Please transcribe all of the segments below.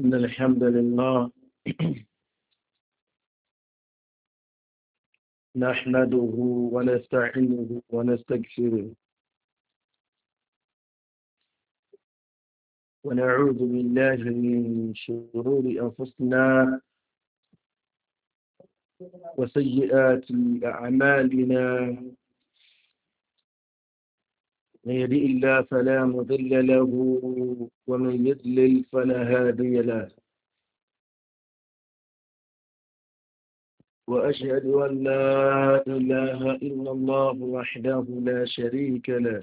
إن الحمد لله نحمده ونستعينه ونستغفره ونعوذ بالله من شرور أنفسنا وسيئات أعمالنا من يهدئ الله فلا مضل له ومن يضلل فلا هادي له وأشهد أن لا إله إلا الله وحده لا شريك له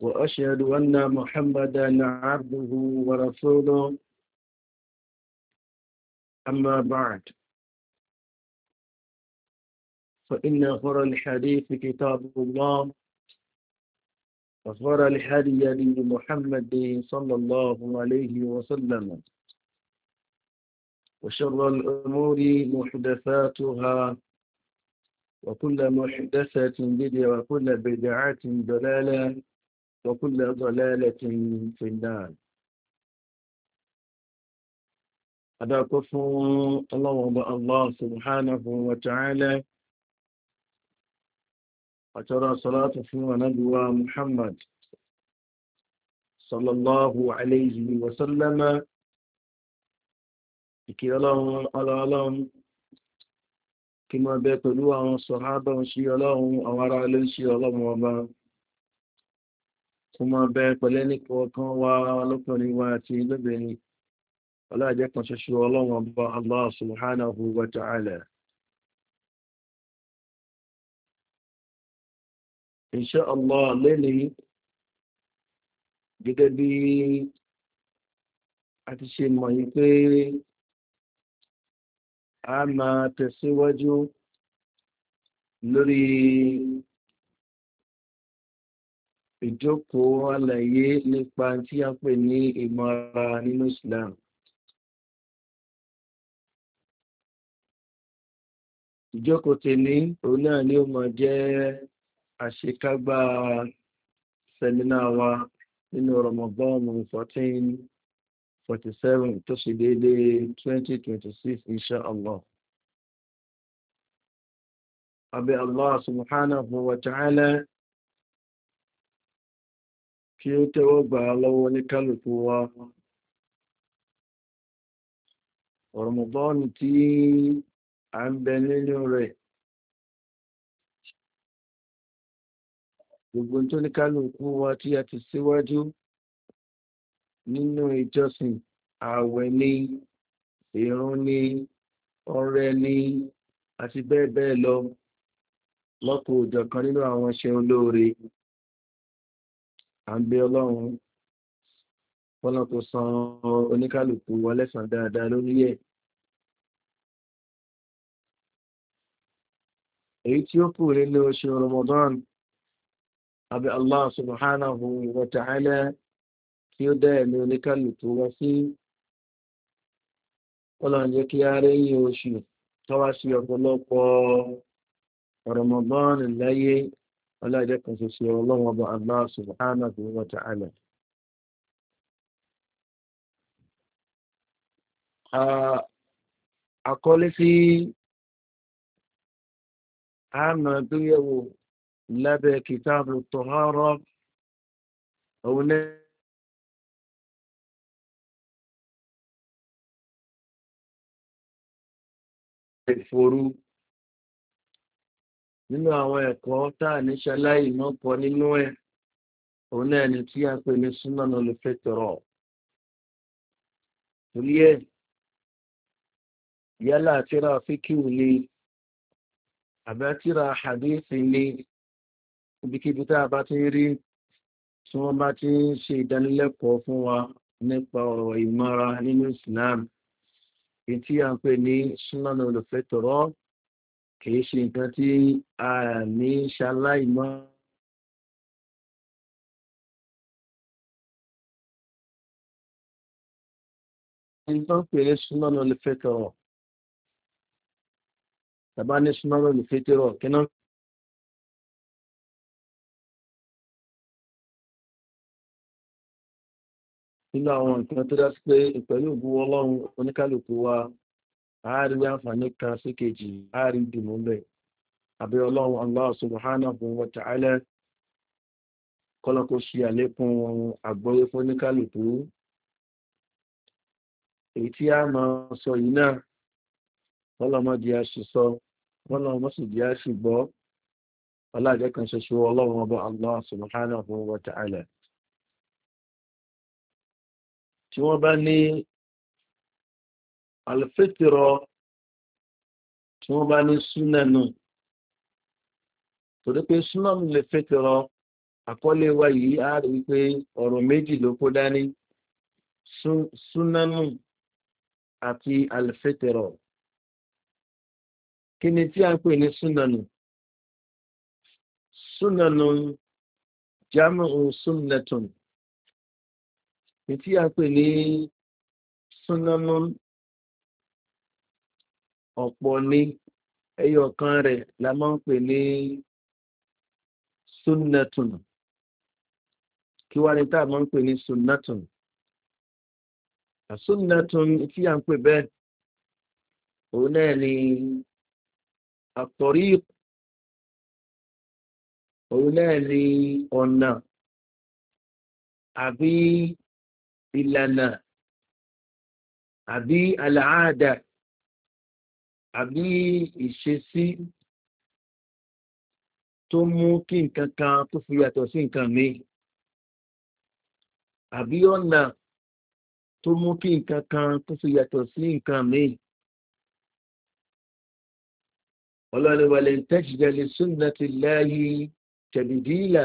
وأشهد أن محمدا عبده ورسوله أما بعد فإن خير الحديث كتاب الله وخير الحدي محمد صلى الله عليه وسلم وشر الأمور محدثاتها وكل محدثة بدعة وكل بدعة ضلالة وكل ضلالة في النار أدعوكم الله الله سبحانه وتعالى àtọ́rọ sọ́látù fún anábíwá muhammad sallallahu alayhi wa sallama ìkí ọlọ́run kí máa bẹ pẹ̀lú àwọn sọ̀hábà ń ṣe ọlọ́run àwọn ará ilé ń ṣe ọlọ́run ọba kó máa bẹ pẹ̀lẹ́ nípa ọkàn wa lọ́kùnrin wa àti lóbìnrin ọlọ́àjẹ́ kan ṣoṣo ọlọ́run ọba allah subhanahu wa ta'ala iṣẹ́ ọmọ lẹ́ni gẹ́gẹ́ bí a ti ṣe mọ̀ yí pé a máa tẹ̀síwájú lórí ìjókòó àlàyé nípa tí a pè ní ìmọ̀ra nínú islam ìjókòó tèmi òun náà ni ó mọ̀ jẹ́ àṣekágbá sẹ́mínà wa nínú rọmọbọ́ọ̀mù 1447 tó ṣe déédé 2026 insha allah abẹ́ allah subhanahu wa ta'ala kí ó tẹ́wọ́ gbà lọ́wọ́ ní kálùkù wa rọmọbọ́ọ̀mù tí a ń bẹ nínú rẹ̀ gbogbo tó ní kálukú wa tí a ti síwájú nínú ìjọsìn ààwẹ̀ ni ìrún ni ọrẹ ni àti bẹ́ẹ̀ bẹ́ẹ̀ lọ lọ́pọ̀ òjọ̀kan nínú àwọn iṣẹ́ olóore à ń bẹ ọlọ́run fọ́nà kò san oníkálukú wa lẹ́sàn dáadáa lórí ẹ̀ èyí tí ó kù nínú oṣù ramadan àbí allah subhanahu wa ta'ala kí ó dá ẹ̀mí oníkàlùkù wá sí ọlọ́run jẹ́ kí ara yìí oṣù tọ́wá sí ọ̀pọ̀lọpọ̀ ọ̀rọ̀mọ̀bọ́n láyé ọlọ́jẹ́ kan ṣoṣo ọlọ́run ọba allah subhanahu wa ta'ala. àkọlé sí àmọ́ gbéyẹ̀wò لا بكتاب الطهارة أو الفرو من هو يقوتا نشلا ينو قنينو هنا نتيا في السنة الفترة وليه يلا ترى فيكي ولي أبا ترى حديثي لي ibikíbi tá a bá ti rí tí wọ́n bá ti ń ṣe ìdánilẹ́kọ̀ọ́ fún wa nípa ọ̀rọ̀ ìmọ̀ra nínú islam èyí tí a ń pè ní súnmọ́nà olùfẹ́ tọ̀rọ̀ kìí ṣe nǹkan tí a ní ṣaláìmọ́ nǹkan pè ní súnmọ́nà olùfẹ́ tọ̀rọ̀ tàbá ní súnmọ́nà olùfẹ́ tọ̀rọ̀ kí náà nínú àwọn nǹkan tó dá sí pé ìpẹ̀lú ògbó ọlọ́run oníkálùkù wa àárí àǹfààní kan sí kejì àárí dìmú bẹ̀ àbí ọlọ́run allah subhanahu wa ta'ala kọ́lọ́kọ́ ṣe àlékún àgbọ́yé fún oníkálùkù èyí tí a máa sọ yìí náà ọlọ́mọdé a ṣe sọ ọlọ́mọsìdí a ṣùgbọ́ ọlájẹ́ kan ṣoṣo ọlọ́run allah subhanahu wa ta'ala tí wọ́n bá ní alifétìrọ tí wọ́n bá ní súnẹ̀nù torí pé súnẹ̀nù lè fétìrọ àkọlé wa yìí á rí pé ọ̀rọ̀ méjì ló kó dání súnẹ̀nù àti alifétìrọ kí ni tí a ń pè ní súnẹ̀nù súnẹ̀nù jámù súnẹ̀tùnù èyí tí a pè ní súnámọ́ ọ̀pọ̀ ni ẹyọ kan rẹ̀ la máa ń pè ní sunnatun kí wá ní tá a máa ń pè ní sunnatun sunnatun tí a ń pè bẹ́ẹ̀ òun náà ni àtọ̀rí òun náà ni ọ̀nà àbí ìlànà àbí àlàáàdà àbí ìṣesí tó mú kí nǹkan kan tó fi yàtọ̀ sí nǹkan mi àbí ọ̀nà tó mú kí nǹkan kan tó fi yàtọ̀ sí nǹkan mi ọlọ́niwàlẹ̀ tẹ́jìdẹ̀lẹ̀ súnnà ti láyé tẹ̀bìdìlà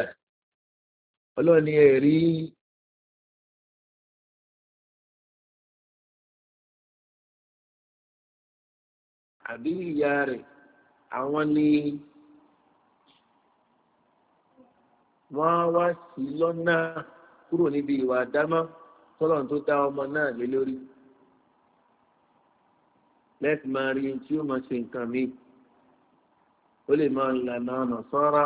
ọlọ́ni ẹ̀rí àbí ìyá rẹ̀ àwọn ni wọ́n wá sí lọ́nà kúrò níbi ìwà àdámọ́ tọ́lọ̀ tó dá ọmọ náà lé lórí lẹ́tì máa rí tí ó máa ṣe nǹkan mi ó lè máa lànà ọ̀nà sọ́ra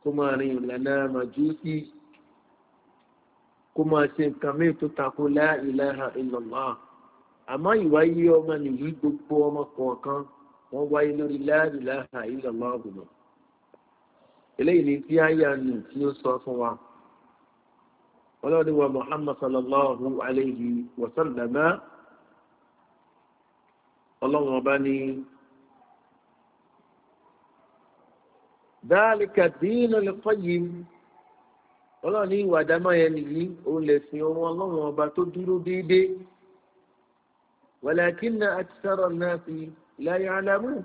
kó máa rí ìlànà màjúsí kó máa ṣe nǹkan mi tó takò láìláha ìlọ̀lọ́à àmọ́ ìwáyé ọmọ nìyí gbogbo ọmọ kọ̀ọ̀kan wọ́n wáyé lórí láàrínláà ìlànà ọ̀gbìnà eléyìí ni tí àyà nù tí ó sọ fún wa ọlọ́dúnwà muhammad sallallahu alayhi wa sallama ọlọ́wọ́n bá ní dáàlìkà dínà lè fọ́yìm ọlọ́ni ìwà dámáyẹ nìyí òun lè sin ohun ọlọ́wọ́n ọba tó dúró déédéé ولكن أكثر الناس لا يعلمون ya'lamun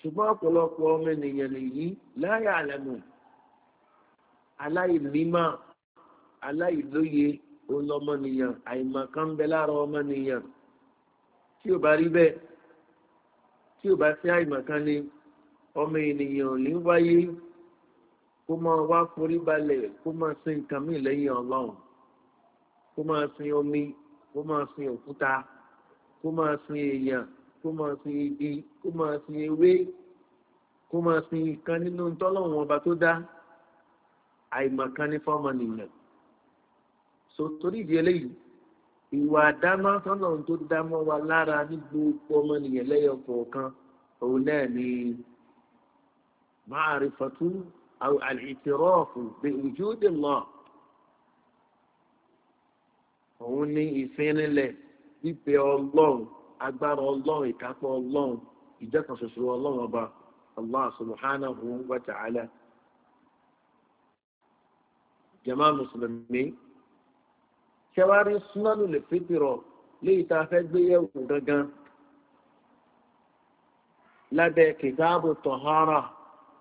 ṣùgbọ́n ọ̀pọ̀lọpọ̀ ọmọ ènìyàn nìyí la ya'lamun aláìnímọ̀ aláìlóye olọmọnìyàn àìmọ̀kan bẹ lára ọmọnìyàn tí ò bá rí bẹ́ẹ̀ tí ò bá sí àìmọ̀kan ni ọmọ ènìyàn ò ní wáyé kó máa wá forí balẹ̀ kó máa sin nǹkan mí lẹ́yìn ọlọ́run kó máa sin omi kó máa sin òkúta kó máa sin èèyàn kó máa sin igi kó máa sin ewé kó máa sin ìkan nínú tọ́lọ́wọ́n ọba tó dá àìmọ̀kan ní fọ́ọ̀mù nìyẹn so torí ìdí eléyìí ìwà àdámọ́ sọ́nà tó dámọ́ wa lára ní gbogbo ọmọnìyàn lẹ́yọ kọ̀ọ̀kan òun náà ni máa rí fọ́tú àìtìrọ́ọ̀fù bí ojú ó dè òun ní ìfinrinlẹ̀ bíbẹ ọlọ́run agbára ọlọ́run ìkápọ̀ ọlọ́run ìjẹ́kan ṣoṣo ọlọ́run ọba allah subhanahu wa ta'ala jama musulumi ṣẹwárí súnánù lè fìtìrọ léyìí tá a fẹ́ gbé yẹ̀wò gangan lábẹ́ kìtáàbù tọ̀hárà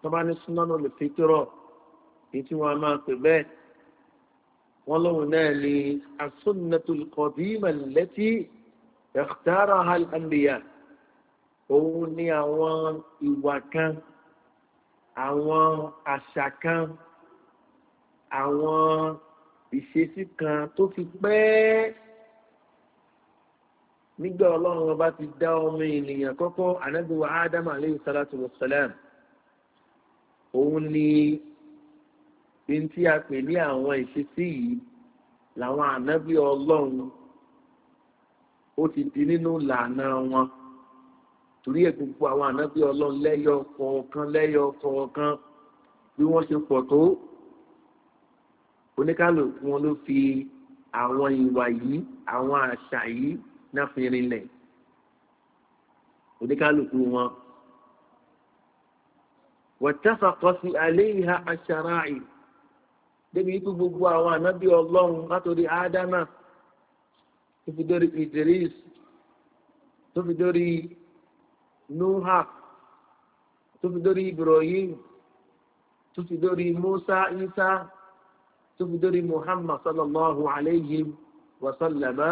tó bá ní súnánù lè fìtìrọ èyí máa pè bẹ́ẹ̀ wọ́n lóhun náà ni asúnnatul kọ̀dímà lẹ́tí ẹ̀ktára alhambiya òun ni àwọn ìwà kan àwọn àṣà kan àwọn ìṣesí kan tó ti pẹ́ nígbà ọlọ́run ọba ti dá ọmọ ènìyàn kọ́kọ́ anábíwá ádámà lẹ́yìn sálátù wọ́sálẹ́m òun ni pé ní tí a pè ní àwọn ìṣesí yìí làwọn ànábì ọlọ́run ó ti di nínú làánà wọn torí ẹ̀ gbogbo àwọn ànábì ọlọ́run lẹ́yọ kọ̀ọ̀kan lẹ́yọ kọ̀ọ̀kan bí wọ́n ṣe pọ̀ tó oníkálùkù wọn ló fi àwọn ìwà yìí àwọn àṣà yìí náà fi rinlẹ̀ oníkálùkù wọn wọ́n tẹ́fà kọ́ sí alẹ́ ìhà àṣàrà yìí débi ikú gbogbo àwọn ànábì ọlọ́run látòrí ádámà tó fi dórí idris tó fi dórí nuha tó fi dórí ibrahim tó fi dórí musa isa tó fi dórí muhammad sallallahu alayhi wa sallama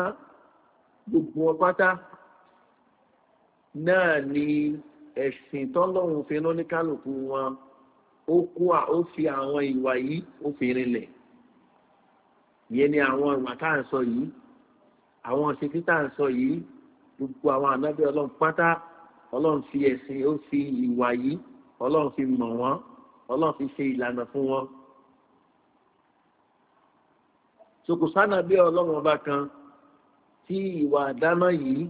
gbogbo ọpátá náà ni ẹ̀sìn tọ́lọ́run fi ní kálukú wọn ó kó à ó fi àwọn ìwà yìí ó fi rinlẹ̀ ìyẹn ni àwọn ìwà tá à ń sọ yìí àwọn ìṣètí tá à ń sọ yìí gbogbo àwọn ànábì ọlọ́run pátá ọlọ́run fi ẹ̀sìn ó fi ìwà yìí ọlọ́run fi mọ̀ wọ́n ọlọ́run fi ṣe ìlànà fún wọn. sokùsánà bí ọlọ́run ọba kan tí ìwà àdámọ́ yìí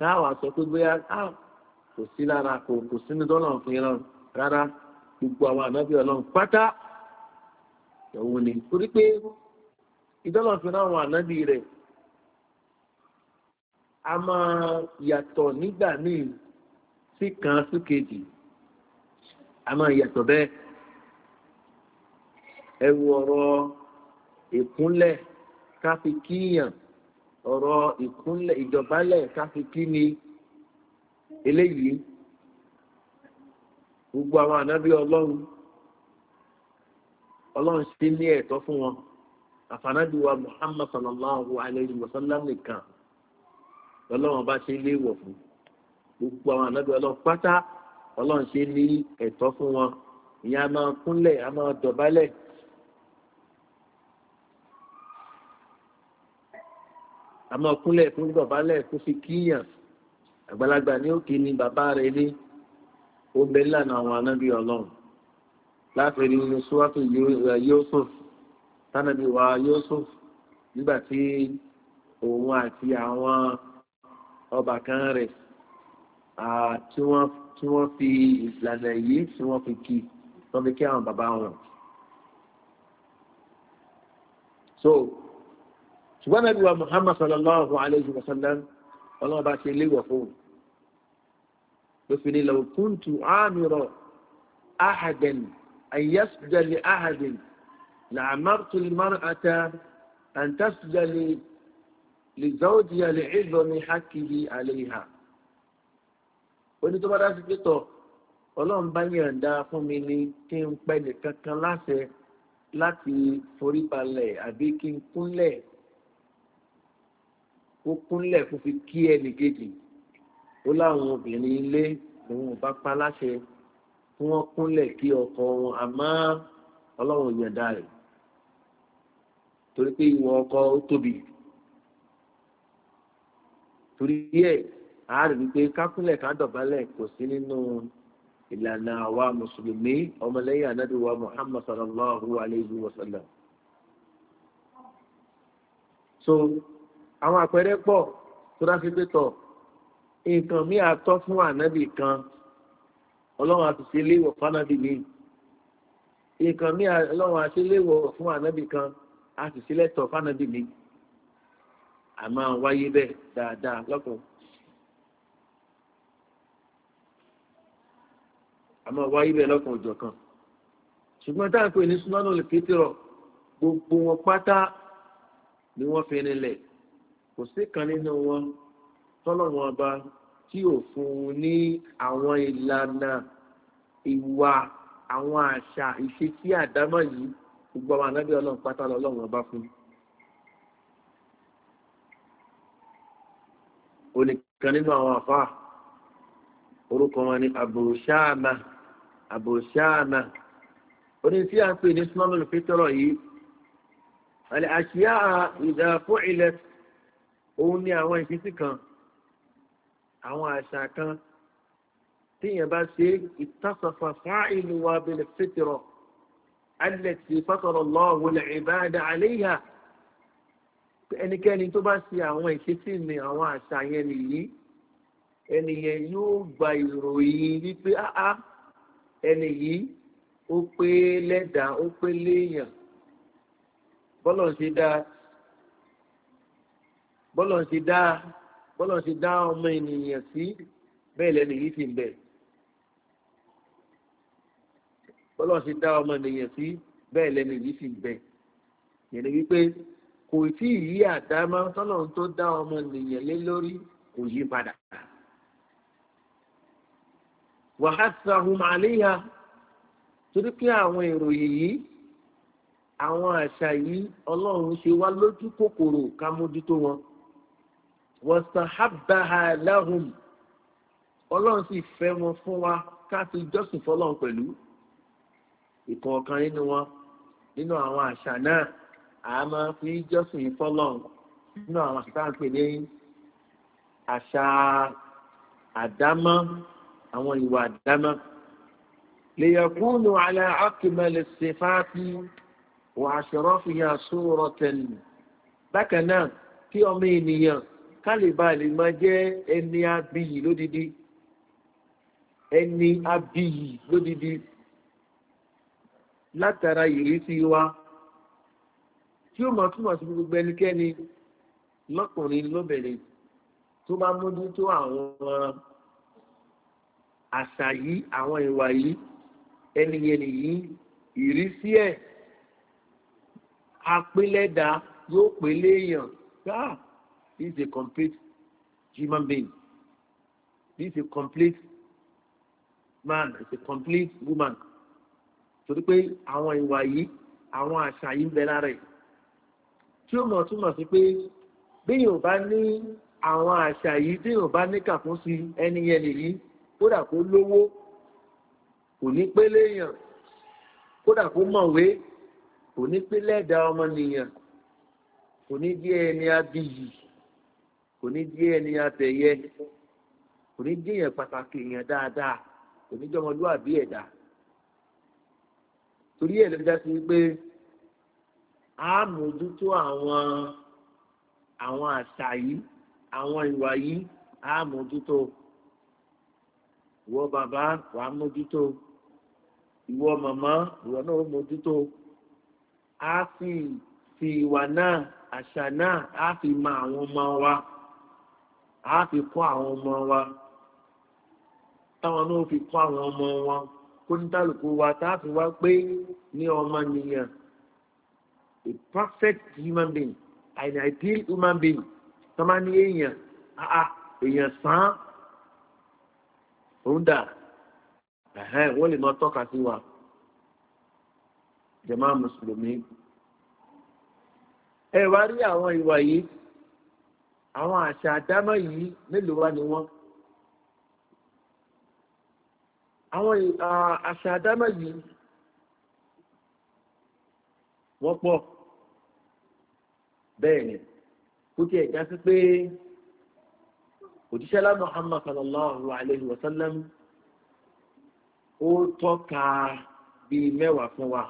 táwa sọ pé bóyá ah, kò sí lára kò kò sínú dọ́là òfin rárá gbogbo àwọn ànábì ọlọ́run pátá òun ni torí pé ìdọ́lọ̀ fi ráwọn ànábì rẹ̀ a máa yàtọ̀ nígbà míì sí kan sí kejì a máa yàtọ̀ bẹ́ẹ̀ ẹrù ọ̀rọ̀ ìkúnlẹ̀ ká fi kíyàn ọ̀rọ̀ ìkúnlẹ̀ ìjọbalẹ̀ ká fi kí ni eléyìí gbogbo àwọn ànábí ọlọ́run ọlọ́run sí ní ẹ̀tọ́ fún wọn àfànàdùwà muhammad sallallahu alayhi wa sallam nìkan lọ́lọ́run bá ṣe léèwọ̀ fún gbogbo àwọn ànábí ọlọ́run pátá ọlọ́run ṣe ní ẹ̀tọ́ fún wọn ìyá máa kúnlẹ̀ a máa dọ̀bálẹ̀. a kúnlẹ̀ fún dọ̀bálẹ̀ kó fi kíyàn àgbàlagbà ní òkè ni bàbá rẹ̀ ní ó bẹ lànà àwọn anábì ọlọ́run láti rí inú súwátù yusuf tánàbí wa yusuf nígbà tí òun àti àwọn ọbàkan rẹ̀ tí wọ́n fi ìlànà yìí tí wọ́n fi kí wọ́n fi kí àwọn bàbá wọn. so ṣùgbọ́n nàbí wa muhammad sallallahu alayhi wa sallam ọlọ́run bá ṣe léwọ̀ fóun lófin ni lọ́kùntù àmìrọ̀ àhàdẹ̀n àyẹ́sùjẹ́lì àhàdẹ̀n làmàtù márùn-ata àǹtàsùjẹ́lì lìzọ́ọ̀dìyàlì ìlọ́ni hákìlì àléhà onítọ́bádá sí pé tọ̀ ọlọ́run bá yànda fún mi ni kí n pẹ́ nìkan kan láṣẹ láti forí balẹ̀ àbí kí n kúnlẹ̀ kó kúnlẹ̀ kó fi kí ẹnì kejì. ó láwọn obìnrin ilé òun bá pa láṣẹ kí wọ́n kúnlẹ̀ kí ọkọ wọn àmọ́ ọlọ́run yọ̀ǹda rẹ̀ torí pé ìwọ ọkọ ó tóbi torí díẹ̀ àárẹ̀ wípé kákúnlẹ̀ kádọ̀bálẹ̀ kò sí nínú ìlànà àwa mùsùlùmí ọmọlẹ́yìn anábìwá muhammad sallallahu alayhi wa sallam. so àwọn àpẹẹrẹ pọ̀ nǹkan mi àtọ́ fún ànábì kan ọlọ́run àtúnṣe léwọ̀ fún ànábì mi nǹkan mi ọlọ́run àti léwọ̀ fún ànábì kan àtúnṣe lẹ́tọ̀ fún ànábì mi àmọ́ wáyé bẹ́ẹ̀ dáadáa lọ́kàn. àmọ́ wáyé bẹ́ẹ̀ lọ́kàn òjò kan ṣùgbọ́n táà ń pè ní sunanu lè pétérọ̀ gbogbo wọn pátá ni wọ́n fi rinlẹ̀ kò sí kan nínú wọn tọ́lọ́run ọba tí ò fún un ní àwọn ìlànà ìwà àwọn àṣà ìṣe tí àdámọ̀ yìí gbogbo àwọn ànábì ọlọ́run pátá lọ́lọ́run ọba fún un. onìkan nínú àwọn àfa orúkọ wọn ni àbòṣáàmà àbòṣáàmà oní tí a ń pè ní sinọ́nù pétọ́rọ̀ yìí àlẹ́ àṣìyá ìdàpọ̀ ilẹ̀ òun ni àwọn ìṣesí kan àwọn àṣà kan tíyẹn bá ṣe ìtàsọ̀fà fáìlú wa bẹ̀rẹ̀ fẹ́tìrọ̀ alẹ́tì fásọ̀rọ̀ lọ́wọ́ lẹ̀ ìbáadà àléyà ẹnikẹ́ni tó bá ṣe àwọn ìṣesí mi àwọn àṣà yẹn nìyí ẹnìyẹn yóò gba ìròyìn wípé áá ẹni yìí ó pé lẹ́dàá ó pé léèyàn bọ́lọ̀ ṣe dáa bọ́lọ̀ ṣe dáa bọ́lọ̀ ṣe dá ọmọ ènìyàn sí bẹ́ẹ̀ lẹ́nu yìí ti ń bẹ̀ bọ́lọ̀ ṣe dá ọmọ ènìyàn sí bẹ́ẹ̀ lẹ́nu yìí ti ń bẹ̀ yẹ̀ni wípé kò tí ì yí àdámá tọ́lọ̀ tó dá ọmọ ènìyàn lé lórí kò yí padà wàhásàhùn àléyà torí pé àwọn ìròyìn yìí àwọn àṣà yìí ọlọ́run ṣe wá lójú kòkòrò ká mójútó wọn wọ̀sàhábàá láhùn ọlọ́run sì fẹ́ wọn fún wa ká ti jọ́sìn fọlọ́run pẹ̀lú ìkọ̀ọ̀kan nínú wọn nínú àwọn àṣà náà a máa fi jọ́sìn fọlọ́run nínú àwọn àṣà tá à ń pè ní àṣà àdámọ́ àwọn ìwà àdámọ́ lèyẹ̀kúnnù alẹ́ akímẹ́lẹ̀ sèfáàtì wà àṣọrọ́fìyà sóòrọ̀ tẹ̀lé bákan náà kí ọmọ ènìyàn kálíbà lè máa jẹ́ ẹni abiyì lódìdí ẹni abiyì lódìdí látara ìrísí wa tí ó máa túmọ̀ sí gbogbo ẹnikẹ́ni lọ́kùnrin lóbìnrin tó bá mójútó àwọn àṣà yìí àwọn ìwà yìí ẹniyẹni yìí ìrísí ẹ̀ apélẹ́dà yóò pélé èèyàn káà This is a complete human being. This is a complete man. It's a complete woman. Torí pé àwọn ìwà yìí, àwọn àṣà yìí ń bẹ lára ẹ̀. Tí ó mọ̀ túmọ̀ sí pé béèyàn ò bá ní àwọn àṣà yìí béèyàn ò bá ní kàfún sí ẹni yẹn nìyí, kódà kó lówó, kò ní pé léèyàn, kódà kó mọ̀wé, kò ní pé lẹ́ẹ̀dá ọmọnìyàn, kò ní jẹ́ ẹni abiyì kò ní jẹ́ ẹni atẹ̀yẹ kò ní jẹ́ èèyàn pàtàkì èèyàn dáadáa kò ní jẹ́ ọmọlúwàbí ẹ̀dá torí ẹ̀ ló dá sí pé a mójútó àwọn àwọn àṣà yìí àwọn ìwà yìí a mójútó ìwọ bàbá wà á mójútó ìwọ màmá ìwọ náà ó mójútó a fi fi ìwà náà àṣà náà a fi mọ àwọn ọmọ wa a fi kọ́ àwọn ọmọ wa táwọn náà fi kọ́ àwọn ọmọ wọn kó ní tálùkù wa tá a fi wá pé ní ọmọ nìyẹn a perfect human being an ideal human being tó máa ní èèyàn àá èèyàn sàn án òun dà wọ́n lè máa tọ́ka sí wa jẹ̀má mùsùlùmí ẹ wá rí àwọn ìwà yìí àwọn àṣà àdámọ́ yìí mélòó wá ni wọ́n àwọn àṣà àdámọ́ yìí wọ́n pọ̀ bẹ́ẹ̀ ni kó tí ẹ̀ já sí pé òjíṣẹ́ lá muhammad sallallahu alayhi wa sallam ó tọ́ka bíi mẹ́wàá fún wa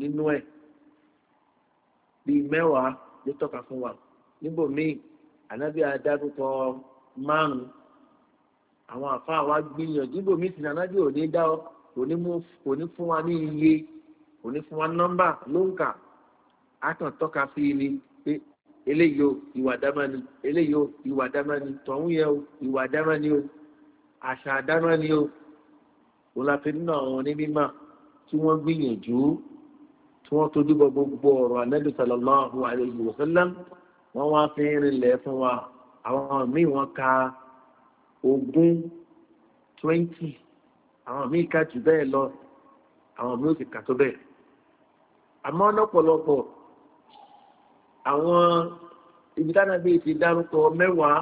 nínú ẹ̀ bíi mẹ́wàá ló tọ́ka fún wa níbòmíì ànábì adágúkọ márùn àwọn àfa wa gbìyànjú bòmí sí ànábì òní dá ọ òní fún wa ní iye òní fún wa nọmbà ló ń kà á tọ́ka sí i ni pé eléyìí o ìwà dámání eléyìí o ìwà dámání tọ̀hún yẹ o ìwà dámání o àṣà dámání o òun la fi nínú àwọn onímọ̀ tí wọ́n gbìyànjú tí wọ́n tójú bọ gbogbo ọ̀rọ̀ ànábì sàlọ́láhùn àlejò wọ̀sálàmù wọ́n wá fi ń rinlẹ̀ fún wa àwọn míì wọ́n ka ogún twenty àwọn míì ká jù bẹ́ẹ̀ lọ àwọn míì ó sì kà tó bẹ́ẹ̀ àmọ́ lọ́pọ̀lọpọ̀ àwọn ibi dáná bíi ti dárúkọ mẹ́wàá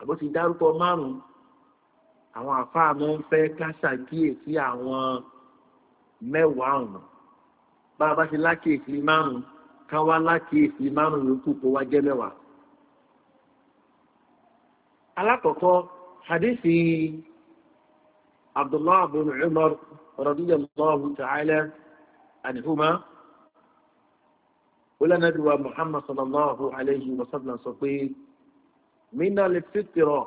àbó ti dárúkọ márùn-ún àwọn àfáà mọ́ ń fẹ́ ká ṣàkíyèsí àwọn mẹ́wàá ọ̀nà bá a bá ti lákèsí márùn-ún káwá lákìísí márùn yòókù kó wá jẹ́ mẹ́wàá. alákọ̀ọ́kọ́ hadithi abdullahi bin umar radiyallahu ta'ala anihuma olanabiwa muhammad sallallahu alayhi wa sallam sọ pé mina lè fitirọ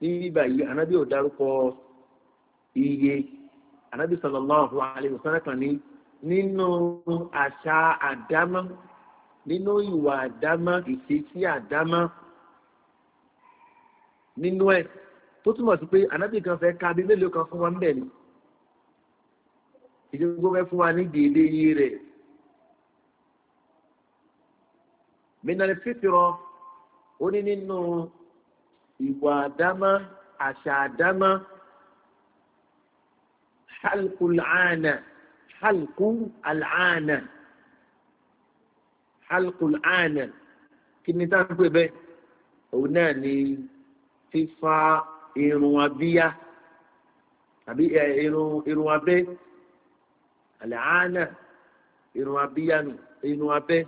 ní báyìí anabi ò dárúkọ iye anabi sallallahu alayhi wa sallam kan ní nínú àṣà àdámọ́ nínú ìwà àdámọ́ ìṣesí àdámọ́ nínú ẹ̀ tó túmọ̀ sí pé ànábì kan fẹ́ ka bí mélòó kan fún wa ń bẹ̀ ni ìdíwọ́ fẹ́ fún wa ní dèédé iye rẹ̀ mínàlẹ́ fífìrọ ó ní nínú ìwà àdámọ́ àṣà àdámọ́ halkul ana halku al'ana halku al'ana kí ni tá ń pè bẹ́ẹ̀ òun náà ni fífa irun abíyá àbí irun irun abẹ́ al'ana irun abíyá nù irun abẹ́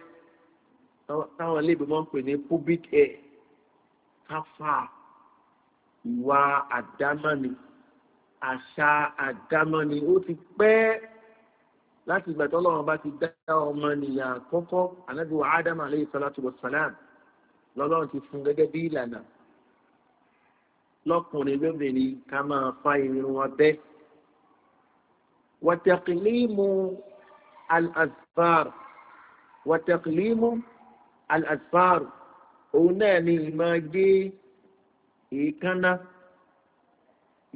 táwọn ilé ìgbìmọ̀ ń pè ní pubic hair káfà ìwà àdámọ́ni àṣà àdámọ́ni ó ti pẹ́ láti ìgbà tọ́lọ́run bá ti dá ọmọ nìyà àkọ́kọ́ ànábì wa ádámù aleyhi salatu wa salam lọ́lọ́run ti fún gẹ́gẹ́ bí ìlànà lọ́kùnrin lóbìnrin ká máa fa irun ọbẹ̀ wàtẹ̀kìlímù al-azfar wàtẹ̀kìlímù al-azfar òun náà ni ìmọ̀ gé èékánná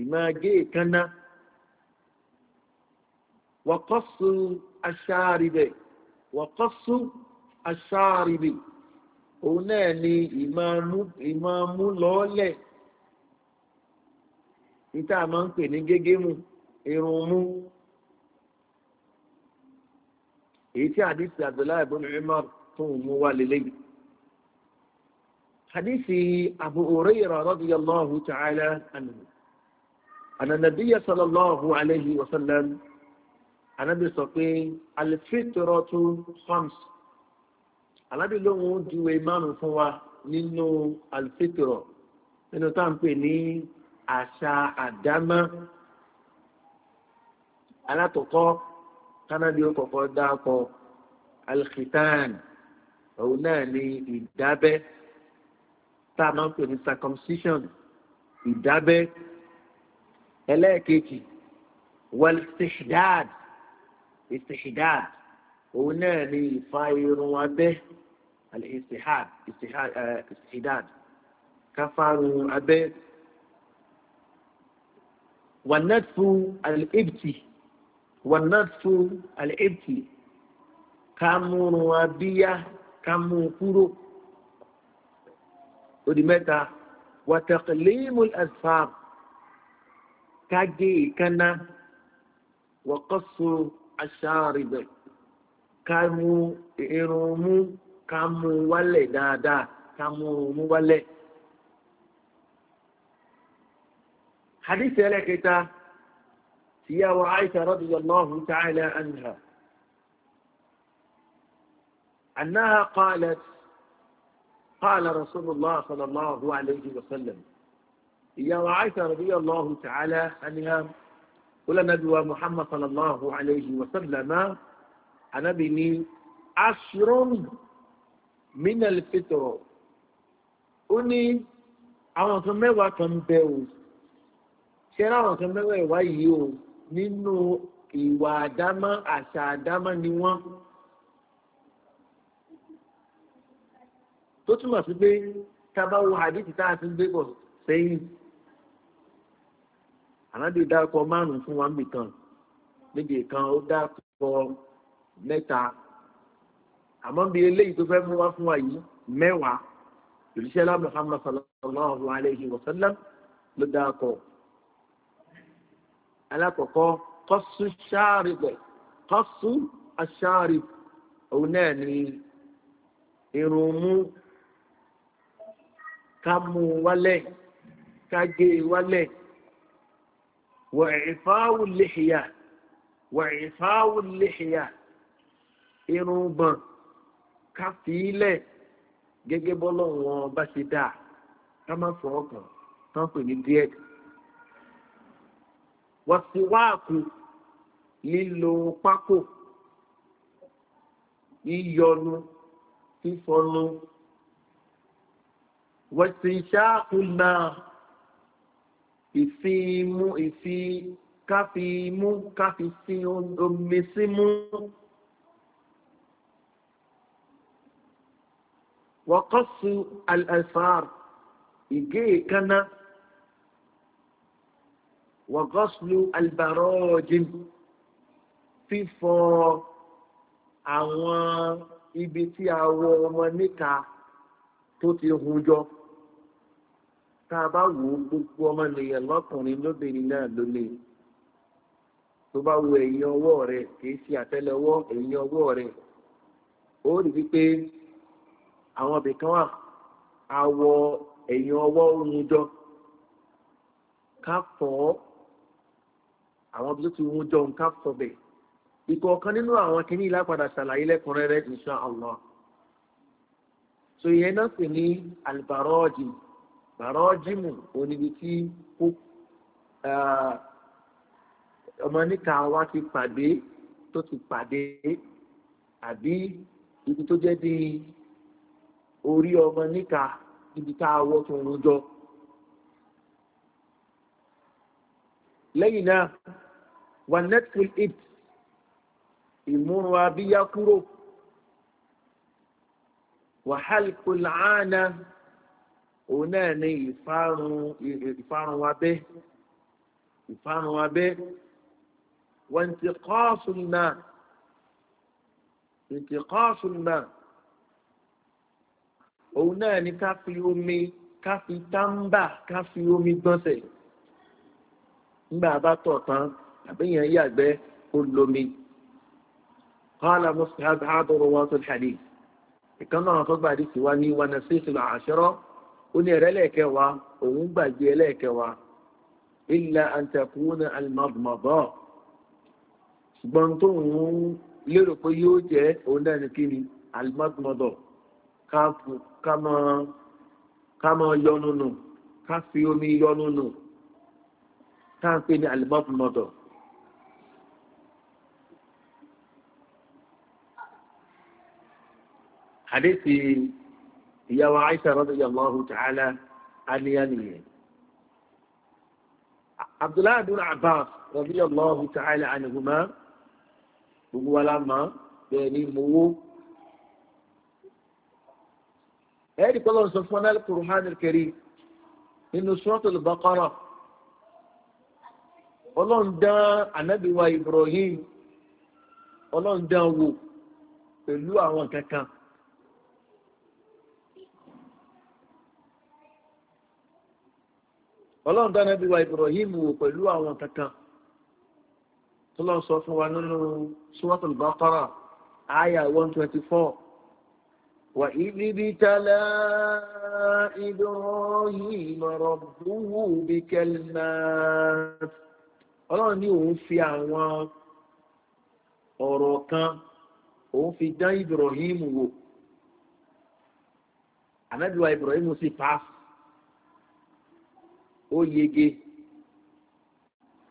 ìmọ̀ gé èékánná wàkọ́sù aṣáàrìbẹ̀ wàkọ́sù aṣáàrìbẹ̀ òun náà ni ìmọ̀ọ́mú lọ́ọ́lẹ̀ níta máa ń pè ní gégémù irun mú èyí tí àdìsí àbẹ̀lá ìbọn ìmọ̀ tó ń mú wá lélẹ́yìn. حديث أبو هريرة رضي الله تعالى عنه أن النبي صلى الله عليه وسلم anábì sọ pé alifitoro tó hams anábì lóhun ó diwe márùn fún wa nínú alifitoro nínú tá à ń pè ní àṣà àdámá alátọ̀kọ́ kánábì ó kọ̀kọ́ dáàkọ òun náà ni ìdábẹ́ tá a máa ń pè ní circumcision ìdábẹ́ ẹlẹ́ẹ̀kejì wẹ́lṣẹ̀dáàdì. istihidad òun náà ni ìfa irun abẹ́ alistihad istihidad káfárun abẹ́ wànàtú alẹ́bìtì wànàtú alẹ́bìtì kámúrun abíyá kámú kúrò odi mẹ́ta wàtàkìlímù asfar kágé ìkànnà wàkọ́sọ̀rọ̀. aṣáàrìbẹ ká mú irun mú ká mú wálẹ̀ dáadáa ká mú irun mú wálẹ̀. hadith ẹlẹ́kẹta tíyàwó aisha radiyallahu ta'ala anha annaha qalat qala rasulullah sallallahu alayhi wa sallam ìyàwó aisha radiyallahu ta'ala anha. olanabiwa muhammad sallallahu alayhi wa sallama anabi ni ashrun minal fitro ó ní àwọn kan mẹ́wàá kan bẹ o ṣẹlẹ àwọn kan mẹ́wàá ìwá yìí o nínú ìwà àdámọ́ àṣà àdámọ́ ni wọ́n tó túmọ̀ sí pé tá àdìsí tá a ti ń gbé bọ̀ sẹ́yìn ànábì dárúkọ márùn-ún fún wa níbì kan níbì kan ó dárúkọ mẹ́ta àmọ́ bí eléyìí tó fẹ́ mú wá fún wa yìí mẹ́wàá ìrìṣẹ́ lábẹ́ muhammad sallallahu alayhi wa sallam ló dárúkọ alákọ̀ọ́kọ́ kọ́sù ṣáàrìbẹ̀ kọ́sù aṣáàrì òun náà ni irun mú ká mú wálẹ̀ ká gé e wálẹ̀. وإعفاء اللحية وإعفاء اللحية irùngbọ̀n ká fi ilẹ̀ gẹ́gẹ́ bọ́lọ̀ wọn bá ṣe dáa ká ọkàn tán wọ́n ti wá àkú ìfimú ìfi káfimú káfi sí omi símú wọ́kọ́sù alẹ́sàr ìgé ìkánná wọ́kọ́sù albarọ́ọ̀jìn fífọ àwọn ibi tí a wọ ọmọ níta tó ti hun tá a bá wò ó gbogbo ọmọnìyàn lọ́kùnrin lóbìnrin náà ló lè tó bá wo ẹ̀yìn ọwọ́ rẹ̀ kìí ṣe àtẹ́lẹwọ́ ẹ̀yìn ọwọ́ rẹ̀ ó rí wípé àwọn ibìkan wà awọ ẹ̀yìn ọwọ́ oúnjọ ká fọ́ àwọn tó ti oúnjọ ká fọ́ bẹ̀ ikọ̀ ọ̀kan nínú àwọn kìíní ìlápadà ṣàlàyé lẹ́kùnrẹ́rẹ́ insha Allah so ìyẹn náà sì ní àlùbárọ́ọ̀jì bàrọ́jìmù oníbi tí ọmọ níka wa ti pàdé tó ti pàdé àbí ibi tó jẹ́ di orí ọmọ níka ibi tá a wọ́ tó ń rojọ́. lẹ́yìn náà wà netflix eight ìmúrun abíyá wàhálì kò láàánà òun náà ni ìfarun abẹ́ ìfarun abẹ́ wọ́n ti kọ́ sunna ìtìkọ́sùn náà òun náà ni ká fi omi ká fi táǹbà ká fi omi gbọ́nsẹ̀ nígbà bá tọ̀ tán àbíyàn yàgbẹ́ olómi kọ́lá mọ́sàábà àbọ̀rọ̀ wọn tó ṣàdé ìkan náà tó gbàdí sí wa ní wọn ṣe ìṣẹ̀lẹ̀ àṣẹrọ́ ó ní ẹ̀rẹ́ lẹ́ẹ̀kẹwàá òun gbàgbé ẹlẹ́ẹ̀kẹwàá ilẹ̀ àǹtẹ̀kùnrin alimọ̀bùmọ̀bọ̀ ṣùgbọ́n tó ń lérò pé yóò jẹ́ òun náà ní kíni alimọ̀bùmọ̀bọ̀ ká mọ yọnu ká fi omi yọnu ká ń pè ní alimọ̀bùmọ̀bọ̀. àdéhùn ìyàwó àìsà radiyallahu ta'ala aníyànìyàn abdullahi bin abbas radiyallahu ta'ala anihuma gbogbo wa la mọ̀ bẹ́ẹ̀ ni mo wó ẹ̀ẹ́dì kọ́lọ̀ sọ fún al-Qur'an al-Karim nínú suratul Baqarah ọlọ́run dán anabiwa ibrahim ọlọ́run dán wò pẹ̀lú àwọn kankan ọlọ́run dáná bí wa ibrahim wò pẹ̀lú àwọn kankan tó lọ sọ fún wa nínú suratul baqara aya one twenty four wà ibi bí tálá ibrahim rọ̀bùwù bí kẹlẹ́nà ọlọ́run ní òun fi àwọn ọ̀rọ̀ kan òun fi dán ibrahim wò ànábìwá ibrahim sì pass. ó yege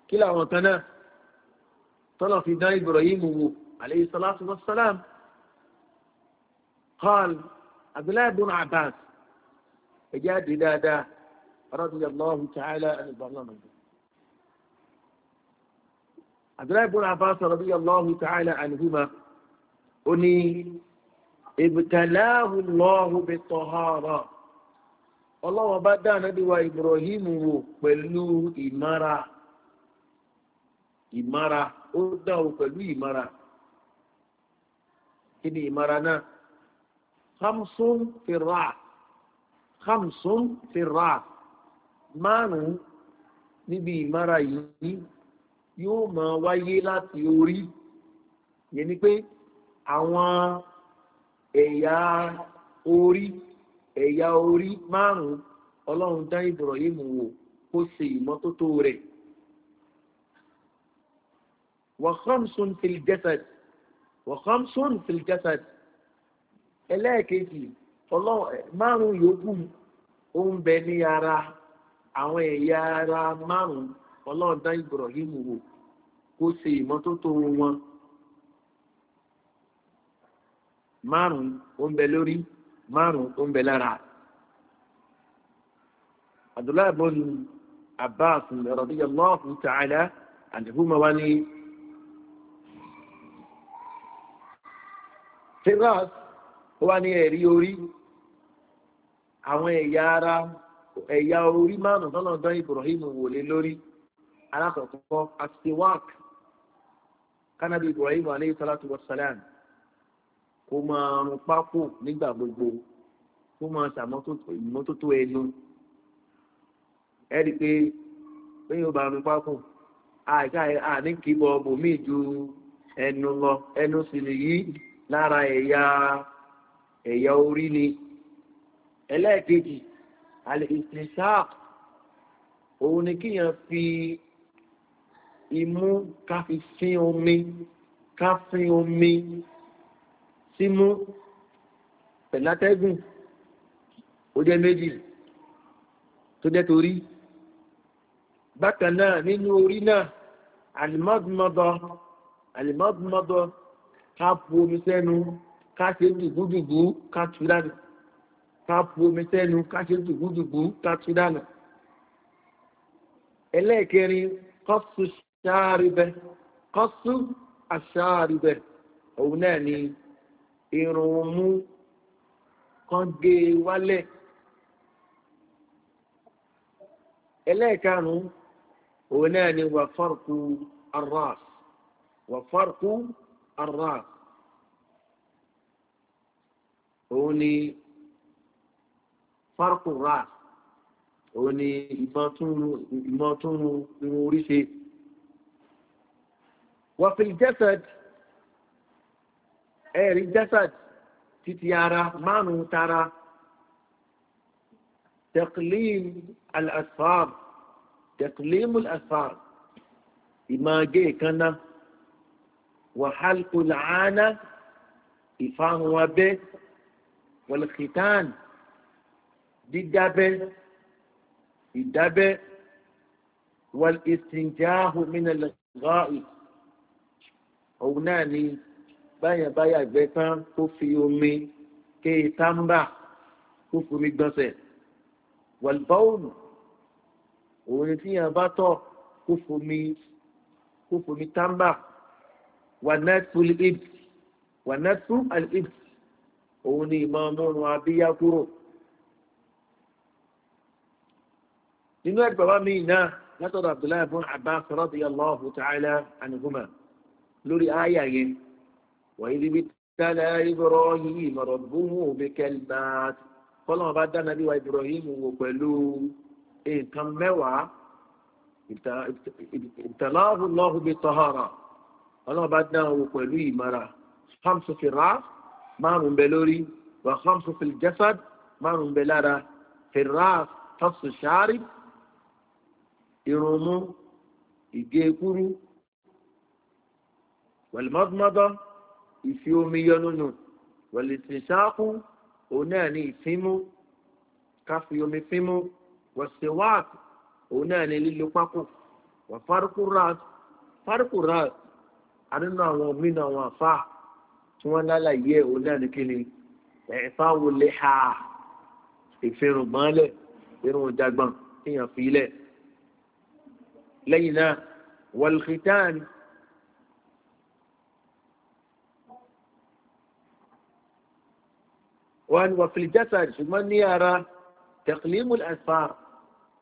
kí làwọn kan náà tọ́lọ̀ fi dá ìgbọ̀rọ̀ yìí mú wò àlẹ́yìn sọláṣí wọ́n sálám paul abdullahi abbas ẹ̀jẹ̀ àdé dáadáa ọ̀rọ̀dún rọ́dùn yàlọ́hùn tààlà ẹ̀nìbọ̀nàmọ̀ abdullahi abbas rọ́dùn yàlọ́hùn tààlà ẹ̀nìbọ̀nàmọ̀ ó ní ibùtàláhùn lọ́hùn bẹ̀ tọ́hárọ̀. ọlọ́wọ́n bá dá ànábì wa ibrahim wò pẹ̀lú ìmára ìmára ó dá o pẹ̀lú ìmára kí ni ìmára náà hamsun firra hamsun firra márùn-ún níbi ìmára yìí yóò máa wáyé láti orí yẹn ni pé àwọn ẹ̀yà orí ẹ̀yà orí márùn-ún ọlọ́run dá ibrahim wò kó ṣe ìmọ́tótó rẹ̀ wàhámsùn fìlìjẹsàd wàhámsùn fìlìjẹsàd ẹlẹ́ẹ̀kejì márùn-ún yòókù ó ń bẹ ní ara àwọn ẹ̀yà ara márùn-ún ọlọ́run dá ibrahim wò kó ṣe ìmọ́tótó wọn márùn-ún ó ń bẹ lórí. márùn ó ń bẹ lára abdullahi ibn abbas radiyallahu ta'ala anhuma ni firas ó wá ní ẹ̀rí orí àwọn ẹ̀yà ara ẹ̀yà orí márùn ibrahim wò lórí alákọ̀ọ́kọ́ àti wák ibrahim alayhi salatu wa kó máa rún pákó nígbà gbogbo kó máa ṣàmọ́tótó ẹnu ẹ rí i pé lẹ́yìn ọba rún pákó àní kì í bọ bòmíì ju ẹnu lọ ẹnu sì nìyí lára ẹ̀yà ẹ̀yà orí ni ẹlẹ́ẹ̀kejì àlè ìsìnṣáà òun ni kíyàn fi imú ká fi sín omi ká sín omi símú pẹ̀látẹ́gùn ó jẹ́ méjì tó jẹ́ torí bákan náà nínú orí náà àlìmọ́dúnmọ́dọ́ àlìmọ́dúnmọ́dọ́ ká po omi sẹ́nu ká ṣe dùgbùdùgbù ká tú dànù ká po omi sẹ́nu ká ṣe dùgbùdùgbù ká tú dànù. ẹlẹ́ẹ̀kẹrin kọ́sù ṣáàrìbẹ kọ́sù àṣáàrìbẹ òun náà ni irun mú kan gé e wálẹ̀ ẹlẹ́ẹ̀karùn-ún òun náà ni wà fárkú arras wà fárkú arras òun ni fárkú ras òun ni ìmọ̀ tún irun orí ṣe wà fìlì jẹ́sẹ̀dì. ẹ̀rí jasad títí ara manu tara tẹ̀kìlìm al-asfar tẹ̀kìlìm al-asfar ìmọ̀ọ́gé ìkànnà wàhálùkù làánà ìfahùn abẹ́ wàlùkìtàn dídábẹ́ ìdábẹ́ wàlùkìtìjáhùn mìnàlẹ́gọ́ òun náà ni. báyà báyà gbẹ tán kó fi omi ké tábà kó fomi gbọ̀nsẹ̀ wàlbáwòlù òun ni tíyàn bá tọ̀ kó fomi kó fomi tábà wà nẹ́tù alìb wà nẹ́tù alìb òun ni ìmọ̀ ọmọrun abíyá kúrò. nínú ẹgbẹ́ bàbá mi náà látọ̀dọ̀ abdullahi ibn abbas rọ́bì allahu ta'ala anihuma lórí ayà yẹn. وإذ ابتلى إبراهيم ربه بكلمات فلما بعد النبي وإبراهيم وقالوا إن كم موعى ابتلاه الله بالطهارة فلما بعد وقالوا مرة خمس في الرأس مارون بلوري وخمس في الجسد مارون بلارة في الرأس حص الشارب يرومو يجيكورو والمضمضة ìfi omi yọnúnù wẹ̀lẹ̀tì ṣáàkú òun náà ni ìfímú ká fi omi fímú wẹ̀sẹ̀wáàk òun náà ni lílo pákó wà fárúkú ráàt adínú àwọn mínú àwọn àfá tí wọ́n lálàyé òun náà ni kíni ẹ̀fá wo lè ha ìfirùnmọ́lẹ̀ irun ìjàgbọ̀n kíyàn fi lẹ̀ lẹ́yìn náà wọ̀lùkìtáàni وان وفي الجسد ثمان يرى تقليم الاسفار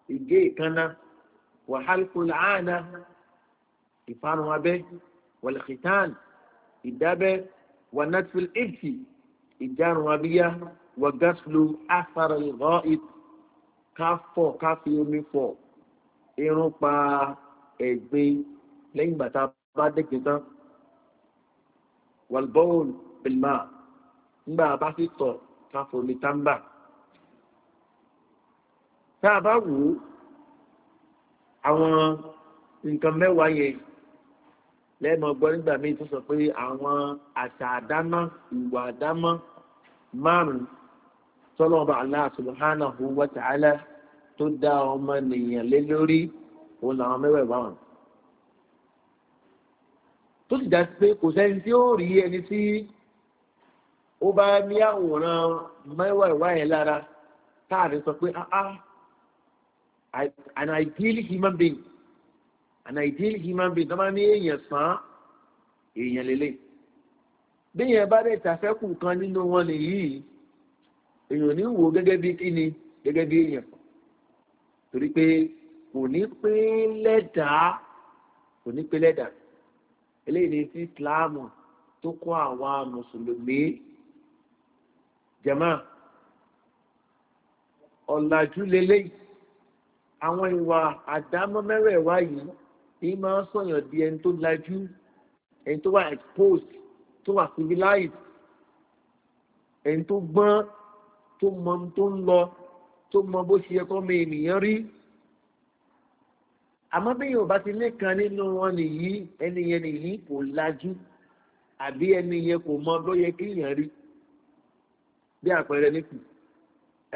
يجي كنا وحلق العانة يفان وابه والختان يدابه ونتف الإبسي يجان وابيا وقسل أثر الغائب كافو كاف يومي فو إيروبا إجبي لين بتابع دكتا والبول بالماء ما بحثي káfomi tábà tá a bá wò ó àwọn nǹkan mẹ́wàá yẹn lẹ́ẹ̀mọ gbọ́ nígbà míì tó sọ pé àwọn àṣà àdámá ìwà àdámá márùn-ún tọ́lọ́ọ̀bà Allah subhanahu tó dá ọmọ nìyàn lé lórí òun làwọn mẹ́wàá báwọn tó sì dá sí pé kò sẹ́ni tí ó rí ẹni tí ó bá ní àwòrán mẹ́wàá yẹn lára táàrí sọ pé ah, ah, an ideal human being an ideal human being tó ní èèyàn sàn èèyàn lélẹ̀ bí yẹn bá dẹ̀ kan nínú wọn nìyí èèyàn ní wò gẹ́gẹ́ bí kíni gẹ́gẹ́ bí èèyàn torí pé kò ní pé lẹ́dàá kò ní pé lẹ́dàá eléyìí ni sí islam tó kọ́ àwa mùsùlùmí jẹ̀má ọ̀làjú lélẹ́yìí àwọn ìwà àdámọ́ mẹ́rẹ̀ẹ̀wá yìí èyí máa ń sọ̀yàn di ẹni tó lajú ẹni tó wà exposed tó wà civilized ẹni tó gbọ́n tó mọ tó ń lọ tó mọ bó ṣe yẹ kọ́ mi ènìyàn rí àmọ́ bí yorùbá ti lẹ́kan nínú wọn nìyí ẹni yẹn nìyí kò lajú àbí ẹni yẹn kò mọ bó yẹ kéèyàn rí bí àpẹẹrẹ nìkú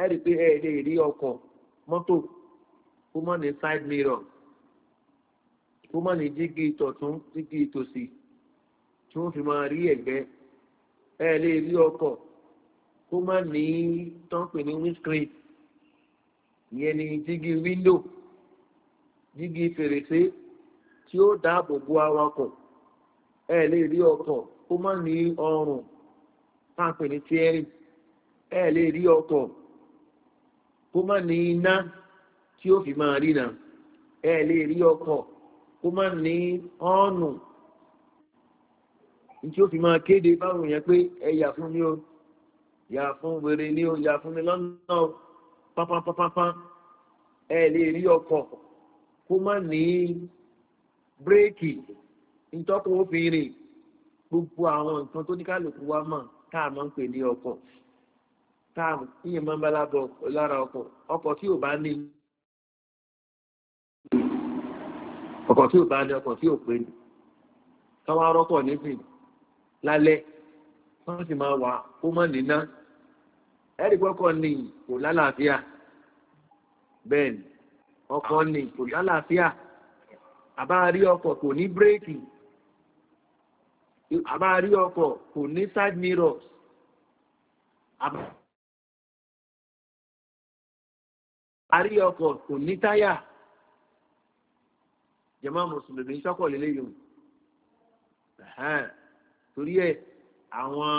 ẹ rí i pé ẹ lè rí ọkọ̀ mọ́tò kó mọ́ ní side mirror kó mọ́ ní dígí ìtọ̀tún dígí ìtòsí tí wọ́n fi máa rí ẹ̀gbẹ́ ẹ lè rí ọkọ̀ kó mọ́ ní tọ́ǹpì ní windscreen ìyẹn ní dígí window dígí fèrèsé tí ó dáàbò bo awakọ̀ ẹ lè rí ọkọ̀ kó mọ́ ní ọrùn tọ́ǹpì ní tíẹ́rì ẹ lè rí ọkọ̀ kó má ní iná tí ó fi máa rína ẹ lè rí ọkọ̀ kó má ní ọ̀nù tí ó fi máa kéde báwọn èèyàn pé ẹ yà fún mi o yà fún wèrè ni o yà fún mi lọ́nà pápápápápá ẹ lè rí ọkọ̀ kó má ní bírèkì ntọ́kùn ó fi rìn gbogbo àwọn nǹkan ní táàmù ọkọ̀ tí ò bá ní ọkọ̀ tí ò bá ní ọkọ̀ tí ò pé ní káwá rọ́pọ̀ nísìn lálẹ́ wọ́n sì máa wà kó mọ̀ níná ní kò lálàáfíà ni ọkọ̀ ní kò lálàáfíà side mirrors àrí ọkọ̀ kò ní táyà jẹ̀mọ́ mùsùlùmí sọ́kọ̀ lélẹ́yìn o torí ẹ̀ àwọn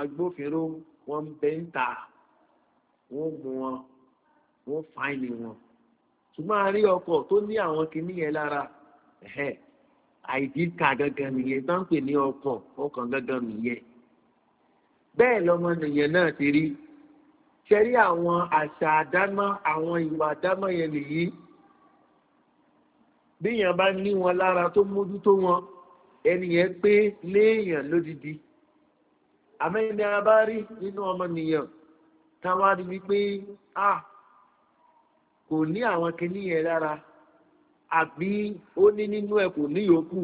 agbófinró wọ́n ń bẹ́ ń ta wọ́n mú wọn wọ́n fáìlì wọn ṣùgbọ́n àrí ọkọ̀ tó ní àwọn kìíní yẹn lára àìdí ká gangan nìyẹn tó ń pè ní ọkọ̀ ọkàn gangan nìyẹn nìyẹn náà ti rí ṣẹ́rí àwọn àṣà àdámọ́ àwọn ìwà àdámọ́ yẹn nìyí bíyàn bá ní wọn lára tó mójútó wọn ẹnìyẹn pé léèyàn lódìdí àmẹ́ni a bá rí nínú ọmọnìyàn táwa rí wípé a kò ní àwọn kinní yẹn lára àbí ó ní nínú ẹ kò ní yòókù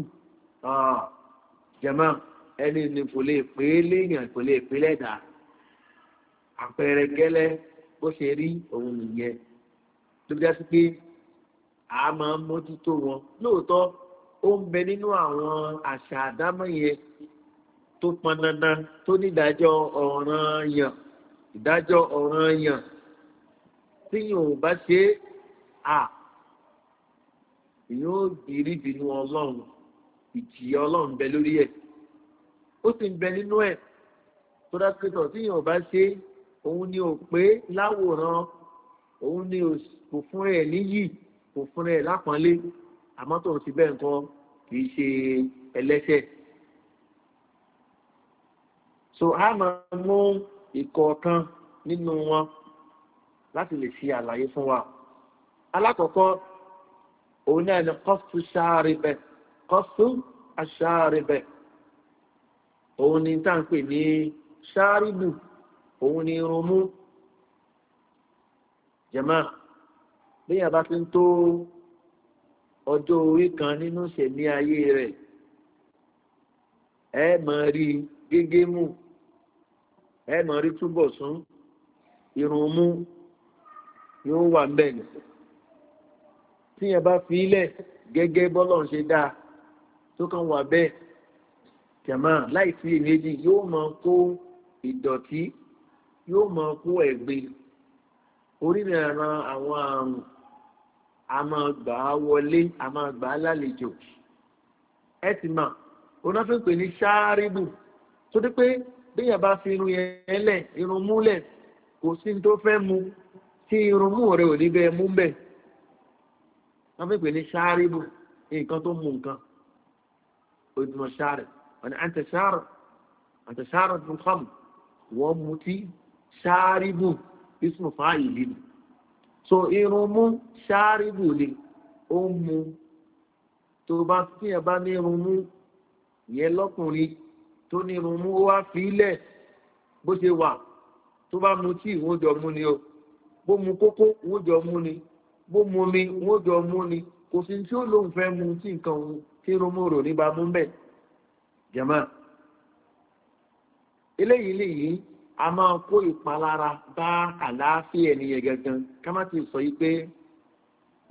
jẹ̀mọ́ ẹni ní kò lè pé léèyàn kò lè pé lẹ́dàá àpẹẹrẹ gẹ́lẹ́ bó ṣe rí òun nìyẹn tó bí dásí pé a máa ń mójútó wọn lóòótọ́ ó ń bẹ nínú àwọn àṣà àdámọ́ yẹn tó pọn dandan tó nídájọ́ ọ̀ràn yàn ìdájọ́ ọ̀ràn yàn tíyàn ò bá ṣe é à ìyóò bìrì bínú ọlọ́run ìjìyà ọlọ́run bẹ lórí ẹ̀ ó sì ń bẹ nínú ẹ̀ tó dákítọ̀ tíyàn ò bá ṣe òun ni ò pé láwòrán òun ni kò fún ẹ níyì kò fún ẹ lápọ́nlé àmọ́ tóun ti bẹ́ẹ̀ nǹkan kì í ṣe ẹlẹ́sẹ̀ so a máa mú ìkọ̀ọ̀kan nínú wọn láti lè ṣe àlàyé fún wa alákọ̀ọ́kọ́ òun náà ni kọ́sù ṣáàrìbẹ̀ kọ́sù aṣáàrìbẹ̀ òun ni tá à ń pè ní ṣáàrìbù òun ni irun mú jẹ̀mọ́ bíyàn bá ti ń tó ọjọ́ orí kan nínú sẹ̀mí ayé rẹ̀ ẹ mọ̀ rí gégé mú ẹ mọ̀ rí túbọ̀ sún irun mú yóò wà ń bẹ̀ ni tíyàn bá fi ilẹ̀ gẹ́gẹ́ bọ́lọ̀ ń ṣe dáa tó kàn wà bẹ́ẹ̀ jẹ̀mọ́ láì èméjì yóò mọ kó ìdọ̀tí yóò máa kó ẹ̀gbin oríran àwọn àrùn a máa gbà á wọlé a máa gbà á lálejò ẹ ti mà onáfíìpé ní ṣáárìbù tó dé pé bíyàn bá fi irun yẹn lẹ̀ irun múlẹ̀ kò sí tó fẹ́ mu tí irun mú rẹ̀ ò ní bẹ́ẹ̀ mú bẹ́ẹ̀ onáfíìpé ní ṣáárìbù nǹkan tó mú nǹkan ojúmọ̀ ṣáárẹ̀ wọn ni àǹtẹ̀ ṣáárẹ̀ àǹtẹ̀ ṣáárẹ̀ tó kọ́mù wọ́n mutí ṣáàrìbù ismu fáìlì ni so irun mú ṣáàrìbù ni ó ń mu tó bá tíyàn bá ní irun mú yẹn lọ́kùnrin tó ní irun mú ó wá fílẹ̀ bó ṣe wà tó bá mu tí ìwọ́n jọ mú ni o bó mu kókó ìwọ́n jọ mú ni bó mu mi ìwọ́n jọ mú ni kò sí tí ó lóun fẹ́ mu tí nǹkan òun tí romoro ní bá mú bẹ́ẹ̀ jẹ̀mọ́ eléyìí léyìí a máa kó ìpalára bá àlàáfíà ẹnìyẹn gangan ká má ti sọ yìí pé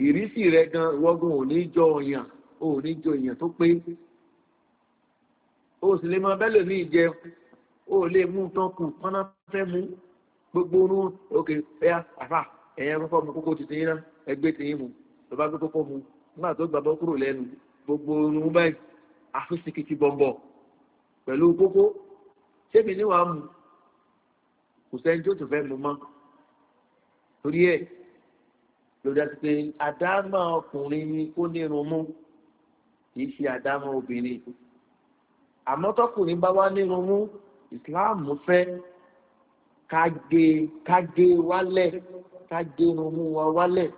ìrísí rẹ gan wọ́gùn ò ní jọ òyàn ò ní jọ èèyàn tó pé o sì lè máa bẹ́lẹ̀ ní ìjẹ o lè mú tán kù tánná fẹ́ mú gbogbo orun òkè ẹ̀yà àfà ẹ̀yà kọ́kọ́ mu kókó tuntun yín náà ẹgbẹ́ tìyín mu lọ́ba gbé kókó mu nígbà tó gbàgbọ́ kúrò lẹ́nu gbogbo orun báyìí àfúnṣe kìkì bọ̀m̀bọ̀ pẹ̀lú kókó ṣé mi níwàá mu kò sẹ́ni tó tún fẹ́ mu mọ́ torí ẹ̀ lọ́dọ̀ ti pé àdámà ọkùnrin ni kó nírun mú kì í ṣe àdámà obìnrin àmọ́ tọkùnrin bá wá nírun mú ìsìláàmù fẹ́ ká gé ká gé wálẹ̀ ká gé irun mú wa wálẹ̀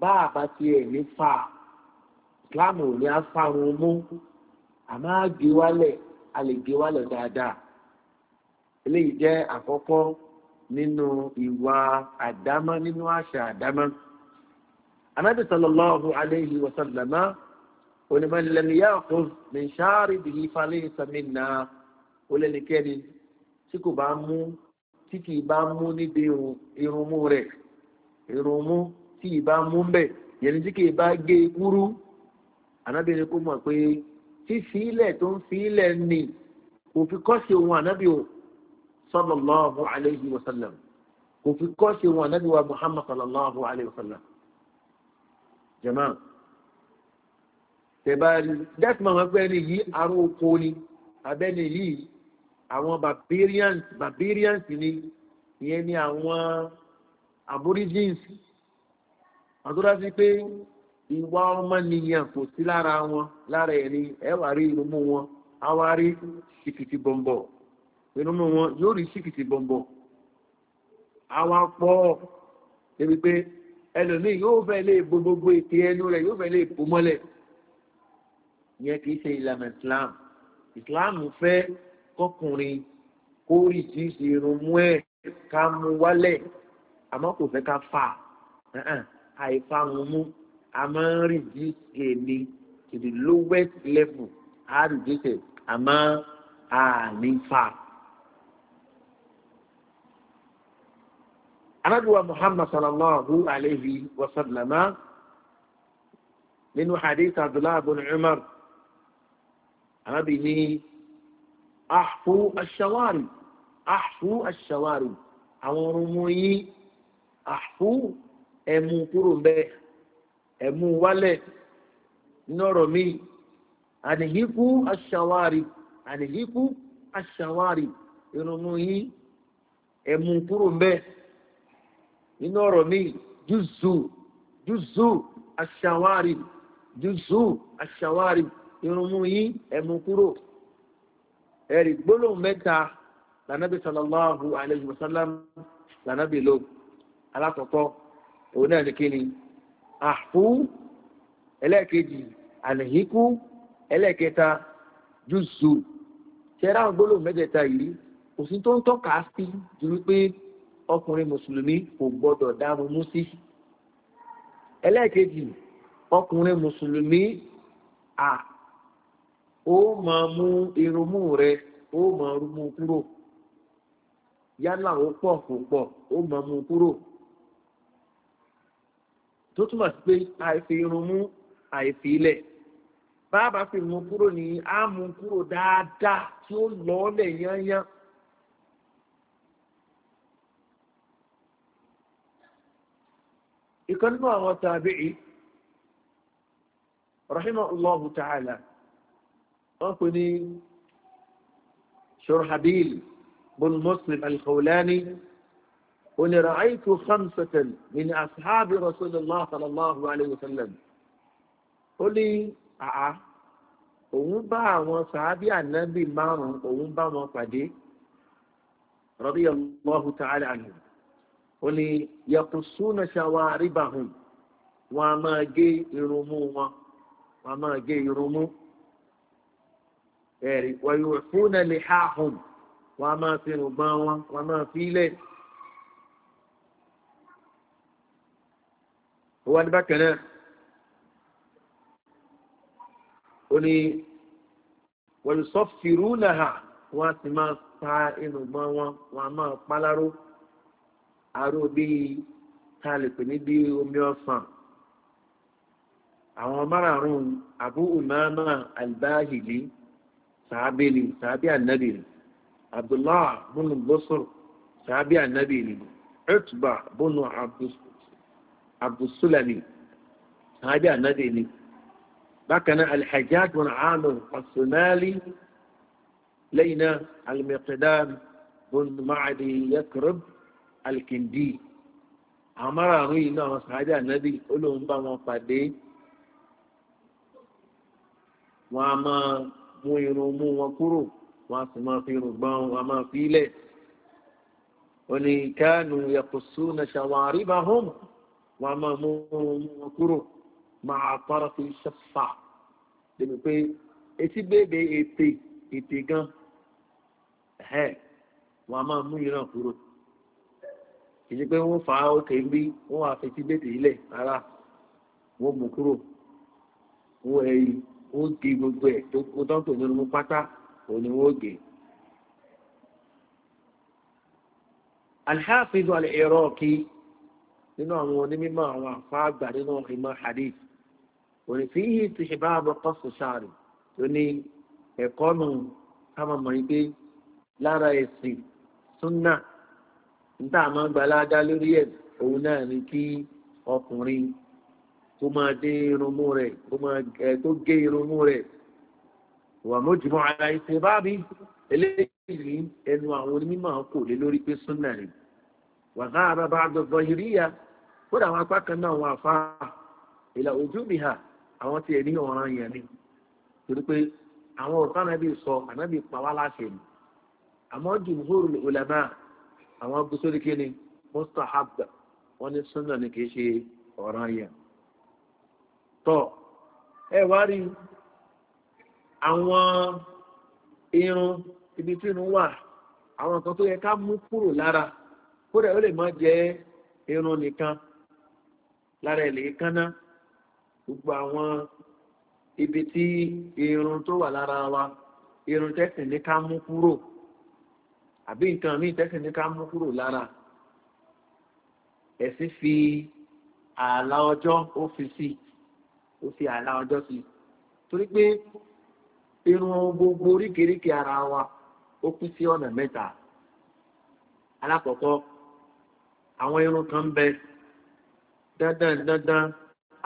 bá a bá tiẹ̀ ní fa ìsìláàmù ò ní á fa irun mú àmọ́ á wálẹ̀ a lè gé wálẹ̀ dáadáa eléyìí jẹ́ àkọ́kọ́ nínú ìwà àdámọ́ nínú àṣà àdámọ́ anábì sallallahu alayhi wa sallama onímọ̀lẹ́mìyà kò ní sáárì bìí falẹ̀ sàmìnà olẹ́nikẹ́ni tí kò bá mú tí kì í bá mú níbi irunmú rẹ̀ irunmú tí ì bá mú bẹ̀ yẹni tí kì í bá gé kúrú anábìrin kò mọ̀ pé fífi tó ń fi nì kò fi ohun anábì o sallallahu alayhi wa sallam kò fi kọ́ ṣe wọn ànábì wa muhammad sallallahu alayhi wa sallam jama tẹ̀bárí dẹ́tìmọ̀ wọn pé ẹni yìí aró oko ni abẹ́ni yìí àwọn barbarians barbarians ni ìyẹn ni àwọn aborigines àdúrà sí pé ìwà ọmọnìyàn kò sí lára wọn lára ẹni ẹwà rí irun mú wọn àwa rí ìkìkì bọ̀m̀bọ̀ nínú wọn yóò rí síkìtì bọ̀m̀bọ̀ àwọn pọ̀ débi pé ẹlòmíì yóò fẹ́ lè bo gbogbo ètè ẹnu rẹ̀ yóò fẹ́ lè bò mọ́lẹ̀ yẹn kì ṣe ìlànà islam islam fẹ́ kọkùnrin kó rí jíjí irun mú ẹ̀ ká mú wálẹ̀ àmọ́ kò fẹ́ ká fà àìfàrun mú a máa ń rí jíjí ẹni to the lowest level a rí jíjí a àní fà. anábíwá muhammad sallallahu alayhi wa sallama nínú hadith abdullahi abu umar anábí ní ahfu ashawari ahfu ashawari àwọn ọmọ yìí ahfu ẹmu kúrò ń bẹ ẹmu wálẹ̀ nọ̀rọ̀ mi àníhíkú ashawari àníhíkú ashawari irunmu yìí ẹmu kúrò ń bẹ nínú ọ̀rọ̀ míì jùzù jùzù aṣàwárí jùzù aṣàwárí irunmú yín ẹ̀mú kúrò ẹ̀rì gbólóhùn mẹ́ta lànàbí sallallahu alayhi wa sallam lànàbí lò alákọ̀ọ́kọ́ òun náà ní kíni àfú ẹlẹ́ẹ̀kejì àlẹ́híkú ẹlẹ́ẹ̀kẹta jùzù ṣẹ́ra gbólóhùn mẹ́tẹ̀ẹ̀ta yìí òsín tó ń tọ́ka sí ju wípé ọkùnrin mùsùlùmí kò gbọdọ̀ dárun mú sí ẹlẹ́ẹ̀kejì ọkùnrin mùsùlùmí à ó máa mú irunmú rẹ ó máa mú kúrò yálà ó pọ̀ kò pọ̀ ó máa mú kúrò tó túmọ̀ sí pé àìfi irunmú àìfi ilẹ̀ bá a bá fi mú kúrò ní á mú kúrò dáadáa tí ó lọ́ọ́lẹ̀ yányán يكن ما وتابعي رحمه الله تعالى أخني شرحبيل بن مسلم الخولاني قلني رأيت خمسة من أصحاب رسول الله صلى الله عليه وسلم قلني أعا أمبا وصحابي النبي مارن أمبا وصحابي رضي الله تعالى عنهم ó ní yakusuna ṣawaribahun wọn a máa gé irunmú wọn wọn a máa gé irunmú ẹ̀rí wọ̀nyí fúnà lè ha hùn wọn a máa fi rùgbọ́n wọn wọn a máa fi ilẹ̀. wọ́n ní bákan náà ó ní wọ̀nyí sọ́fìrú náà wọ́n a sì máa pa irùngbọ́n wọn wọ́n a máa pa láró. aró bíi tá a lè pè ní bíi omi ọsàn àwọn márààrún abu umama albahili sàábìlì sàábì ànábìlì abdullah bùnú bọ́sùr sàábì ànábìlì ẹtùbà bùnú abdulsulami sàábì ànábìlì bákan náà alhajjaj bùnú amr asomali náà alimẹ̀kẹ́dá bùnú máàdì yakurub. alkindi àwọn márààrún yìí náà sàájà ànábì ó lóun bá wọn pàdé wọn a máa mú irun mú wọn kúrò wọn a sì máa fi irun gbọn wọn a máa fi ilẹ̀ wọn kánú yakusu na ṣàwárí home wọn a máa mú irun wọn fi ṣẹfà débi pé etí bèbè ètè ètè gan wọn a ìṣe pé wọ́n fa òkè ń bí wọ́n wà fi tíbètì ilẹ̀ ara wọ́n mú kúrò wọ́n ẹ̀yí wọ́n gé gbogbo ẹ̀ tó kó tán tó nínú mú pátá òun ni wọ́n gé. alhafiz al-iraqi nínú àwọn onímọ̀ àwọn àfáàgbà nínú ìmọ̀ hadith òní fi yí ti ṣe bá a bọ̀ pọ́sù sáàrì tó ní ẹ̀kọ́ nù ká máa mọ̀ yí pé lára ẹ̀sìn súnà níta àmọ́ gbalada lórí ẹ̀ òun náà ni kí ọkùnrin tó máa dé irunmú rẹ̀ tó gé irunmú rẹ̀ wà mójúmọ́ ara ìṣe bábí eléyìí ẹnu àwọn onímọ̀ kò lé lórí pé súnà rẹ̀ wàhá àbábá àgbọ̀gbọ̀ ìríyà kódà àwọn apá kan náà wọn àfa ìlà ojú mi hà àwọn tí ẹni ọ̀ràn yẹn ni torí pé àwọn ọ̀rọ̀ sọ ànábì pa wá láṣẹ ni àmọ́ jùmùhóró lè ọ̀làmáà àwọn agbó sórí kí ni mustahabda wọ́n ní sunna ni kìí ṣe ọ̀ràn yẹn tọ́ ẹ wá rí àwọn irun ibi tí irun wà àwọn nǹkan tó yẹ ká mú kúrò lára kódà ó lè má jẹ́ irun nìkan lára ilẹ̀ kánná gbogbo àwọn ibi tí irun tó wà lára wa irun tẹ́sìn ní ká mú kúrò àbí nǹkan míì tẹ́sí ní ká mú kúrò lára ẹ̀sìn fi ààlà ọjọ́ ó fi sí ó fi ààlà ọjọ́ sí torí pé irun gbogbo oríkèéríkèé ara wa ó kú sí ọ̀nà mẹ́ta alákọ̀ọ́kọ́ àwọn irun kan ń bẹ dandan dandan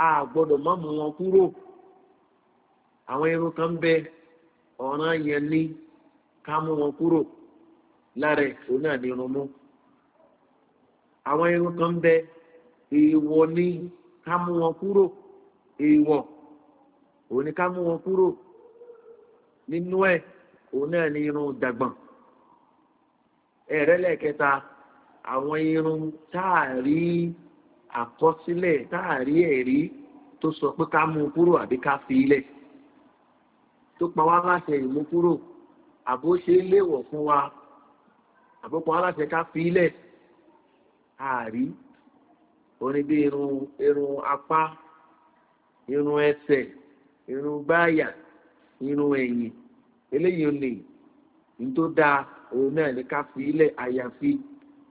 a gbọ́dọ̀ má mú wọn kúrò àwọn irun kan ń bẹ ọ̀ràn yẹn ní ká mú wọn kúrò lára òun náà ni irun mú àwọn irun kan bẹ èèwọ̀ ni ká mú wọn kúrò èèwọ̀ òun ni ká mú wọn kúrò nínú ẹ òun náà ni irun dàgbọ̀n ẹ̀rẹ́ lẹ́ẹ̀kẹta àwọn irun táàrí àkọsílẹ̀ táàrí ẹ̀rí tó sọ pé ká mú kúrò àbí ká fi ilẹ̀ tó pa wá láṣẹ ìmú kúrò àbó ṣe léwọ̀ fún wa àbúkọ aláṣẹ ká fi ilẹ̀ àárí orin bí irun irun apá irun ẹsẹ̀ irun gbáàyà irun ẹ̀yìn eléyìí ò lè ní tó dáa òun náà ní ká fi ilẹ̀ àyàfi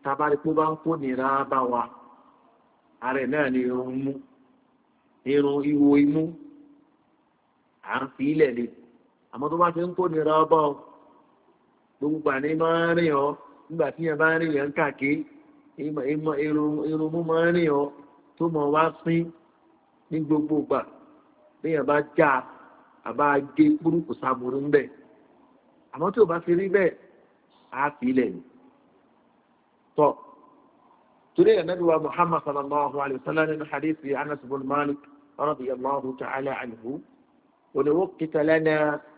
tabarikó bá ń kó nira bá wa ara ẹ̀ náà ni irun mú irun iwo imú à ń fi ilẹ̀ lè àmọ́ tó bá ti ń kó nira bá ọ gbogbo àní máa ń rìn ọ́ nígbà tí yẹn bá rìn yẹn káàkiri irun mú máa ń rìn ọ tó mọ̀ wá sín ní gbogbo ìgbà bí yẹn bá já àbá gé kúrúkù sábúrú ń bẹ̀ tí ò bá fi rí bẹ́ẹ̀ á fi ilẹ̀ ni tọ́ torí ẹ̀ nàbí wa muhammad sallallahu alayhi wa sallam nínú hadithi anas bin malik rabi radiyallahu ta'ala anhu òní wọ́n kìtà lẹ́nà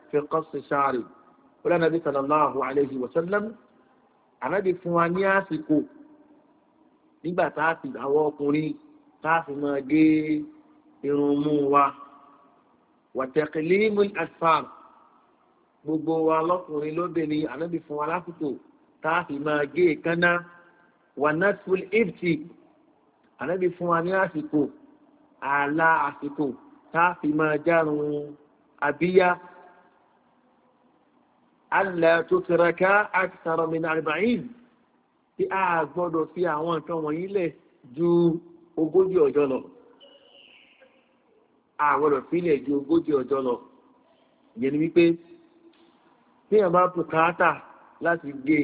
fi kọ́sì sáàrì wọ́n lẹ́nà bí sallallahu alayhi wa sallam ànábì fún wa ní àsìkò nígbà tá a ti àwọn ọkùnrin tá a fi máa gé irun mú wa wàtẹ̀kẹ̀lé mú asfam gbogbo wa lọ́kùnrin lóbìnrin ànábì fún wa lásìkò tá a fi máa gé èékánná wà nátfúl ifti ànábì fún wa ní àsìkò ààlà àsìkò tá a fi máa járun abíyá alla tutraka akthara min arba'in tí a gbọ́dọ̀ fi àwọn nǹkan wọ̀nyí lẹ̀ ju ogójì ọjọ́ lọ a gbọ́dọ̀ fi lẹ̀ ju ogójì ọjọ́ lọ ìyẹn ni wípé bí wọn bá bùkátà láti gé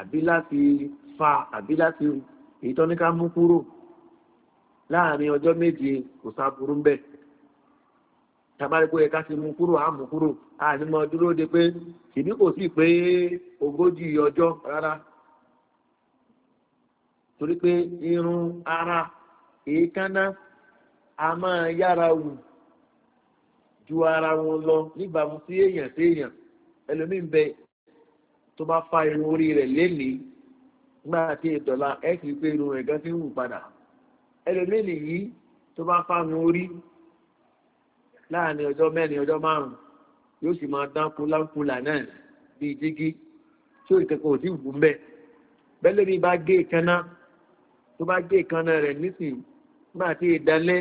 àbí láti fa àbí láti èyí tó ní ká mú kúrò láàrin ọjọ́ méje kò sá burú bẹ́ẹ̀ tabarígbó yẹ ká ti mú kúrò á mú kúrò á ní mọ dúró de pé ìbí kò sí pé ogójì ọjọ́ rárá torí pé irun ara èékánná a máa yára wù ju ara wọn lọ níbàámu sí èèyàn sí èèyàn ẹlòmíín bẹ tó bá fa irun orí rẹ lénìí nígbà tí ìdọ̀la ẹ̀ kì í pé irun rẹ̀ gan ti ń wù padà ẹlòmíín nìyí tó bá fa irun orí láàrin ọjọ́ mẹ́rin ọjọ́ márùn-ún yóò sì máa dán kúlákúlà náà bíi dígí tí òun kankan ò sí wù mbẹ bẹ́lẹ̀ mi bá gé ìkànnà tó bá gé ìkànnà rẹ̀ nísìnyí nígbà tí ìdánlẹ́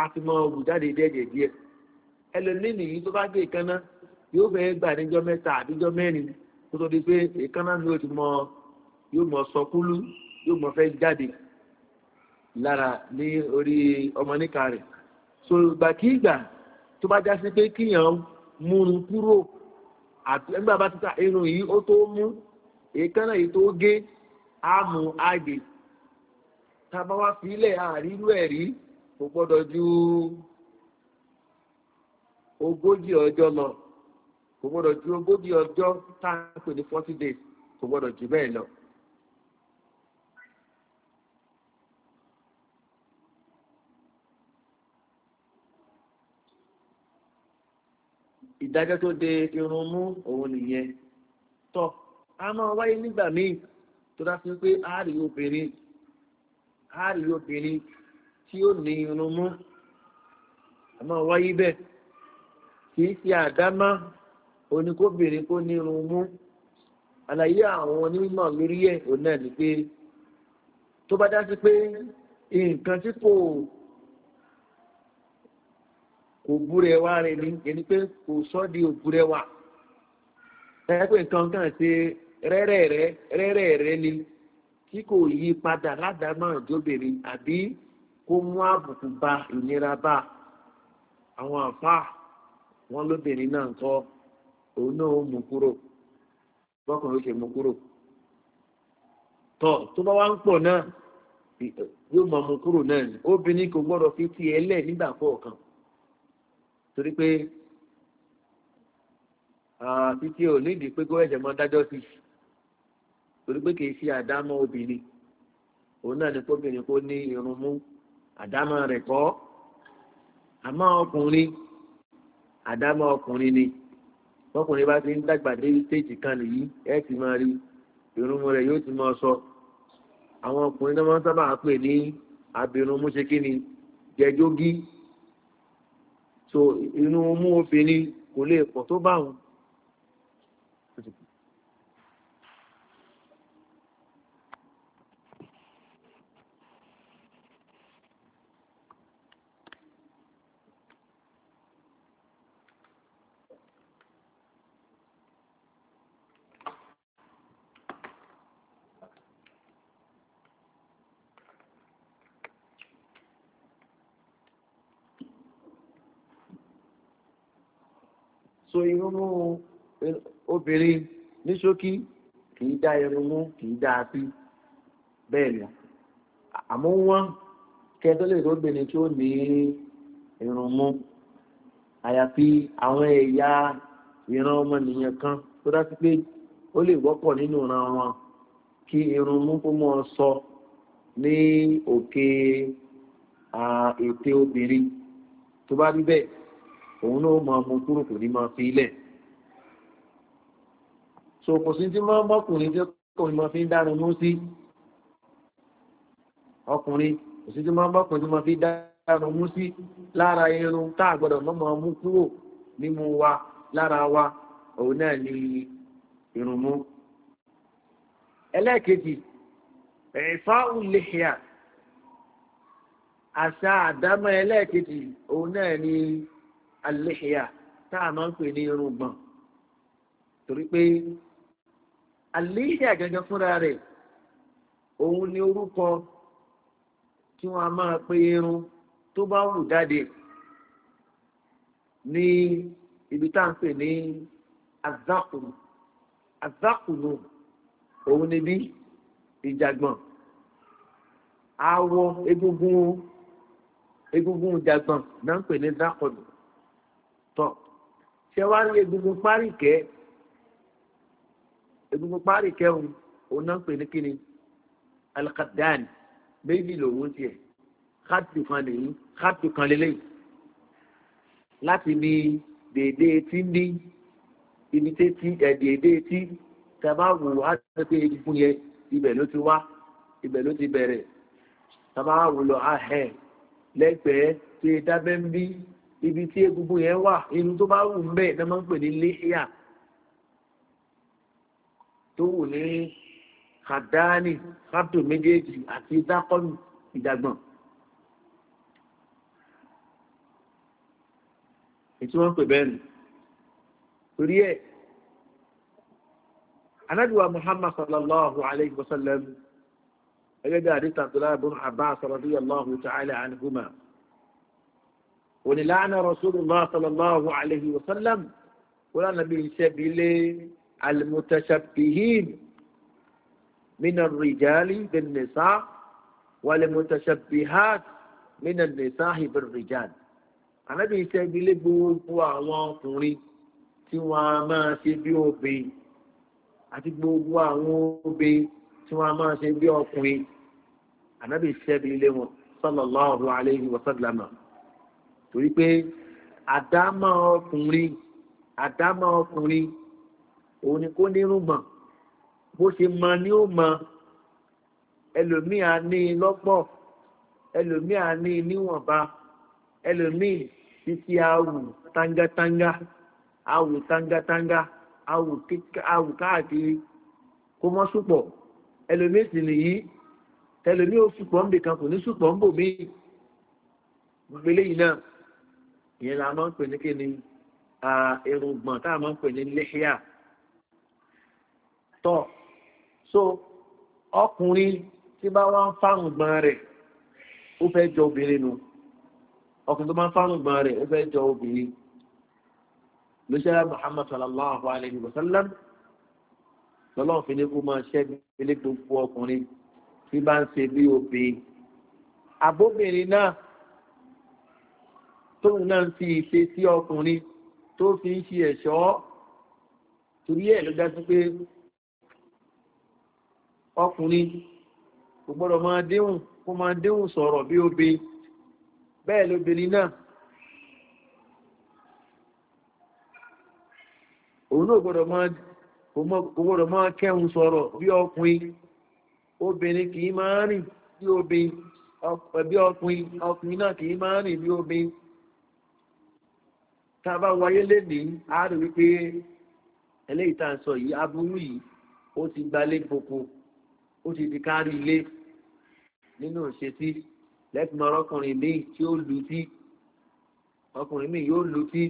a ti mọ ògùn jáde dẹ́jẹ̀ díẹ̀ ẹlòmíì nìyí tó bá gé ìkànnà yóò fẹ́ gbà níjọ́ mẹ́ta àbíjọ́ mẹ́rin kó tó di pé ìkànnà mi ò ti mọ yóò mọ sọkúlú yóò mọ fẹ́ jáde lára ní orí ọmọ níka rẹ̀ so gbàkígbà tó bá já sí pé kíyàn múrun kúrò àti ẹgbẹ́ bá títà irun yìí ó tó mú èékánná yìí tó gé àmú àgbè tábà wá fílẹ̀ àrírú ẹ̀rí kò gbọ́dọ̀ ju ogójì ọjọ́ lọ kò gbọ́dọ̀ ju ogójì ọjọ́ tá a pè ní forty days kò gbọ́dọ̀ ju bẹ́ẹ̀ lọ. ìdájọ́ tó de irun mú òun nìyẹn tọ́ a máa wáyé nígbà míì tó dá sí pé àárí obìnrin àárí obìnrin tí ó ní irun mú a máa wáyé bẹ́ẹ̀ kì í ṣe àdámá oníkóbìnrin kó ní irun mú àlàyé àwọn onímọ̀ lórí ẹ̀ òun náà ni pé tó bá dá sí pé nǹkan tí kò òbúrẹ́wà rẹ̀ ni ẹni pé kò di òbúrẹ́wà ẹ pé nǹkan kan ṣe ni tí kò yí padà ládàámọ̀ ìjọbìnrin àbí kó mú àbùkù ba ìnira bá àwọn àfa wọn lóbìnrin náà ń kọ́ òun náà ó mú kúrò bọ́kùnrin ó ṣe mú kúrò tọ́ tó bá wá ń náà yóò mú kúrò náà obìnrin kò fi torí pé títí ò ní ìdí pé kó ẹ̀jẹ̀ mọ́ dájọ́ sí torí pé kìí ṣe àdámọ́ obìnrin òun náà ni kóbìnrin kó ní irun mú àdámọ́ rẹ̀ kọ́ àmọ́ ọkùnrin àdámọ́ ọkùnrin ni ọkùnrin bá ti ń dàgbà dé stéèjì kan nìyí ẹ ti máa rí irun rẹ̀ yóò ti máa sọ àwọn ọkùnrin náà máa ń sábà pè ní abirun múṣekí ni jẹjógí so inú mú obìnrin kò lè pọ̀ tó bá wọn irunmú obìnrin ní ṣókí kì í dá irunmú kì í dá apí bẹ́ẹ̀ ni àmọ́ wọ́n kẹtọ́ lè lóbìnrin tí ó ní irunmú àyàfi àwọn ẹ̀yà ìran ọmọnìyàn kan tó dá sí pé ó lè wọ́pọ̀ nínú ìran wọn kí irunmú kó mọ́ sọ ní òkè ètè obìnrin tó bá rí bẹ́ẹ̀. òun náà máa mú kúrò kò ní fi ilẹ̀ so kò sí tí máa mọ́kùnrin jẹ́ kò ní máa fi ń dára mú sí ọkùnrin kò sí tí máa tí máa fi dára mú sí lára irun tá a gbọ́dọ̀ mọ́ máa mú kúrò nímú wa lára wa òun náà ni irun mú ẹlẹ́ẹ̀kejì ẹ̀fá ulẹ̀hìá àṣà àdámọ́ ẹlẹ́ẹ̀kejì òun náà ni. alẹ́hìá tá a máa ń pè ní irun gbọ̀n torí pé alẹ́hìá gangan fúnra rẹ̀ òun ni orúkọ tí wọ́n a máa pe irun tó bá wù jáde ní ibi tá à ń pè ní azakulu azakulu òun ni bí ìjàgbọ̀n awọ egungun egungun ìjàgbọ̀n náà ń pè ní zakulu ṣe wá rí egungun páríkẹ́ egungun páríkẹ́ òun òun náà pè ní kíni alkadan méjì lòun tiẹ̀ kátù kan lèyí kátù kan lélẹ́yìí láti ní dèédé tí ní ibi tí tí ẹ̀dèédé tí tàbá wò á ti pé egungun yẹn ibẹ̀ ló ti wá ibẹ̀ ló ti bẹ̀rẹ̀ tàbá lọ ahẹ́ lẹ́gbẹ̀ẹ́ tí dábẹ́ ń bí ibi tí egungun yẹn wà irun tó bá wù ń bẹ̀ náà máa ń pè ní léhíà tó wù ní kàdáánì káptò méjèèjì àti dákọ́nù ìdàgbọ̀n. ètí wọ́n pè bẹ́ẹ̀ nù torí ẹ̀ anábìwá muhammad sallallahu alayhi wa sallam ẹgbẹ́ bí adé tàbí láàbùn àbá sọ̀rọ̀ bí yàrá ọ̀hún onílànà rasulillah sallallahu alayhi wa sallam wọ́n lànà bí iṣẹ́ bí lé alimutashabihin mina rijali bin nisa walimutashabihat mina nisa bin rijali ànábì iṣẹ́ bí lé gbogbo àwọn ọkùnrin tí wọ́n a máa ṣe bí obìnrin àti gbogbo àwọn obìnrin tí wọ́n a máa ṣe bí ọkùnrin ànábì iṣẹ́ bí lé wọn sallallahu alayhi wa torí pé àdámọ́ ọkùnrin àdámọ́ ọkùnrin òun ni kó nírùngbọ̀n bó ṣe mọ ni ó mọ ẹlòmíà ní lọ́pọ̀ ẹlòmíà ní níwọ̀nba ẹlòmíì títí awù tangatanga awù tangatanga awù káàkiri kó mọ́ súpọ̀ ẹlòmíì sì nìyí ẹlòmíì ó súpọ̀ ń bìkan kò ní súpọ̀ ń bò míì gbogbo eléyìí náà ìyẹn la máa ń pè ní kí ni èròǹgbọ̀n tá a máa ń pè ní lẹ́híà tọ́ so ọkùnrin tí bá wá ń fárùngbọ̀n rẹ̀ ó fẹ́ jọ obìnrin nu ọkùnrin tó bá ń fárùngbọ̀n rẹ̀ ó fẹ́ jọ obìnrin lóṣèlú muhammad sallallahu alayhi wa sallam lọ́lọ́run fi ní kó máa ṣẹ́gun ilé gbogbo ọkùnrin tí bá ń ṣe bí obìnrin abóbìnrin náà. tóun náà fi ìṣe sí ọkùnrin tó fi ń ṣe ẹ̀ṣọ́ torí ẹ̀ ló dájú pé ọkùnrin kò gbọ́dọ̀ máa déhùn kó máa déhùn sọ̀rọ̀ bí obe bẹ́ẹ̀ lóbìnrin náà òun náà gbọ́dọ̀ máa kò gbọ́dọ̀ máa kẹ́hùn sọ̀rọ̀ bí ọkùnrin obìnrin kì í náà kì í máa rìn bí obìnrin tá a bá wáyé lénìí a rí wípé eléyìí tá à ń sọ yìí aburú yìí ó ti gbalé gboko ó ti di kárí ilé nínú ìṣesí lẹ́tùmọ̀ ọkùnrin míì tí ó lu tí ọkùnrin míì yóò lu tí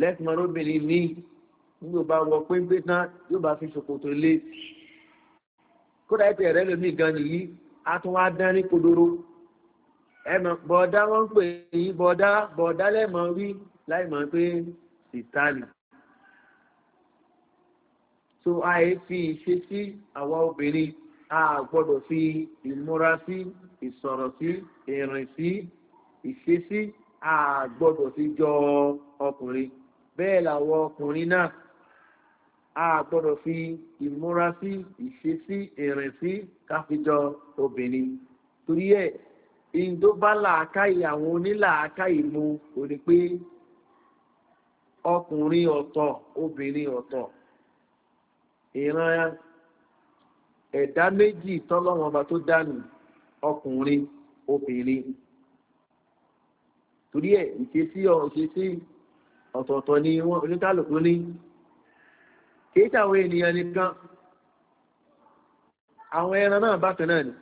lẹ́tùmọ̀ obìnrin míì ní o bá wọ péńpé tán yóò bá fi ṣòkòtò lé kódà ètò ẹ̀rẹ́ lómi gan nìyí a tún wá dán ní kodoro ẹ̀mọ̀ bọ̀ọ̀dá wọ́n ń pè yí bọ̀ọ̀dá bọ̀ọ̀dá lẹ́mọ̀ wí láì mọ̀ pé ìtàlì so àì fi ìṣe sí àwa obìnrin a gbọ́dọ̀ fi ìmúra sí ìsọ̀rọ̀ sí ìrìn sí ìṣe sí a gbọ́dọ̀ fi jọ ọkùnrin bẹ́ẹ̀ làwọn ọkùnrin náà a gbọ́dọ̀ fi ìmúra sí ìṣe sí ìrìn sí káfíjọ obìnrin torí ẹ̀ ìdó bá làákàyè àwọn onílàákàyè mu ò ní pé ọkùnrin ọ̀tọ̀ obìnrin ọ̀tọ̀ ìran ẹ̀dá méjì tọ́lọ́wọ́n ọba tó dánù ọkùnrin obìnrin torí ẹ̀ ìṣesí ìṣesí ọ̀tọ̀ọ̀tọ̀ ni wọ́n oníkálùkù ní kìí ṣàwọn ènìyàn nìkan àwọn ẹran náà bákan náà ni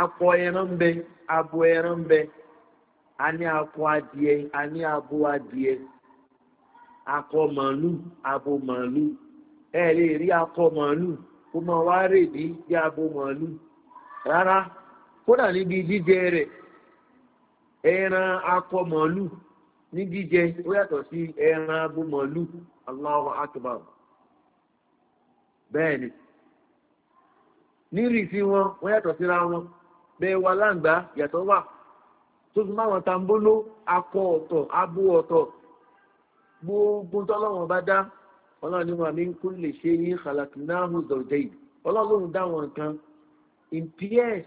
akọ ẹran ń bẹ abo ẹran ń bẹ a ní akọ adìẹ a ní abo adìẹ akọ màálù abo màálù ẹ lè rí akọ màálù kó máa wá rèdí bí abo màálù rárá kódà níbi jíjẹ rẹ ẹran akọ màálù ní jíjẹ ó yàtọ̀ sí ẹran abo màálù Allahu akbar bẹ́ẹ̀ ni nírìsí wọn wọ́n yàtọ̀ síra wọn bẹ́ẹ̀ wà láǹgbá yàtọ̀ wà tó fi máa wọn tambóló akọ ọ̀tọ̀ abo ọ̀tọ̀ gbogbo tọ́lọ́wọ́n bá dá ọlọ́run ní wọn àmì ń kú lè ṣe yín kàlàkùnáhùn zọ̀jẹ̀ yìí ọlọ́run dá wọn nǹkan in ps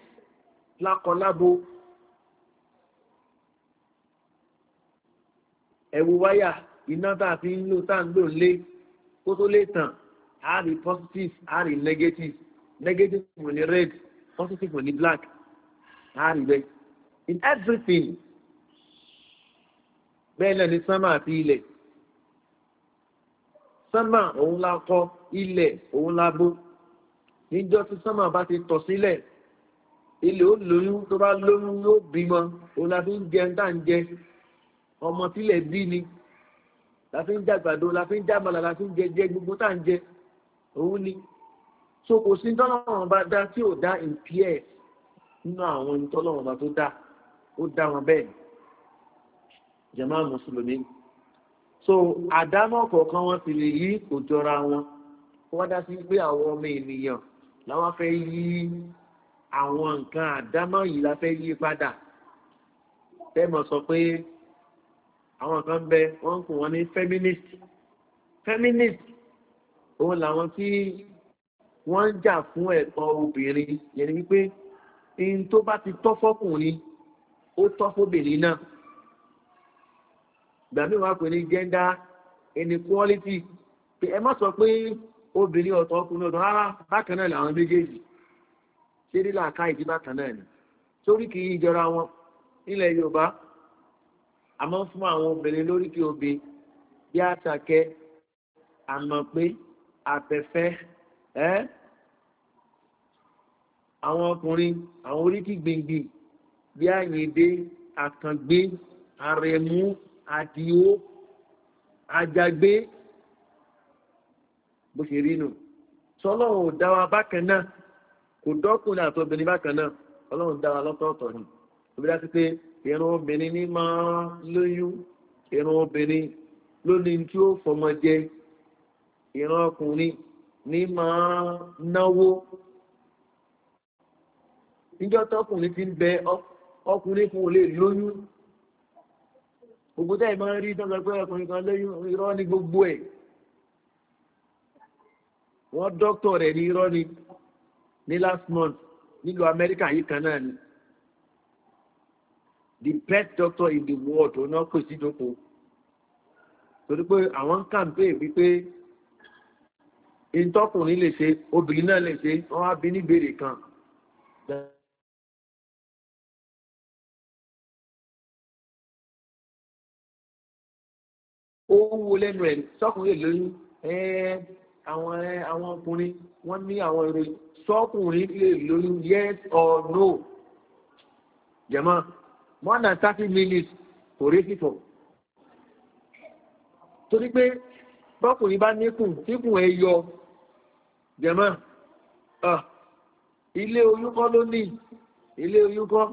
lákọlábo ẹ̀wù wáyà iná tá a fi ń lò tá a ń lò lé kó tó lè tàn á rí positive á rí negative negative kò ní red positive kò ní black á rí bẹ́ẹ̀ in everything bẹ́ẹ̀ náà ní sánmà àti ilẹ̀ sánmà òun la kọ ilẹ̀ òun la bó níjọ́ tí sánmà bá ti tọ̀ sílẹ̀ ilẹ̀ ó lóyún tó bá lóyún yóò bímọ òun la fi ń jẹ tá à ń jẹ ọmọ tílẹ̀ bí ni la fi ń jàgbàdo la fi ń jàmàlà la fi ń jẹjẹ gbogbo tá à ń jẹ òun ni so kò sí tọ́lọ́wọ́n bá dá tí ò dá ìpíẹ̀ nínú àwọn ìtọ́lọ́wọ́n bá tó dá ó dá wọn bẹ́ẹ̀ jẹ̀má mùsùlùmí so àdámọ̀ kọ̀ọ̀kan wọn sì lè yí kò jọra wọn wọ́n dá sí pé àwọn ọmọ ènìyàn láwọn fẹ́ yí àwọn nǹkan àdámọ̀ yìí la fẹ́ yí padà tẹ́mọ̀ sọ pé àwọn kan bẹ wọ́n ń pè wọ́n ní feminist feminist òun làwọn tí wọ́n ń jà fún ẹ̀tọ́ obìnrin yẹn ni wípé in tó bá ti tọ́ fọ́kùnrin ó tọ́ fóbìnrin náà gbàmí wàá pè ní gender inequality pé ẹ má sọ pé obìnrin ọ̀tọ̀ ọkùnrin ọ̀tọ̀ rárá bákan náà làwọn méjèèjì ṣé nílà ká ìdí bákan náà ni sórí kì í jọra wọn nílẹ̀ yorùbá àmọ́ fún àwọn obìnrin lórí kí obì bí àtàkẹ́ àmọ̀ pé àtẹ̀fẹ́ ẹ́ àwọn ọkùnrin àwọn oríkì gbìngbìn bí àyèdè àkàngbé àrẹ̀mú àdìó àjàgbé bó ṣe rí nù sọlọ́run ò dá wa bákan náà kò dọ́kùnrin àti obìnrin bákan náà ọlọ́run dá wa lọ́tọ̀ọ̀tọ̀ ni òbí dá sí pé ìran obìnrin ní máa lóyún ìran obìnrin ló tí ó fọmọ jẹ ọkùnrin ní máa náwó níjọ́ tọkùnrin ti ń bẹ ọkùnrin fún olè lóyún gbogbo tẹ́ ẹ̀ máa ń rí tọ́jú pé ọkùnrin kan lóyún irọ́ ní gbogbo ẹ̀ wọ́n dọ́kítọ̀ rẹ̀ ní irọ́ ni ní last month nílùú amẹ́ríkà yìí kan náà ni the best doctor in the world ò náà pèsè ìjókò torí pé àwọn ń kàǹpé wípé ìtọ́kùnrin lè ṣe obìnrin náà lè ṣe wọ́n á bí nígbèrè kan. ó wú lẹ́nu ẹ̀ sọ́kùnrin lóyún àwọn àwọn ọkùnrin wọ́n ní àwọn ìròyìn sọ́kùnrin lè lóyún yes or no jẹ̀mọ́ more than thirty minutes kò rí fífọ̀ torí pé bọ́kùnrin bá níkùn tíkùn ẹ yọ jẹ̀mọ́ ilé oyún kọ́ ló ní ilé oyún kọ́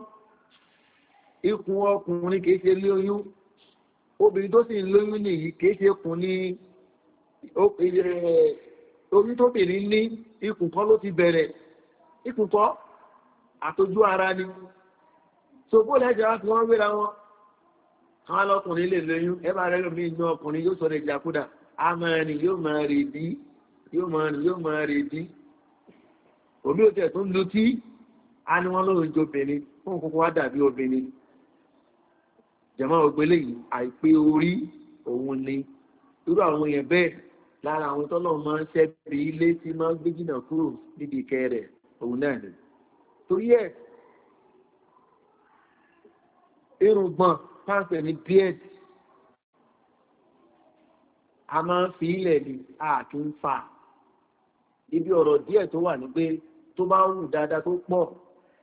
ikùn ọkùnrin kìí ṣe ilé oyún obìnrin tó sì ń lóyún nìyí kìí ṣe kùn ní oyún tóbìnrin ní ikùn kan ló ti bẹ̀rẹ̀ ikùn kan àtọ́jú ara ni so bó lẹ́jọ́ wá fi wọ́n wéra wọn àwọn ọlọ́kùnrin lè lóyún ẹ bá rẹ lómi inú ọkùnrin yóò sọ ẹ̀jẹ̀ àkúdà a máa rìn yóò máa rè dí yóò máa rìn yóò máa rè dí òbí òtẹ̀ tó ń lu tí a ní wọn lóhun jobìnrin fún kókó wá dàbí obìnrin jẹ̀mọ́ ògbélé yìí àìpé orí òun ni irú àwọn èèyàn bẹ́ẹ̀ lára àwọn tọ́lọ̀ máa ń ṣẹ́bi ilé tí máa ń gbé jìnnà kúrò níbi ìkẹ́ òun náà ni torí ẹ̀ irùngbọ̀n pàǹpẹ̀ ní beard a máa ń fi ilẹ̀ ni a ń fa ibi ọ̀rọ̀ díẹ̀ tó wà ní pé tó bá wù dáadáa tó pọ̀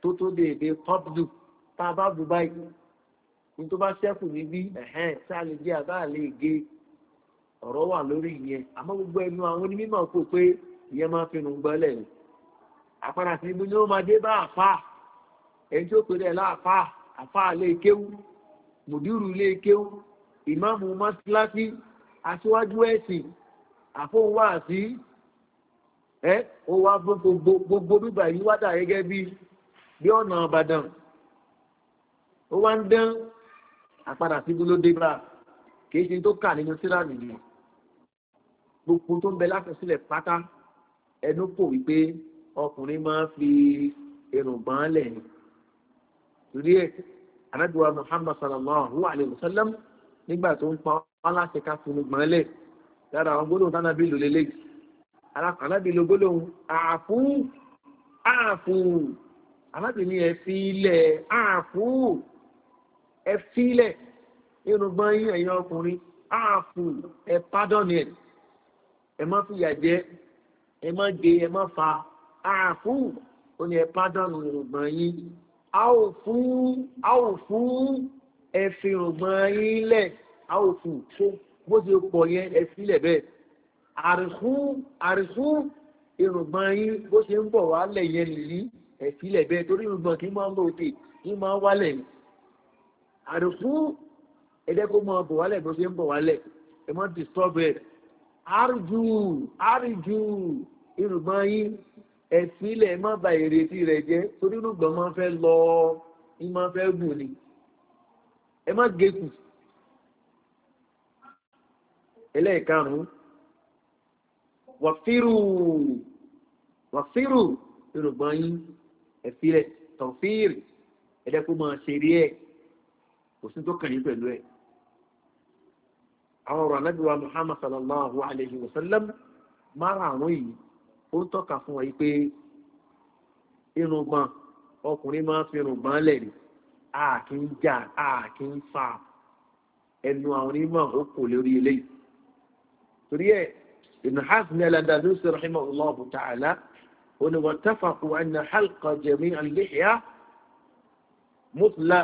tó tó dèédé pọ́pdù tá a bá bù báyìí ní tó bá ṣẹ́kù níbí ẹ̀hẹ́n tá a lè jẹ́ àbá lè gé ọ̀rọ̀ wà lórí ìyẹn àmọ́ gbogbo ẹnu àwọn onímọ̀ kò pé ìyẹn máa fi rùn gbọ́lẹ̀ ni àpárá sí ibi ni ó máa dé bá àfa ẹni tó pèrè láàfa àfa lè kéwú mùdírù lè kéwú ìmáàmù mọ́síláṣí aṣíwájú ẹ̀sìn àfóhùnwá sí ẹ ó wá gbogbo bíbà yìí wádà gẹ́gẹ́ bí bí ọ̀nà ọ̀bàdàn ó wá ń dán àpadà síbú ló dé bá kìí ṣe tó kà nínú síra nìyí gbogbo tó ń bẹ láfẹsílẹ̀ pátá ẹnu kò wípé ọkùnrin máa ń fi èròǹgbọ́n lẹ̀ ni torí ẹ̀ anábìwá muhammad sallallahu alayhi wa sallam nígbà tó ń pa wọn láti ká fún un gbọ́n lẹ̀ lára àwọn gbólóhùn tánà bí lò lélẹ̀ alábì lo gbólóhùn ààfún ààfún alábì ní fi ilẹ̀ ààfún ẹ fílẹ̀ nínú gbọ́n yín ẹ̀yin ọkùnrin áàfù ẹ pádọ́nì ẹ̀ ẹ má fìyà jẹ ẹ má gbé ẹ má fa áàfù ó ní ẹ pádọ́nì ìrùngbọ̀n yín a ò fún a ò fún ẹ fi ìrùngbọ̀n yín lẹ̀ a ò fún tó bó ti pọ̀ yẹn ẹ fílẹ̀ bẹ́ẹ̀ àrìkú àrìkú ìrùngbọ̀n yín bó ṣe ń bọ̀ wálẹ̀ yẹn nìyí ẹ fílẹ̀ bẹ́ẹ̀ torí ìrùngbọ̀n kì í máa ń lò dé kì í máa ń wálẹ̀ yìí àrùfú ẹ̀dẹ́ kó mọ bọ̀ wálẹ̀ bó ṣe ń bọ̀ wálẹ̀ ẹ mọ́ disturb ẹ̀ àrùjù àrùjù irùgbọ́n yín ẹ̀sìn ilẹ̀ má ba ìrètí rẹ̀ jẹ́ torí irùgbọ́n máa fẹ́ lọ ní máa fẹ́ gùn ni ẹ má gẹ̀kù ẹlẹ́ẹ̀karùn-ún wàfírù wàfírù irùgbọ́n yín ẹ̀fílẹ̀ tọ̀fíìrì ẹ̀dẹ́ kó ṣeré ẹ̀ kò sí tó kàn yín pẹ̀lú ẹ̀ àwọn ọ̀rọ̀ anábì wa muhammad sallallahu alayhi wa sallam márààrún yìí ó ń tọ́ka fún wa yìí pé irùngbọ̀n ọkùnrin máa ń fi irùngbọ̀n lẹ̀ ní a kì í jà a kì í fà ẹnu àwọn onímọ̀ ó kò lórí eléyìí torí ẹ̀ ibn hasan al-andalusi rahimahullah ta'ala ó ní wọ́n tẹ́fà kú ẹni halqa jẹ̀mí alìlẹ́yà mutla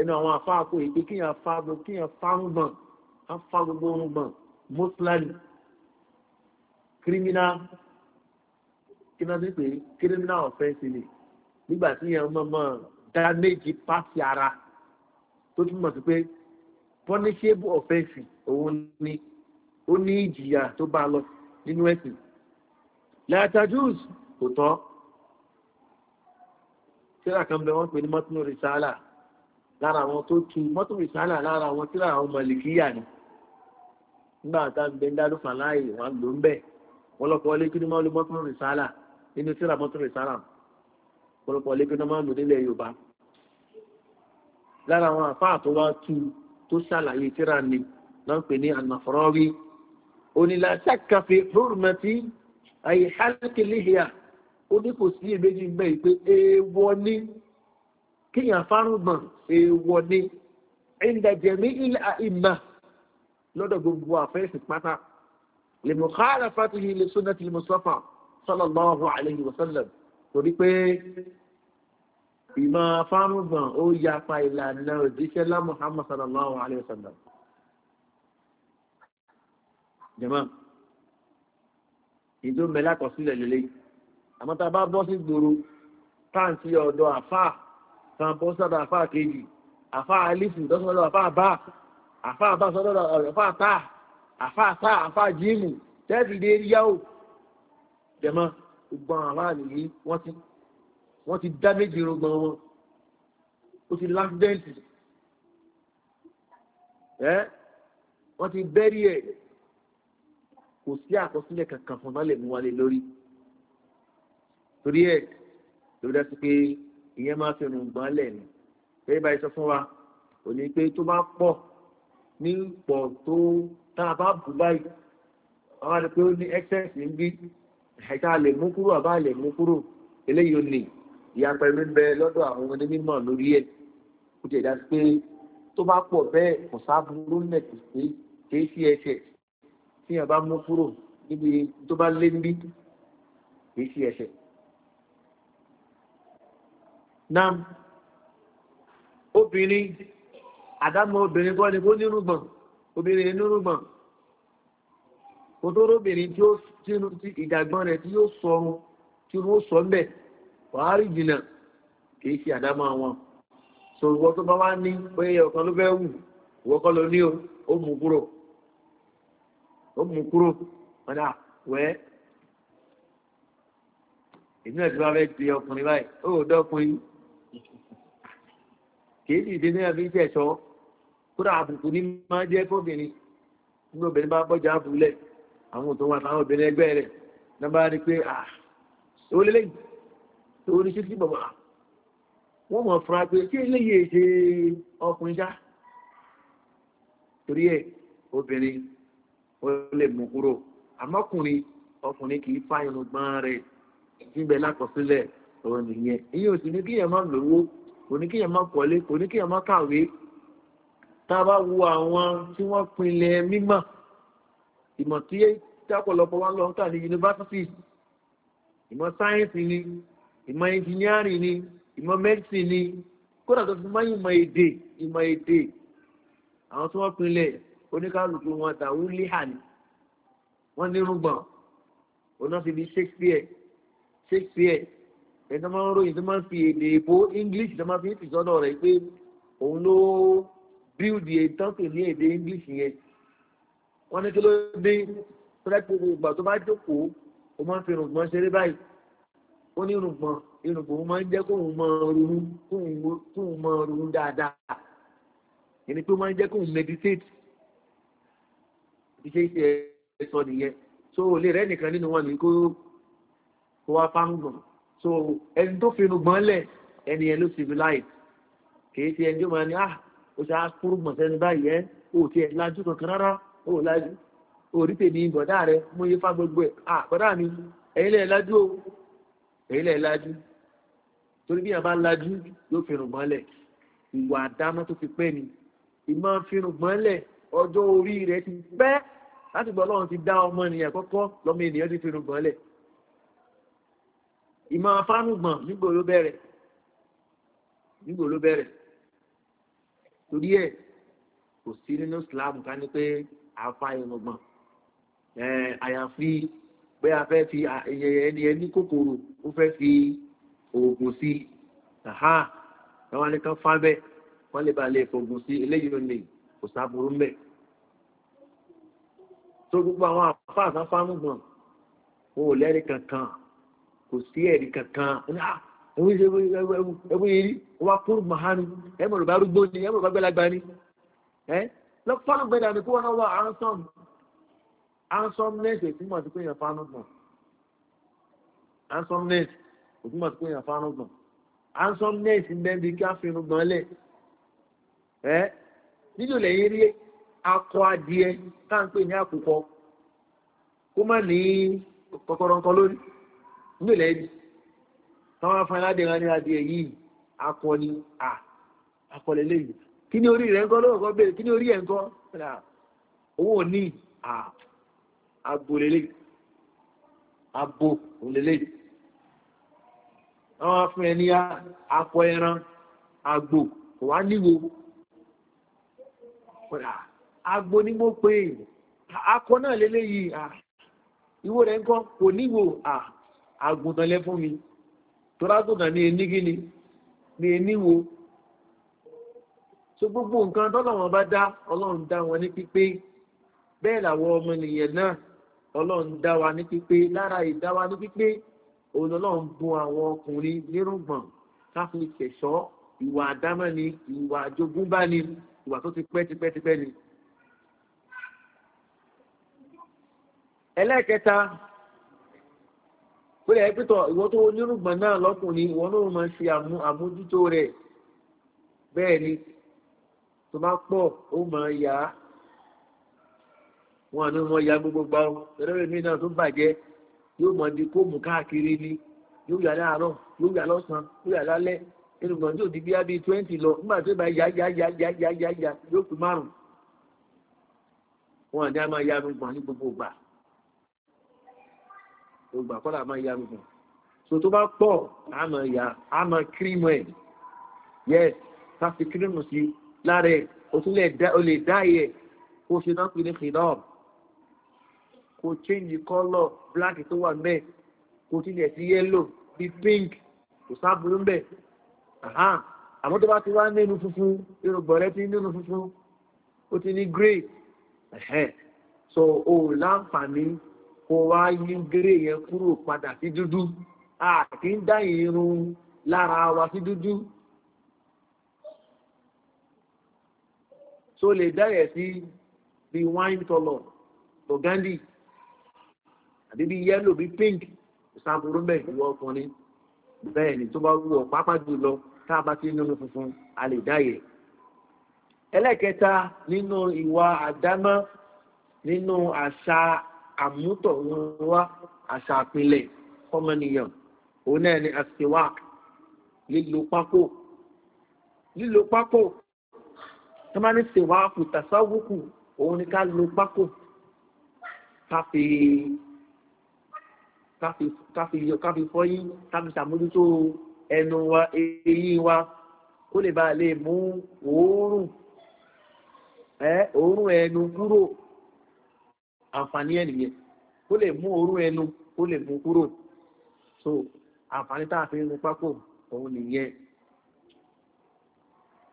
ẹnu àwọn afáàkó ìpé kíyàn fáàgbó kíyàn fáàgbọ̀n afáàgbogbo ọgbọ̀n mọ́sílánì kírímínà kínáàbí pé kírímínà ọ̀fẹ́sì ni nígbà tí yẹn mọ̀mọ́ dáméjì pàṣẹ ara tó túmọ̀ sí pé punishable offense òun ni ó ní ìjìyà tó bá lọ nínú ẹ̀sìn lẹ́yàtàjúùs kò tọ́ tíra kan bẹ wọ́n pè ní mọ́tínú rìsálà lára àwọn tó tu mọ́tò ìsálà lára àwọn tí làwọn mọ̀lìkíyà ni nígbà tá ń bẹ dárú fàláì wọn ló ń bẹ wọn lọpọ lẹkùn máa lo mọ́tò ìsálà nínú tíra mọ́tò ìsálà wọn lọpọ lẹkùn máa lò nílẹ̀ yorùbá lára àwọn àfáà tó wá tu tó ṣàlàyé tíra ni náà pè ní ànàfọ́rọ́rí onílà ṣàkàfẹ́ fúrùmẹ́tì àyè hálẹ́kẹ̀lẹ́hìá ó ní kò sí èméjì mẹ́ ìpè éwọ́ ní kíyàn fárúgbọ̀n èèwọ̀ ni ìdàjẹ̀mí ilẹ̀ àìmà lọ́dọ̀ gbogbo àfẹ́sì pátá lè mú káàrà fàtìlì lè súnà tí mo sọ́fà sọ́lọ́lọ́hu àlẹ́yìn wọ́sọ́lẹ̀ torí pé ìmọ̀ fárúgbọ̀n ó yapa ìlànà òjíṣẹ́ lá muhammad sọ́lọ́lọ́hu àlẹ́yìn wọ́sọ́lẹ̀ jẹ́mọ́ ìdó mẹ́lá kọ̀sílẹ̀ lélẹ́yìn àmọ́ta bá bọ́ sí gbòòrò táǹtì ọ̀dọ̀ àfáà sanbọ́ sọ́dọ̀ àfáà kejì àfáà alifu lọ́sọ̀dọ̀ àfáà bá àfáà bá sọ́dọ̀ àfáà tá àfáà tá àfáà jíìmù tẹ́ẹ̀fì dé yáwó dẹ̀mọ́ gbogbo àwọn àfáà nìyí wọ́n ti dá méjì rọgbọ̀n wọn ó ti láfídẹ́ǹtì ẹ́ wọ́n ti bẹ́rí ẹ̀ kò sí àkọsílẹ̀ kankan fún náà lè mú wálé lórí torí ẹ̀ lórí dá sí pé ìyẹn máa fi rùn gbọ́n lẹ̀ ni bẹ́ẹ̀ báyìí sọ fún wa kò ní pé tó bá pọ̀ ní pọ̀ tó tá a bá bù báyìí wọ́n á rí pé ó ní excess ń bí ẹ̀ka lè mú kúrò àbá lè mú kúrò eléyìí ò ní ìyàpẹ̀ mi bẹ lọ́dọ̀ àwọn ọmọdé mímọ̀ lórí ẹ̀ kò tẹ̀ dá sí pé tó bá pọ̀ bẹ́ẹ̀ kò sábúrú nẹ̀ kò sí sí ẹsẹ̀ tí yàn bá mú kúrò níbi tó bá lé ń bí kì sí ẹsẹ̀. na obìnrin adama obìnrin kọ́ ni kó nírúgbọ̀n obìnrin nírúgbọ̀n kò tó róbìnrin tí ìjàgbọ́n rẹ̀ tí yóò sọrun tí wọ́n sọ mbẹ̀ wàá rí jìnnà kì í ṣe àdámọ́ àwọn so ìwọ tó bá wá ní oyè ọ̀kan ló fẹ́ wù ìwọ kọ́ ní o ó mú kúrò ó mú kúrò padà ti wá fẹ́ di ọkùnrin báyìí ó dọ́kùnrin kìí dìde ní ẹbí tẹ̀sọ́ kódà àbùkù ní máa jẹ́ fóbìnrin nínú obìnrin bá bọ́jà àbúlẹ̀ àwọn òtún wa táwọn obìnrin ẹgbẹ́ rẹ̀ náà bá rí pé ah ó lélẹ̀ tó rí sí bàbá wọ́n mọ̀ fúnra pé kí eléyìí ṣe ọkùnrin ṣá torí ẹ̀ obìnrin ó lè mú kúrò àmọ́kùnrin ọkùnrin kì í fáyọ̀nù gbọ́n rẹ̀ síbẹ̀ lákọsílẹ̀ ọ̀rọ̀ nìyẹn èyí ò sì ní kí èèyàn máa lówó kò ní kéèyàn má kọ́lé kò ní kéèyàn má kàwé tá a bá wo àwọn tí wọ́n pinlẹ̀ mímọ̀ ìmọ̀ tí tápọ̀lọpọ̀ wá lọ ń kà ní yunifásitì ìmọ̀ sáyẹ́ǹsì ni ìmọ̀ ẹnjìníárì ni ìmọ̀ mẹ́dísì ni kódà tó fi máa ń ìmọ̀ èdè ìmọ̀ èdè àwọn tí wọ́n pinlẹ̀ oníkálukú wọn tàwọn líhà wọ́n nírúgbọ̀n oná fi bí shakespeare shakespeare ẹni tó máa ń ròyìn tó máa ń fi èdè èbó english tó máa fi ń fi sọ́dọ̀ rẹ̀ pé òun ló bíldì ìtọ́pè ní èdè english yẹn wọ́n ní kí ló dé tọ́lẹ́tì ìgbà tó bá jókòó ó máa ń fi irùngbọ̀n ṣeré báyìí ó ní irùngbọ̀n irùngbọ̀n máa ń jẹ́ kóun mọ ronú kóun mọ ronú dáadáa ẹni pé ó máa ń jẹ́ kóun meditate iṣẹ́ iṣẹ́ sọ nìyẹn so olè rẹ nìkan nínú wọn ni kó wá fáńgàn so ẹni tó fi irun gbọ́n lẹ̀ ẹni ẹ ló civilize kìí ti ẹni tó máa ní ah o ṣe akúrú gbọ̀nsẹ̀ ní báyìí ẹ o ti ẹ̀ lajú kankan rárá o lajú orí tèmi bọ̀dá rẹ mú iye fá gbogbo ẹ̀ ah bọ̀dá mi ẹ̀yin lẹ̀ lajú o ẹ̀yin lẹ̀ lajú torí bí yàrá lajú yóò fi irun gbọ́n lẹ̀ ìwà àdámọ́ tó ti pẹ́ ni ìmọ̀ fi irun gbọ́n lẹ̀ ọjọ́ orí rẹ̀ ti pẹ́ láti gbọ́ lọ́run ti dá ọmọ ènìyàn kọ́kọ́ lọ́mọ ènìyàn ti fi irun gbọ́n lẹ̀ ìmọ̀ afánugbọ̀n nígbò ló bẹ̀rẹ̀ nígbò ló bẹ̀rẹ̀ torí ẹ̀ kò sí nínú sìláàmù ká ní pé afa irùngbọ̀n àyàfi pé a fẹ́ fi ẹni ẹni kòkòrò ó fẹ́ fi oògùn sí ṣàhá táwọn ẹni kan fá bẹ́ẹ̀ wọ́n lè ba lè fògùn sí eléyìí ò ní kò sáburú mẹ́ tó gbogbo àwọn àfáàsán fánugbọ̀n wọn ò lẹ́rìí kankan kò sí ẹ̀rí kankan ah, ẹ̀wọ̀n ṣe ẹ̀wọ̀n yìí rí wọ́n á kúrò mahanu ẹ̀mọ̀ ló bá rúgbó ni ẹ̀mọ̀ ló bá gbẹ́lagbá ni ẹ̀ lọ́kàn gbẹ́dà ni kó wọn wá ansọ́m ansọ́m nẹ́ẹ̀sì ìtumọ̀ sí pé èèyàn fánú gbọ̀n ansọ́m nẹ́ẹ̀sì ìtumọ̀ sí pé èèyàn fánú gbọ̀n ansọ́m nẹ́ẹ̀sì ń bẹ́ẹ̀ bí kí á fi irun gbọ̀n lẹ̀ ẹ̀ níjò lẹ́yìn rí akọ adìẹ táǹpẹ̀ ní àkùkọ kó má ní kọ́kọ́rọ́ nǹkan lórí nílẹ̀ ẹni táwọn afẹ́ládé rán ní adìẹ yìí akọni à akọlẹ̀ lẹ́yìn kí ni orí rẹ̀ ń kọ́ lóòkọ́ bèèrè kí ni orí ẹ̀ ń kọ́ owó ní à agbo lélẹ̀ agbo lélẹ̀ àwọn afẹ́ ẹni akọ ẹran agbo kò wá níwo agbo ni mo pè é akọ náà lélẹ̀ yìí ìwo rẹ̀ ń kò níwo à àgùntàn lẹ fún mi tọ́lágùntàn ní ení gíní ní eníwo so gbogbo nǹkan tọ́lọ́wọ́n bá dá ọlọ́run dá wọn ní pípé bẹ́ẹ̀ làwọn ọmọ ènìyàn náà ọlọ́run dá wa ní pípé lára ìdá wa ní pípé òun ọlọ́run bun àwọn ọkùnrin nírùngbọ̀n káfí kẹ̀ṣọ́ ìwà àdámọ́ ni ìwà àjogúnbá ni ìwà tó ti pẹ́ ti pẹ́ ti pẹ́ ni. ẹlẹ́ẹ̀kẹta ó lè pé tọ ìwọ tó onírùngbọ̀n náà lọ́kùnrin ìwọ náà máa ṣe àmójútó rẹ̀ bẹ́ẹ̀ ni tó bá pọ̀ ó máa yá wọn àná wọn ya gbogbo gbà ó ẹlẹ́rìí mi náà tó bàjẹ́ yóò mọ̀ di kóòmù káàkiri ni yóò yà láàárọ̀ yóò yà lọ́sàn yóò yà lálẹ́ irùngbọ̀n tí ò di bíyá bíi twenty lọ nígbà tó bá yá yá yá yá yá yá yá yóò fi márùn wọn àná máa ya gbogbo gbà gbogbo ìgbà kọ́lá máa ya gbogbo so tó bá pọ̀ a máa ya a kírímù ẹ̀ yes ká fi kírímù sí lára ẹ̀ o tún lè dá ẹ̀ kó ṣe náà pè ní kìnnà kò change colour black tó wà mẹ́ kò tilẹ̀ sí yellow bí pink kò sáàbùrú mẹ́ àmọ́ tó bá ti wá nínú funfun irùngbọ̀n rẹ ti nínú funfun ó ti ní grey so o láǹfààní kó wá yí géré yẹn kúrò padà sí dúdú àti ń dá irun lára wa sí dúdú tó lè dáyẹ̀ sí bí wine color burgundy àbí bí yellow bí pink ìsàbùrú mẹ́ ìwọ ọkùnrin bẹ́ẹ̀ ni tó bá wù ọ pápá jùlọ tá a bá ti nínú funfun a lè dáyẹ̀ ẹlẹ́kẹta nínú ìwà àdámọ́ nínú àṣà àmútọ̀ wọn wá àṣà àpilẹ̀ fọmọnìyàn òun náà ni àṣìwà lílo pákó lílo pákó tó máa ní ṣèwà kù tàṣáwùkù òun ni ká lo pákó ká fi ká fi yọ ká fi fọyín ká fi ṣàmójútó ẹnu wa eyín wa kó lè ba lè mú òórùn òórùn ẹnu kúrò àǹfààní ẹ̀ nìyẹn ó lè mú orú ẹnu ó lè mú kúrò so àǹfààní tá a fi ń pákó òun nìyẹn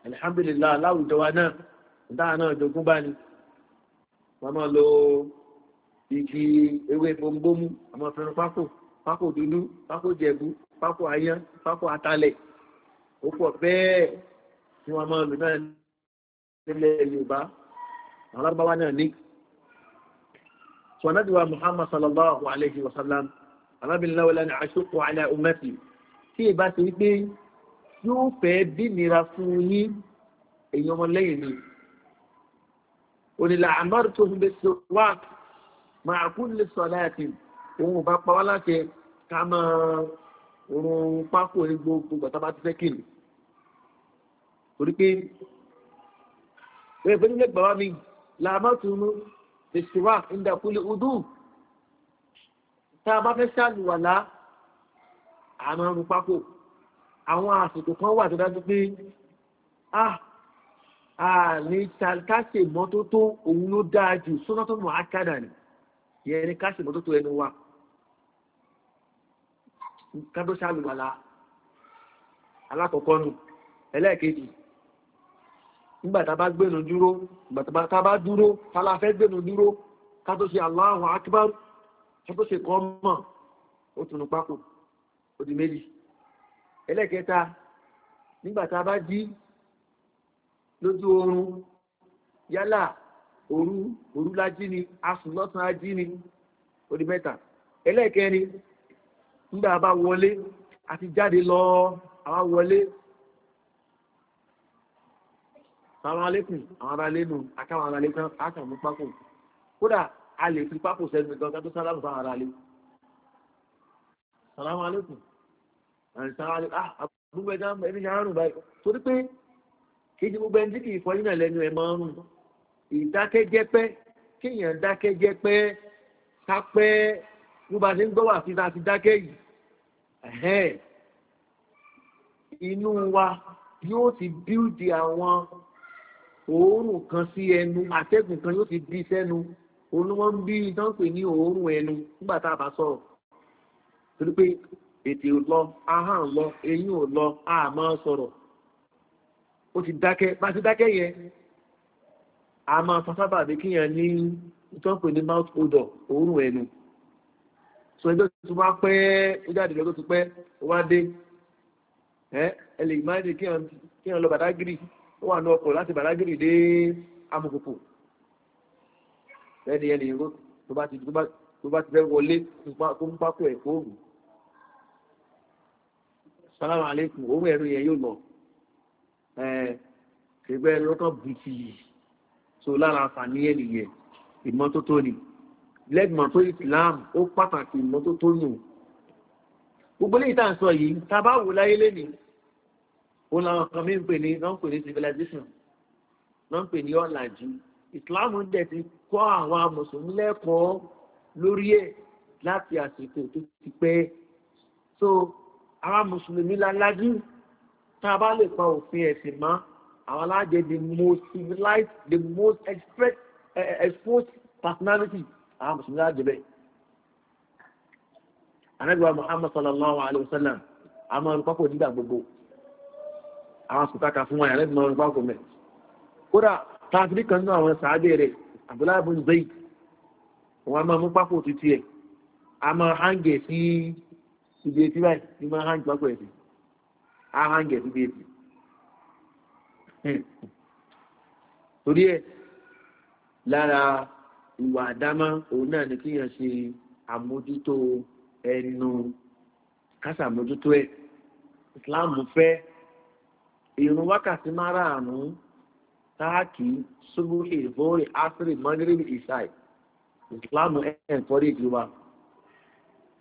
alhamdulillah aláwùjọ wa náà dáa náà jogún bá ní wọ́n máa lo igi ewé bombomu àmọ́ fẹ́ràn pákó pákó dúdú pákó jẹ̀bú pákó ayán pákó atalẹ̀ ó pọ̀ bẹ́ẹ̀ tí wọ́n máa lò náà nílẹ̀ yorùbá àwọn alábáwá náà ní so anabi wa muhammad sallallahu alayhi wa sallam anabi nlawo lani asoko ala umati tí ì bá ti rí pé yóò fẹ́ bí nira fún yín èyí ọmọlẹ́yìn mi onílà àmọ́rù tó fi bẹ́sẹ̀ wá máa kú lè sọ láti òun bá pa wá láti ká máa rún pákó ní gbogbo gbàtà bá ti fẹ́ kìlì torí pé ẹgbẹ́ nílẹ̀ gbàwá mi làmọ́tò bìsíwá ìdàkúlẹ̀ udú tá a bá fẹ́ ṣàlùwàlá àmọ́ ọrùn pákó àwọn àsìkò kan wà tó dájú pé àní ah, káṣe ìmọ́tótó òun ló dáa jù sọ́nà tó mọ̀ ákádà ni ìyẹn ni káṣe ìmọ́tótó ẹnu wa kádó ṣàlùwàlá alákọ̀ọ́kọ́ nù ẹlẹ́ẹ̀kejì nígbàtà bá gbénu dúró nígbàtà bá dúró tàbá fẹ́ gbénu dúró ká tó ṣe aláhùn akíbárù ká tó ṣe kọ́ mọ̀ ó tún un pákó ó di méjì ẹlẹ́kẹta nígbàtà bá jí lójú oorun yálà òru òru lájí ni asùnlọ́sàn ají ni ó di mẹ́ta ẹlẹ́kẹrin nígbà bá wọlé àti jáde lọ àwa wọlé sàwọn alékùn àwọn ará lẹ́nu àkáwọn ará lẹ́kàn àkàmú pákó kódà a lè fi pákó sẹ́nu gangan tó sálámù fáwọn ará ah àbúgbò ẹja ẹni ṣe àrùn báyìí torí pé kí ni gbogbo ẹni tí kì í fọyín náà lẹ́nu ẹ̀ máa ń rùn ìdákẹ́jẹ́pẹ́ kéèyàn dákẹ́jẹ́pẹ́ kápẹ́ bó ba ṣe ń òórùn kan sí ẹnu kan yóò ti bí sẹ́nu òun wọ́n ń bí tán pè ní òórùn ẹnu nígbà tá a bá sọ̀rọ̀ torí pé ètè ò lọ ahọ́n lọ eyín ò lọ a máa ti dákẹ́ bá ti dákẹ́ yẹn a máa fa sábà bí kíyàn ní tán pè ní mouth odor òórùn ẹnu sọ ẹjọ́ tó wá pẹ́ ó jáde lọ́dọ̀ tó pẹ́ ó wá dé ẹ lè má dé kíyàn lọ ó wà ní ọkọ̀ láti bàlágìrì dé amòkòkò ẹni ẹni ìró tó bá ti fẹ́ wọlé tó ń pákó ẹ̀ fóònù sálámà àlékún owó ẹ̀rọ yẹn yóò lọ ẹgbẹ́ lọ́tọ̀ bìtì so lára àǹfààní ẹ̀ nìyẹn ìmọ́tótó ni lẹ́gbọ̀n tó islam ó pàtàkì ìmọ́tótó nù gbogbo lè tà ń sọ yìí tá a bá wò láyé lénìí ó láwọn kan mí ń pè ní náà ń pè ní civilization náà ń pè ní ọ̀làjú islam dẹ̀ ti kọ́ àwọn mùsùlùmí lẹ́kọ̀ọ́ lórí ẹ̀ láti àsìkò tó ti pẹ́ so àwọn mùsùlùmí lálájú tá a bá lè pa òfin ẹ̀sìn mọ́ àwọn alájẹ the most civilized the most express, uh, exposed personality àwọn mùsùlùmí lájẹ bẹ́ẹ̀. anagba muhammad sallallahu alayhi wa sallam a máa ń pápọ̀ nígbà gbogbo àwọn sùtáka fún wọn yàrá ìgbìmọ̀ ọgbà gọ̀mẹ̀ kódà tààtìrí kan náà àwọn sàádé rẹ̀ abdullahi bin zayd wọn máa mú pápó títí ẹ̀ a máa hangẹ̀ sí ibi etí báyìí ní máa hangẹ̀ pápó ẹ̀sìn a hangẹ̀ sí ibi etí torí ẹ̀ lára ìwà àdámá òun náà ni kíyàn ṣe àmójútó ẹnu kásàmójútó ẹ̀ islam fẹ́ ìrùn wákàtí márààrún táàkì ṣubúhì ìfòrè asiri mọ́gírìbì isai, ìsìláàmù ẹ̀ fọ́rí ìjọba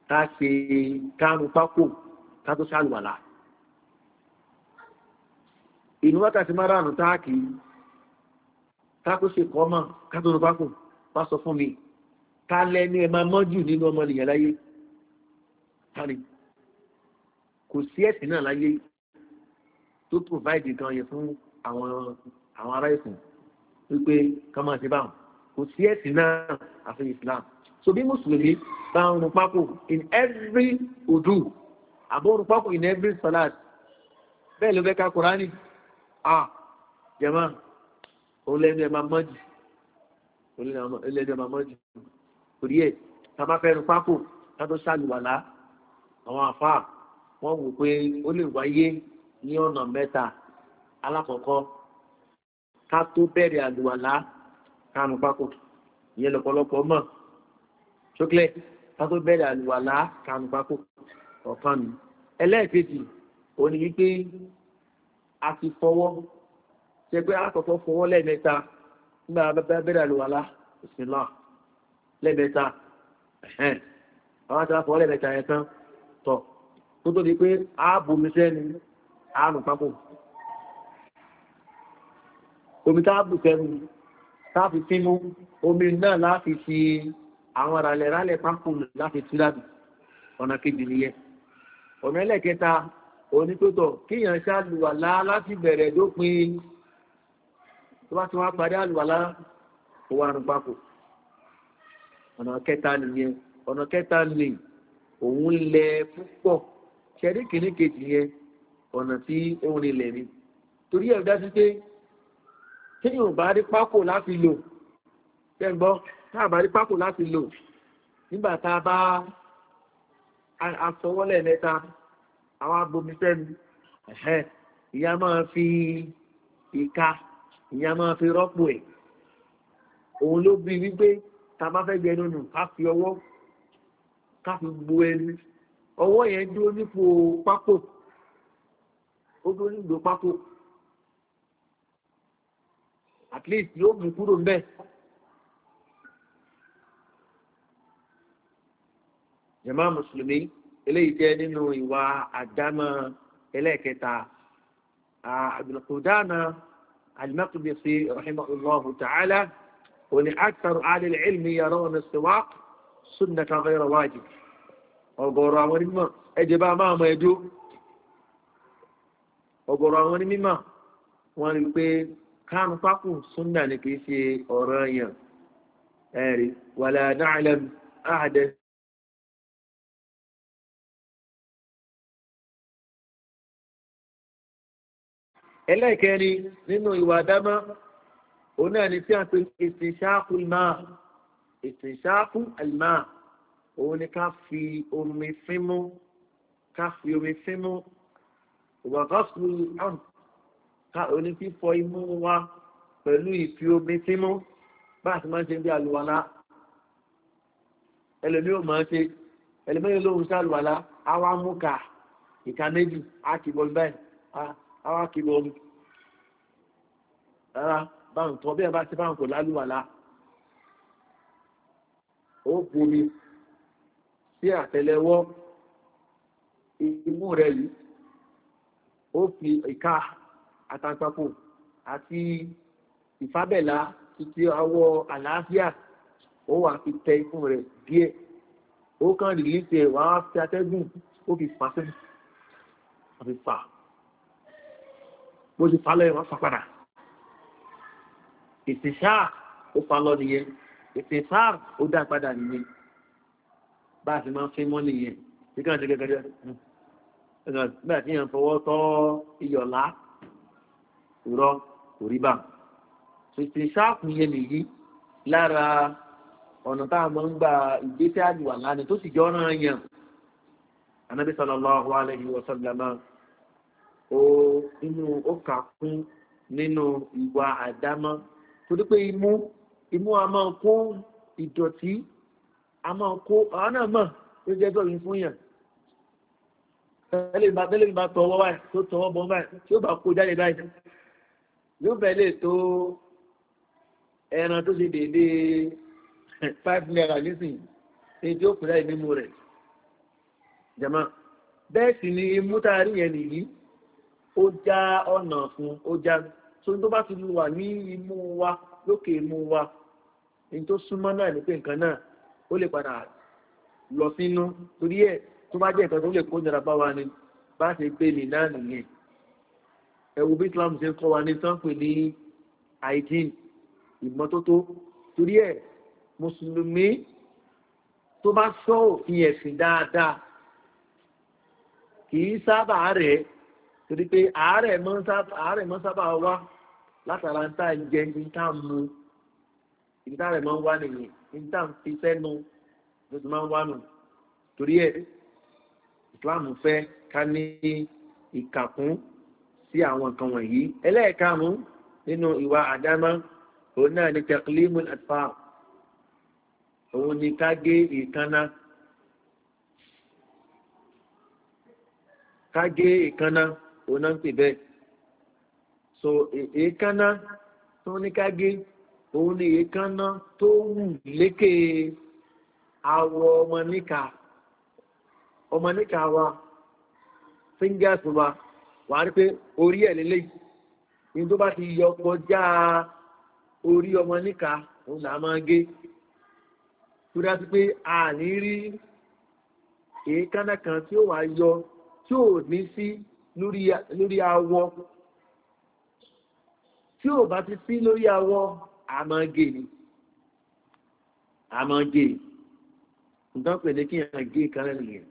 ká ṣe kárun pákó ká tó ṣàlùwàlà ìrùn wákàtí márààrún táàkì ká tó ṣe kọ́mọ̀ ká tó rọ pákó wá sọ fún mi ká lẹ́ni ẹ̀ máa mọ́jú nínú ọmọ nìyẹn láyé kò sí ẹ̀sìn náà láyé tó provide nǹkan yẹn fún àwọn àwọn ará ìsìn wípé ká máa ṣe báwọn kò sí ẹ̀sìn náà àfi islam so bí mùsùlùmí bá ń rún pákó in every odu àbọ̀ rún pákó in every salat bẹ́ẹ̀ ló fẹ́ ká kúránì ah jẹ́mà òun lẹ́nu ẹ̀ máa mọ́jì òun lẹ́nu ẹ̀ máa mọ́jì torí ẹ̀ tàbá fẹ́ rún pákó tàbí sàlùwàlá àwọn àfáà wọ́n wò pé ó lè wáyé ní ọ̀nà mẹ́ta alákọ̀ọ́kọ́ ká tó bẹ̀rẹ̀ àlùwàlá kánú pákó ìyẹn lọ́pọ̀lọpọ̀ mọ̀ ṣókílẹ̀ ká tó bẹ̀rẹ̀ àlùwàlá kánú pákó ọ̀kan nù ẹlẹ́ẹ̀kejì òun ni wípé a ti fọwọ́ ṣe pé alákọ̀ọ́kọ́ fọwọ́ lẹ́ẹ̀mẹ́ta nígbà bá bẹ̀rẹ̀ àlùwàlá ìsinlá lẹ́ẹ̀mẹ́ta ẹ̀hẹ́n àwọn àti àfọwọ́ lẹ́ẹ̀mẹ́ta ẹ̀ tán tọ̀ tó tó di pé ààbò mi sẹ́ni àrùn pápò omi táàbù kẹrù táàfi sínú omi náà láti fi àwọn ralẹ̀ ralẹ̀ pápò láti tú dàbí ọ̀nà kejì nìyẹn ọ̀nà ẹlẹ́kẹta onítótọ̀ kíyàn ṣàlùwàlá láti bẹ̀rẹ̀ dópin tó bá ti wá parí àlùwàlá ó wà rùn pápò ọ̀nà kẹta nìyẹn ọ̀nà kẹta nì òun lẹ púpọ̀ ṣẹ́rí kìíní kejì yẹn ọ̀nà tí ó rinlẹ̀ ni torí ẹ̀ dájú pé téèyàn bá rí pákó láti lò tẹ́gbọ́ tá a bá rí pákó láti lò nígbà tá a bá asọwọ́lẹ̀ mẹ́ta àwọn abomisẹ́nu ìyá máa fi ìka ìyá máa fi rọ́pò ẹ̀ òun ló bí wípé ta bá fẹ́ gbẹnu nù ká fi ọwọ́ ká fi gbo ẹnu ọwọ́ yẹn dúró nípò pákó ó dúró ní ìlú pákó at least yóò mú kúrò mbẹ́. jàmáà mùsùlùmí eléyìí jẹ́ nínú ìwà àdámọ́ ẹlẹ́ẹ̀kẹta àbùkùdánà alimakubisi rahimahullahu ta'ala òní akitaru alẹ́ ilmi yàrá ọ̀nà siwak sunna kan fẹ́ràn wájú ọgọ́rọ̀ àwọn onímọ̀ ẹ̀jẹ̀ bá máa mọ ẹjọ́ ọ̀gọ̀rọ̀ àwọn ní mímọ̀ wọ́n rí pé káàmù pákù súnà ní kìí ṣe ọ̀rọ̀ yàn ẹ̀rí wàlá dáàlẹ́m àádẹ ẹlẹ́ẹ̀kẹ́ni nínú ìwà dámá òun náà ni tí a pe ìsìnṣáàkù máa ìsìnṣáàkù àlìmá òun ni ká fi omi fímú wọ̀gọ́sùn ìhàn ká oní fífọ imú wa pẹ̀lú ìfi omi símú bá àti máa ń ṣe bí àlùwàlá ẹlòmí ò máa ṣe ẹlòmí ò lóhun sàlùwàlá àwa mú ka ìka méjì á kì bọ́ bẹ́ẹ̀ àwa kì bọ́ rárá bá ń tọ́ bí bá ti bá ń kò lálùwàlá ó bu sí àtẹlẹwọ́ imú rẹ yìí ó fi ìka àtàǹpàkò àti ìfábẹ̀lá títí awọ àlàáfíà ó wà fi tẹ ikú rẹ̀ díẹ̀ ó kàn rìlíìsì ẹ̀ wàá fi atẹ́gùn ó fi fà sẹ́yìn àfi fà bó ti fà lọ́yẹ̀ wọ́n fà padà ìtìṣáà ó fà lọ nìyẹn ìtìṣáà ó dá padà nìyẹn bá a sì máa fi mọ́ nìyẹn nígbà tí gẹ́gẹ́ nígbà tí yẹn fọwọ́ tọ́ iyọ̀lá ìrọ kò rí bá tètè ṣáàpù yẹn nìyí lára ọ̀nà tá a máa ń gba ìgbésẹ̀ àdìwà lánàá tó sì jọ ọ̀ràn yẹn anabi sallallahu alayhi wa sallama ó inú ó kà kún nínú ìwà àdámọ́ torí pé imú imú a máa kó ìdọ̀tí a máa kó àwọn mọ̀ ló jẹ́ gbọ́ fún yàn tẹ́lẹ̀ bá tẹ́lẹ̀ bá tọwọ́ báyìí tó tọwọ́ bọ́ báyìí tí ó bá kó jáde báyìí yóò fẹ́ lè tó ẹran tó ṣe dédé five naira nísìnyí ní tí ó kù láì mímú rẹ̀ jama bẹ́ẹ̀ sì ni imú tá a rí yẹn nìyí ó já ọ̀nà fún ó já tó tó bá ti wà ní imú wa lókè imú wa ní tó súnmọ́ náà ní pé nǹkan náà ó lè padà lọ sínú torí ẹ̀ tó bá jẹ́ ìtọ́ tó lè kó nira bá wa ni bá ṣe gbé ní náà nìyẹn ẹ̀wù bí islam ṣe kọ́ wa ní sánpè ní hygiene ìmọ́tótó torí ẹ̀ mùsùlùmí tó bá sọ òfin ẹ̀sìn dáadáa kìí sábà rẹ̀ torí pé àárẹ̀ mọ́ sábà wá látara ń tà ń jẹ ní tá ń mu ìdí rẹ̀ mọ́ ń wá nìyẹn ní tá ń fi sẹ́nu ló ti máa ń wá nù torí ẹ̀ islam fẹ́ ká ní ìkàkún sí àwọn nǹkan wọ̀nyí ẹlẹ́ẹ̀karùn-ún nínú ìwà àdámọ́ òun náà ni tẹ̀kílímù àtfà òun ni ká gé ìkànnà ká gé ìkànnà òun náà ń pè bẹ́ẹ̀ so èékánná tó ní ká gé òun ni èékánná tó wù lékè awọ ọmọ níka ọmọ níkà wa fingers wa wà á rí pé orí ẹ̀ lélẹ̀ yìí tó bá ti yọ kọjá orí ọmọ níkà òun là máa gé tó dájú pé a ní rí èékánná kan tí ó wà yọ tí ò ní sí lórí awọ tí ò bá ti sí lórí awọ àmọ́ gé ni àmọ́ gé nǹkan pèlè kí n gé kan lẹ́nu yẹn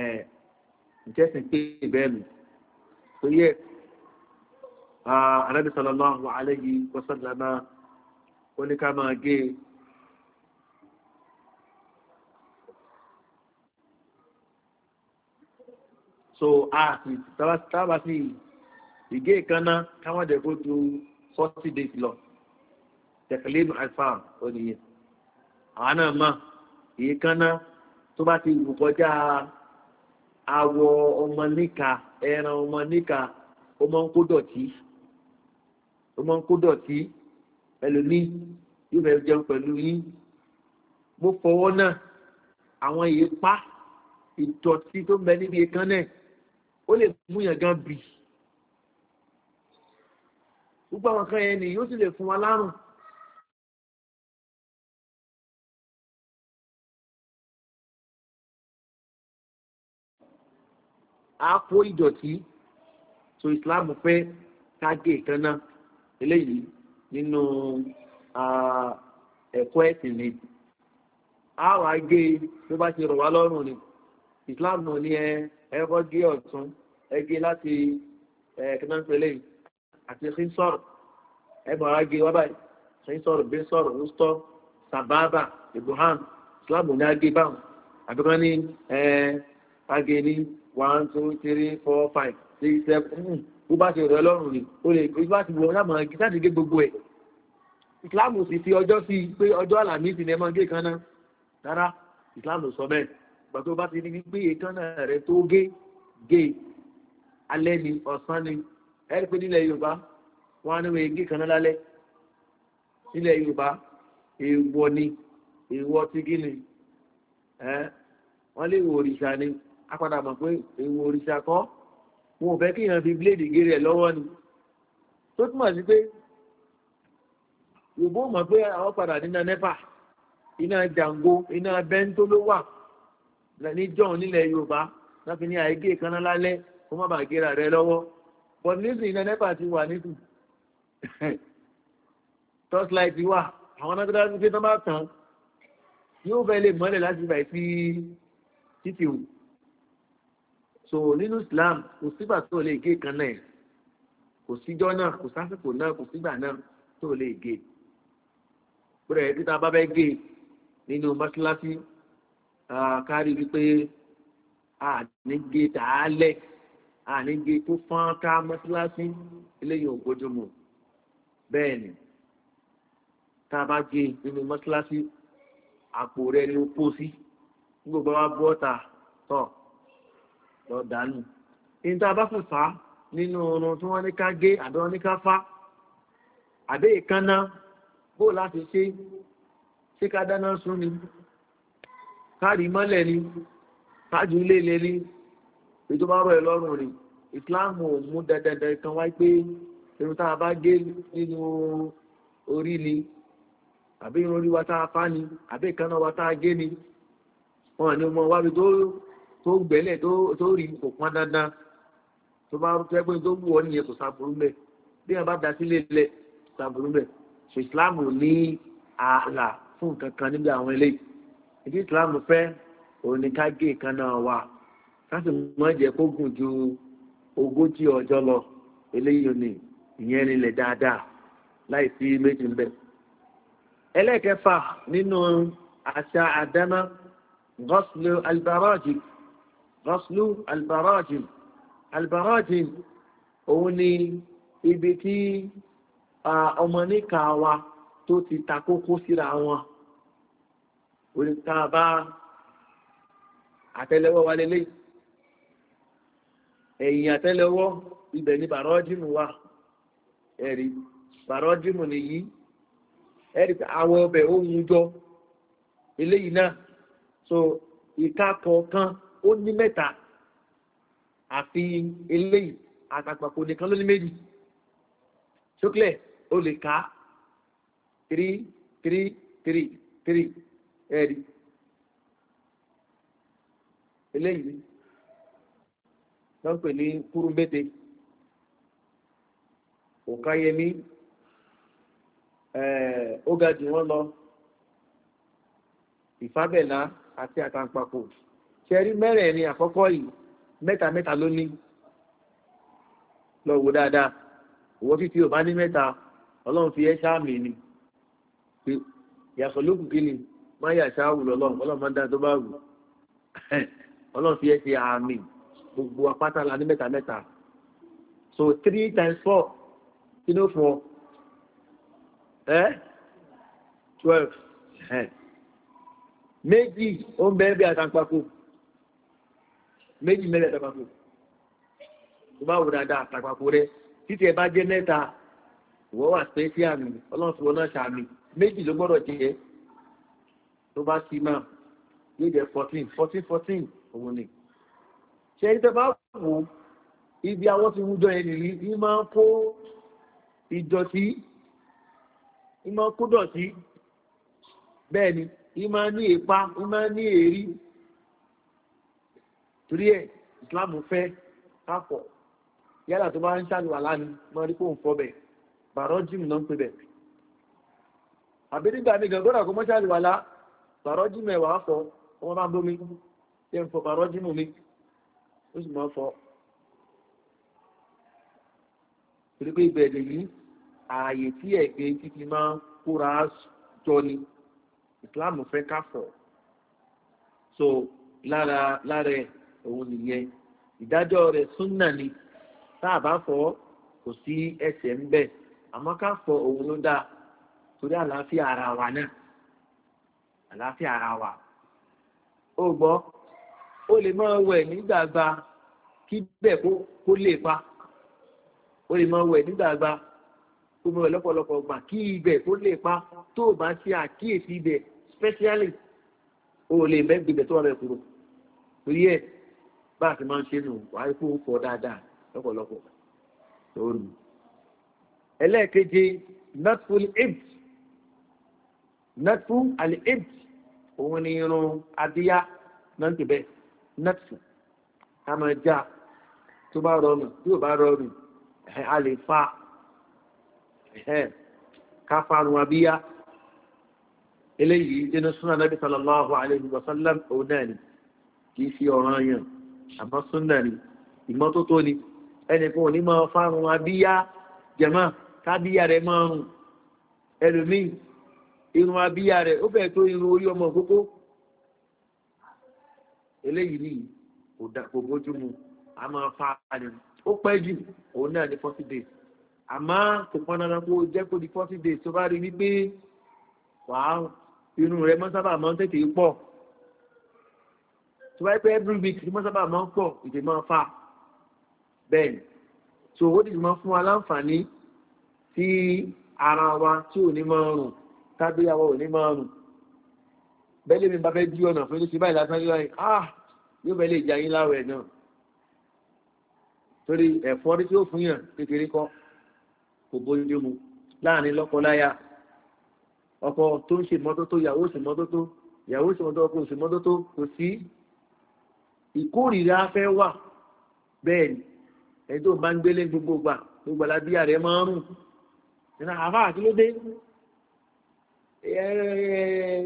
ìjẹ́sìn eh, pé ìbẹ́ẹ̀lù tó yẹ ah, ànábì sallallahu alayhi wa sallama ó máa gé so a sì tábà sí ìgé ìkaná káwọn dẹ̀ go to forty days lọ tẹ̀kílẹ́nù àìsàn ó nìyẹn àwọn náà mọ̀ ìyíkaná tó bá ti wù kọjá awọ ọmọ níka ẹran ọmọ níka ó máa ń kó dọ̀tí ó máa ń kó dọ̀tí ẹlòmíì yóò fẹ́ jẹun pẹ̀lú yín mo fọwọ́ náà àwọn ìpá ìdọ̀tí tó ń bẹ níbi ìkan náà ó lè mú yàn gan bì gbogbo àwọn kan yẹn ni yóò sì lè fún wa lárùn á kó ìdọ̀tí so islam fẹ́ ká gé ìkànnà eléyìí nínú ẹ̀kọ́ ẹ̀sìn ni á wà gé tó bá ṣe rọ̀ wá lọ́rùn ni islam ní ẹ ẹ̀kọ́ gé ọ̀tún ẹgé láti ẹ̀kẹ́nàpẹ̀lẹ̀ àti ṣíṣọ́rọ̀ ẹgbọ̀n agé wá báyìí ṣíṣọ́rọ̀ bí sọ́rọ̀ ń sọ sàbábà ibrahim islam ní báwọn àbíkan ní ẹ̀ẹ́ ageni one two three four five six seven hmm. bó bá ṣe rẹ lọ́rùn ó lè gbé bá ti wọ gé gbogbo ẹ̀ islam sì fi ọjọ́ sí i pé ọjọ́ àlàmì sì ní ẹ máa gé kan náà rárá islam sọ bẹ́ẹ̀ gbà tó bá ti ní gbé náà rẹ tó gé gé alẹ́ ni ọ̀sán ni apàdà mọ̀ pé ewu òrìṣà kọ́ wọn ò fẹ́ kí èèyàn fi bíléèdì gé rẹ̀ lọ́wọ́ ni tó túmọ̀ sí pé yòbó mọ̀ pé àwọn padà nínú nẹ́pà iná jàǹgó iná bẹ́ńtó ló wà ní john nílẹ̀ yorùbá láti ní àìgé ìkaná lálẹ́ kó má bàa gera rẹ lọ́wọ́ but nísìn iná nẹ́pà ti wà nísìn torchlight wà àwọn anágbádá ti gbé tán bá tán yóò fẹ́ lè mọ́lẹ̀ láti bàí sí títì so nínú islam kò sígbà tó lè gé kan náà kò síjọ́ náà kò sásìkò náà kò sígbà náà tó lè gé bẹ́ẹ̀ títa bá bẹ́ gé nínú mọ́ṣáláṣí kárí wípé àní gé tààlẹ̀ àní gé tó fọ́n ká mọ́ṣáláṣí eléyìí ò bẹ́ẹ̀ ni tá a bá gé nínú mọ́ṣáláṣí àpò rẹ̀ ni ó kó sí gbogbo wa bọ́ ta tọ̀. So, lọ dànù ní tá a bá fún fa nínú oorun tí wọ́n ní ká gé àbí wọ́n ní ká fá àbí ìkànnà bó láti ṣe ṣé ká dáná sún ni káàrí mọ́lẹ̀ ni káàjú lélẹ̀ ni ètò bá rọ̀ ẹ̀ lọ́rùn ni ìsìláàmù ò mú dandandan kan wáyé pé irun tá a bá gé nínú orí ni àbí irun orí wa tá a fá ni àbí ìkànnà wa tá a gé ni wọn ni ọmọ wa bí tó tó gbẹ́lẹ̀ tó rí kò pọn dandan tó bá rú tẹ́gbẹ́ tó wù ọ́ nìyẹn kò sàbùrù mẹ́ bí wọn bá da sílé lẹ sàbùrù mẹ́ ṣe islam ní ààlà fún nǹkan níbi àwọn eléyìí ìdí islam fẹ́ òun ni ká gé kan náà wà ká sì mọ́ jẹ́ kó gùn ju ogójì ọjọ́ lọ eléyìí ni ìyẹn nílẹ̀ dáadáa láì sí méjì ń bẹ̀. ẹlẹ́kẹ̀fà nínú àṣà àdámá gọ́sìlẹ̀ albarajì rọ́sùlù albarajin albarajin òun ni ibi tí ọmọ níka wa tó ti takókó síra wọn oríkàbá àtẹ́lẹwọ́ wa lélẹ̀ ẹ̀yìn àtẹ́lẹwọ́ ibẹ̀ ni bàrọ́jìmù wa ẹ̀rí bàrọ́jìmù nìyí ẹ̀rí àwọ̀ ọbẹ̀ ó ń jọ eléyìí náà so ìka kọ̀ọ̀kan ó ní mẹ́ta àfi eléyìí àtàgbàpò nìkan ló ní méjì ṣókìlẹ̀ ó lè ká three three three three ẹ̀rí eléyìí lọ́pẹ̀ ní kúrúmbété òkáyẹmí ó ga jù wọ́n lọ àti ṣẹ̀rí mẹ́rẹ̀ ni àkọ́kọ́ yìí mẹ́ta mẹ́ta ló ní lọ wò dáadáa òwò fífi ò bá ní mẹ́ta ọlọ́run fi ẹ́ sáàmì ni pé yàtọ̀ lókùn kí ni má yà sáàwù lọ́lọ́run ọlọ́run máa ń dá tó bá wù ọlọ́run fi ẹ́ ṣe àmì gbogbo apáta la ní mẹ́ta mẹ́ta so three times four kí ló fún ọ ẹ́ twelve méjì ó ń bẹ́ẹ̀ bí àtàǹpàkò méjì mẹ́rẹ̀ tàpapọ̀ tó bá wò dáadáa tàpapọ̀ rẹ títí ẹ bá jẹ́ mẹ́ta wọ́n wà pé sí àmì ọlọ́run fún ọlọ́run ṣàmì méjì ló gbọ́dọ̀ jẹ́ tó bá sí máa yóò jẹ́ fourteen fourteen fourteen òun ni ṣe ẹni tẹ́ bá wò ibi àwọn ti wújọ yẹn nìyí ní máa ń kó ìdọ̀tí ní máa ń kó dọ̀tí bẹ́ẹ̀ ni ní máa ń ní ipa ní máa ń ní èrí torí ẹ̀ islam fẹ́ kápọ̀ yálà tó bá ń ṣàlùwà lánìí mọ́ rí pòun fọ́bẹ̀ bàrọ́ jìm náà ń pè bẹ̀ àbí nígbà mi gàngọ́dà kó mọ́ ṣàlùwà lá bàrọ́ jìm ẹ̀wà fọ́ ọmọ bá ń bómi ṣe ń fọ bàrọ́ jìm mi ó sì mọ́ fọ́ torí pé ìbẹ̀rẹ̀ yìí ààyè tí ẹ̀gbẹ́ títí máa ń kóra jọ ni islam fẹ́ káfọ̀ so lára lára ẹ̀ òun nìyẹn ìdájọ́ rẹ̀ súnà ni tá a bá fọ́ kò sí ẹsẹ̀ ń bẹ̀ àmọ́ ká fọ òun ló dáa torí àlàáfíà ara wa náà àlàáfíà ara wa ó gbọ́ ó lè máa wẹ̀ nígbàgbà kí bẹ́ẹ̀ kó lè pa ó lè máa wẹ̀ nígbàgbà kó mọ̀ lọ́pọ̀lọpọ̀ gbà kí ibẹ̀ kó lè pa tó bá ṣe àkíyèsí ibẹ̀ specially ó lè mẹ́gbẹ̀ẹ́ tó wà bẹ̀ kúrò torí ẹ̀ bá a ti máa ń ṣe nù wá ikú fọ dáadáa lọ́pọ̀lọpọ̀ lórí. ẹlẹ́ẹ̀keje natful ibt natful al ibt òun ni irun adíyá náà ń tẹ̀bẹ̀ natful a máa já tó bá rọrùn tí ò bá rọrùn a lè fa ká farun abíyá eléyìí nínú súnà nàbí sallallahu alayhi wa sallam òun náà ni kì í fi ọ̀ràn yàn àmọ́ súnà ni ìmọ́tótó ni ẹnìkan ò ní máa fárun abíyá jẹ̀mọ́ kábíyá rẹ̀ máa rùn ẹlòmíì irun abíyá rẹ̀ ó bẹ̀ tó irun orí ọmọ òkókó eléyìí ni kò bójú mu a máa fa ni ó pẹ́ jù òun náà ní forty days àmọ́ kò pọn dandan kó jẹ́ kó di forty days tó bá rí wípé wàá irun rẹ̀ mọ́ sábà máa ń tètè pọ̀ tó bá yẹ pé every week ni wọ́n sábà máa ń pọ̀ ìdè máa fà bẹ́ẹ̀ tó ó dìde máa fún wa láǹfààní sí ara wa tí ò ní máa rùn tábí àwọn ò ní máa rùn bẹ́ẹ̀ mi bá fẹ́ dí ọ̀nà fún ṣe báyìí lásán yóò yín ah yóò bẹ́ẹ̀ lè jẹ ayín láwẹ̀ náà torí ẹ̀fọ́rí tí ó fún yàn kékeré kọ́ kò bójú mu láàrin lọ́kọláya ọkọ tó ń ṣe mọ́tótó yàwó sì mọ́tótó yàwó sì mọ́tótó ọkọ sì mọ́tótó kò sí ìkórìíra fẹ́ wà bẹ́ẹ̀ ni ẹni tó bá ń gbélé gbogbo gbà gbogbo alábíyà rẹ̀ máa ń rùn ìrìn àfà àti ló dé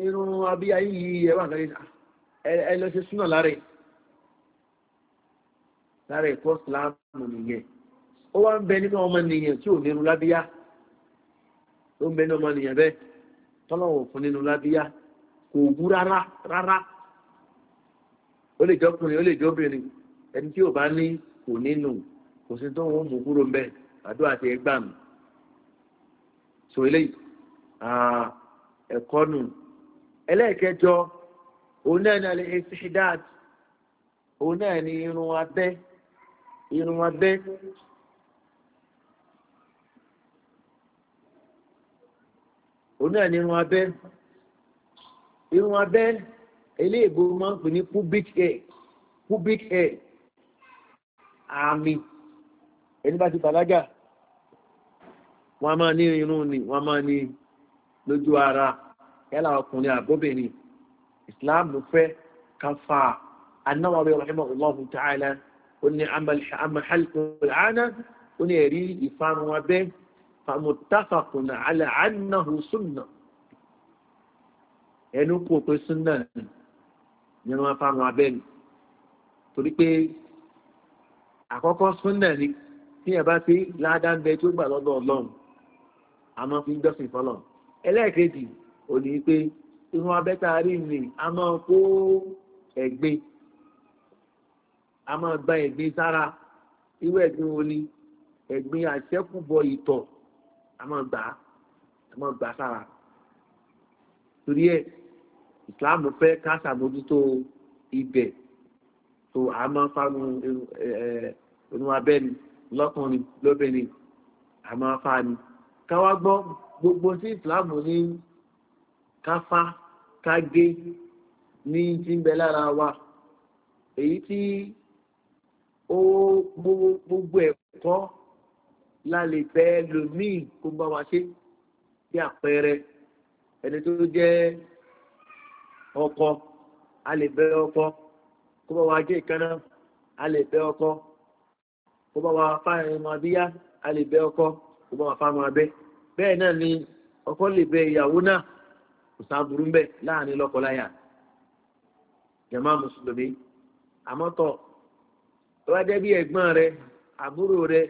irun abíyá yìí ẹwà nǹkan ẹ lọ ṣe súnà lára ẹ lára ẹ̀kọ́ síláàmù nìyẹn ó wá ń bẹ nínú ọmọ nìyẹn tí ò nínú lábíyá ó ń bẹ nínú ọmọ nìyẹn bẹ́ẹ̀ tọ́lọ́wọ̀ fún nínú lábíyá kò wú rárá rárá ó lè jọkùnrin ó lè jọbìnrin ẹni tí ò bá ní kò nínú kò sí tó ń mú kúrò ń bẹ àdúrà ti ẹgbà mi so eléyìí ẹ̀kọ́ nù ẹlẹ́ẹ̀kẹjọ òun náà ní alẹ́ ṣíṣídáàt òun náà ní irun abẹ́ irun abẹ́ òun náà ní irun abẹ́ irun abẹ́ eléèbó máa ń pè ní pubic hair pubic hair àmì ẹni bá ti bàlágà wọn máa ní irun ni wọn máa ní lójú ara yálà ọkùnrin àbóbìnrin islam fẹ́ ká fa anáwàwé rahimahu allah ta'ala ó ní amahalkul ana ó ní ẹ̀rí ìfarun abẹ́ famutafakun ala anahu sunna ẹnu kò pé sunna ni ní wọ́n fáwọn abẹ́nu torí pé àkọ́kọ́ súnà ni tí ẹ bá ti ládàá ń bẹ tí ó gbà lọ́dọ̀ ọlọ́run a máa fi ń gbọ́sìn fọlọ́ ẹlẹ́ẹ̀kejì ò ní pé irun abẹ́ta rí ni a máa kó ẹ̀gbin a máa gba ẹ̀gbin sára irú ẹ̀gbin wo ni ẹ̀gbin àṣẹ́kùbọ̀ ìtọ̀ a máa gbà a máa gbà sára torí ẹ̀ islam fẹ́ ká sàmójútó ibẹ̀ tó a máa fánu irun abẹ́ni lọ́kùnrin lóbìnrin a máa fáni káwá gbọ́ gbogbo tí islam ní káfá ká gé ní ti ń bẹ lára wa èyí tí ó gbogbo ẹ̀kọ́ lálẹ́ fẹ́ lòmíì kó bá wa ṣe bí àpẹẹrẹ ẹni tó jẹ́ ọkọ a lè bẹ ọkọ kó bá wa a lè bẹ ọkọ kó bá wa fa abíyá a lè bẹ ọkọ kó bá wa fa ẹmọ abẹ náà ni ọkọ lè bẹ ìyàwó náà kò sáàbùrú ń bẹ láàrin lọ́kọláyà mùsùlùmí bí rẹ àbúrò rẹ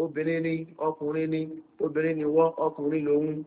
obìnrin ni ọkùnrin ni obìnrin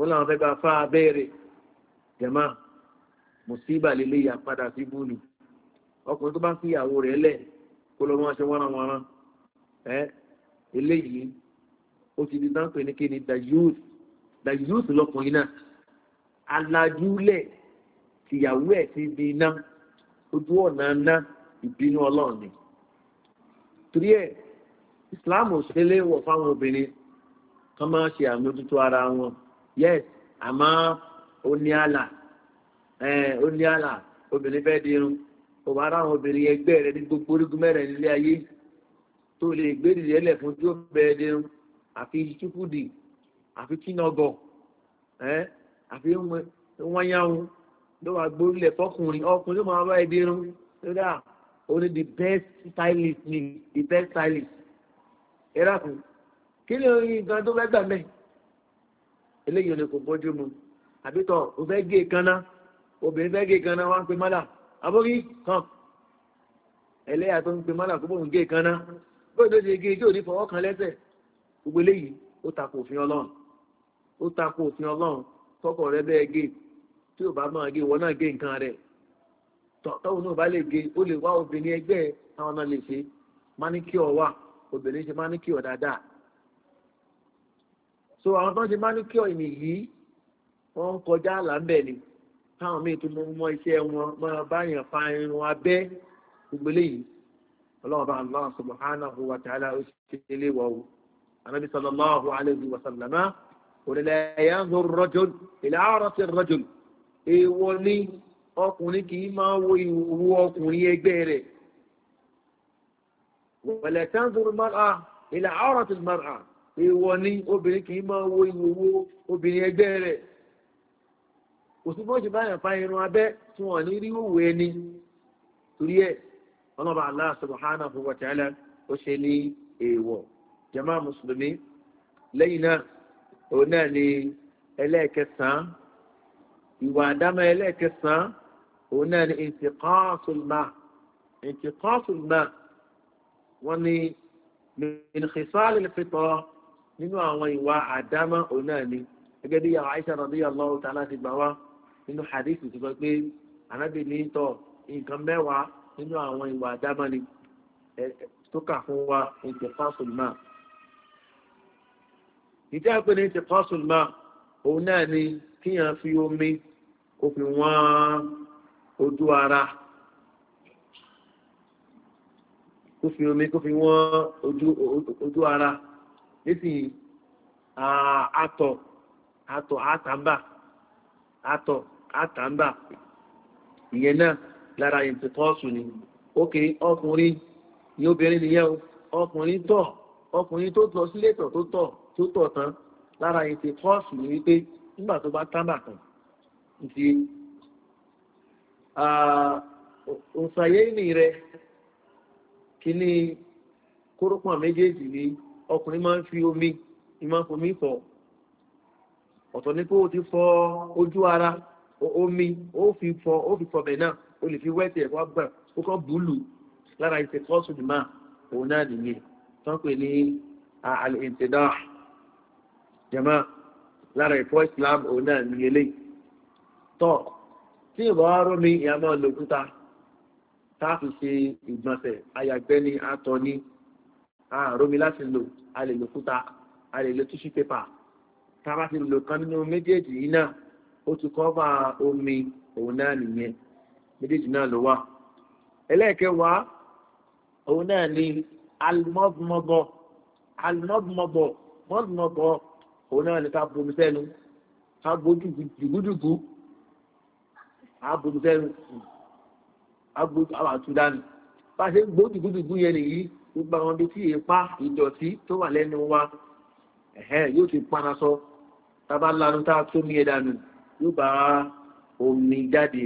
wọn làwọn fẹ́ bá fa abẹ́rẹ́ jẹ̀má mùsíbà lélẹ́ yà padà sí búlù ọkùnrin tó bá fi ìyàwó rẹ̀ lẹ̀ kó lọ́ máa ṣe wárawàrà ẹ eléyìí ó ti di dáńpẹ́ ní kíni dayus dayus lọkùnrin náà alájúlẹ̀ tìyàwó ẹ̀ ti di iná ojú ọ̀nà ná ìbínú ọlọ́run ni torí ẹ̀ islam ò ṣe léwọ̀ fáwọn obìnrin kan máa ṣe àmójútó ara wọn. yes àmọ́ oníàlà oníàlà obìnrin fẹ́ di irun kò bá ráwọn obìnrin ẹgbẹ́ rẹ ní gbogbo orígun mẹ́rẹ̀ nílé ayé tó lè gbé dìde ẹlẹ̀ fún tí ó bẹ̀ẹ́ di irun àfi chukwudi àfi kínọgọ̀ àfi wọ́nyáhun ló wà gbórílẹ̀ fọkùnrin ọkùnrin ló máa bá irun ó ní the best stylist ni the best stylist ẹ eléyìí olè kò bọ́jú mu àbítọ̀ o fẹ́ gé kaná obìnrin fẹ́ gé kaná wá ń pe mọ́là abórí kan ẹlẹ́yà tó ń pe mọ́là kó bóun gé kaná bóyá tó ṣe gé tí ò ní fọwọ́ kan lẹ́sẹ̀ gbogbo eléyìí ó takò òfin ọlọ́run ó takò òfin ọlọ́run tọkọ rẹ bẹ́ẹ̀ gé tí ò bá máa gé ìwọ náà gé nǹkan rẹ tọ́wọ́n náà bá lè gé ó lè wá obìnrin ẹgbẹ́ náà lè ṣe wà obìnrin ṣe dáadáa so àwọn tó ń ṣe manicure ìní yìí wọ́n ń kọjá àlàmbẹ̀ ni táwọn míì tó mọ mọ iṣẹ́ wọn máa bá yàn fa irun abẹ́ gbogbo eléyìí ọlọ́run bá allah subahana wa ta'ala ó ṣe ilé wa o anabi sallallahu alayhi wa sallama òrìlẹ̀ ẹ̀yà ń zọrọ̀ rọ́jò ìlà àárọ̀ sí rọ́jò ni ọkùnrin kì í máa wo ìwò ọkùnrin ẹgbẹ́ rẹ̀ wọ̀lẹ̀ tán zọrọ̀ ìlà àárọ̀ sí èèwọ̀ ni obìnrin kì í máa wo ìwòwò obìnrin ẹgbẹ́ rẹ̀ kò sí bọ́ọ̀sì báyàn fa irun abẹ́ tí wọ́n ní rí òwò ẹni torí ẹ̀ ọlọ́ba allah subhanahu wa ta'ala ó ṣe ní èèwọ̀ jama mùsùlùmí lẹ́yìn náà òun náà ni ẹlẹ́ẹ̀kẹsàn-án ìwà àdámọ́ ẹlẹ́ẹ̀kẹsàn-án òun náà ni ìtìkọ́sùlmá ìtìkọ́sùlmá wọ́n ni mìnkìsálì fìtọ́ nínú àwọn ìwà àdámá òun náà ni gẹ́gẹ́ bí àwọn Aisha radiyallahu ta'ala ti gbà wá nínú hadith ti sọ pé anábì ní tọ̀ nǹkan mẹ́wàá nínú àwọn ìwà àdámá ni tó kà fún wa intiqasul ma ìtẹ́ àpè ní intiqasul ma òun náà ni kíyàn fi omi kò fi ojú ara kò fi omi kò fi wọ́n ojú ara. esi atọ atọ atamba atọ atamba ìyẹn náà lára ìtìtọ́sù ni ókè ọkùnrin ni obìnrin nìyẹn ọkùnrin tọ̀ ọkùnrin tó lọ sílé tọ̀ tó tọ̀ tó tọ̀ tán lára ìtìtọ́sù ni wípé nígbà tó bá tábà kan ti òǹsàyẹ́ ìní rẹ kí ni kórópọ̀n méjèèjì ni. ọkùnrin máa ń fi omi ìmọ̀ fomi fọ ọ̀tọ̀ ní pé ó ti fọ ojú ara omi o fi fọ o fi fọbẹ̀ náà o lè fi wẹ́ẹ̀tì ẹ̀kọ́ gbà ó kọ́ búlù lára ìṣẹ̀ kọ́ọ̀sù dùmá òun náà nìyẹn tó ń pè ní àlìǹtẹ̀dá jama lára ìfọ́ islam òun náà nìyẹn lé tọ́ tí ìwà ọrọ̀ mi ìyá máa lo òkúta tá a fi ṣe ìgbọ̀nsẹ̀ ayàgbẹ́ ni àtọ̀ ni àròmi láti lò a lè lo kúta a lè lo tíṣú pépà tá a bá ti lò kan nínú méjèèjì yìí náà ó ti kọ́ bá omi òun náà nìyẹn méjèèjì náà ló wà ẹlẹ́ẹ̀kẹwàá òun náà ni alimọ́bùmọ́bọ̀ alimọ́bùmọ́bọ̀ mọ́bùmọ́bọ̀ òun náà ni ká bomi sẹ́nu ká gbójú dùgúdùgú á bomi sẹ́nu á gbójú àwọn àtúndánù bá a ṣe gbójú dùgúdùgú yẹn nìyí gbogbo àwọn ibi tí ipa ìdọ̀tí tó wà lẹ́nu wa ẹ̀hẹ́ yóò ti para sọ tábà lanu tá a tó mi ẹ̀dà nù yóò bá omi jáde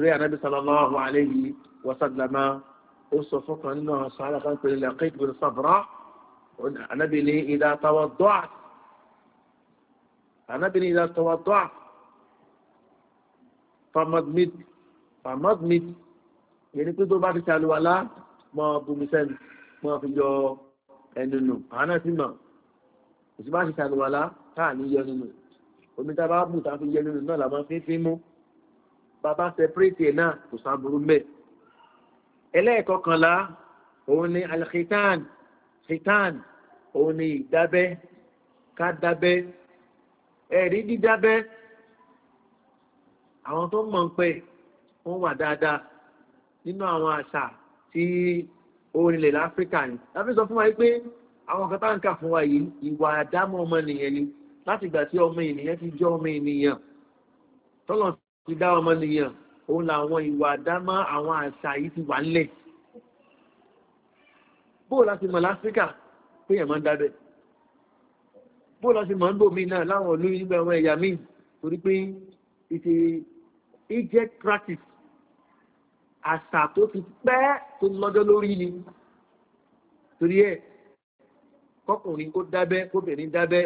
rí anábì sallallahu alayhi wa sallama ó sọ fọkàn nínú àwọn sọ alákan pé laqit bin ní ìdá tawadọ́ anábì ní ìdá tawadọ́ famadmid famadmid yẹni pé tó bá ti ṣàlùwàlá mọ bùnmi wọ́n fi yọ ẹnu nù àánà sí mọ̀ kò sí bá ṣe ṣàlùwàlá táà ní yọ nínú omi tá a bá bù tá a fi yọ nínú náà làmọ́ fífi mú bàbá sẹpẹ́rẹ́tì ẹ̀ náà kò sáburú mẹ́ ẹlẹ́ẹ̀kọkànlá òun ni alkhitan khitan òun ni ìdábẹ́ ká ẹ̀rí dídábẹ́ àwọn tó mọ̀ ń pẹ́ wọ́n wà dáadáa nínú àwọn àṣà tí orílẹ̀ láfíríkà ni láfi sọ fún wa pé àwọn kan tá ń kà fún wa yìí ìwà àdámọ́ ọmọ nìyẹn ni láti ìgbà tí ọmọ ènìyàn ti jẹ́ ọmọ ènìyàn tọ́lọ̀ ti dá ọmọ nìyàn òun làwọn ìwà àdámọ́ àwọn àṣà yìí ti wà ńlẹ̀ bóò láti mọ̀ láfíríkà pé èèyàn máa ń dábẹ̀ bóò láti mọ̀ ń bò mí náà láwọn olóyún nígbà àwọn ẹ̀yà míì torí pé ìtì ìjẹ́ practice àṣà tó ti pẹ́ tó lọ́jọ́ lórí ni torí ẹ̀ kọkùnrin kó dábẹ́ kóbìnrin dábẹ́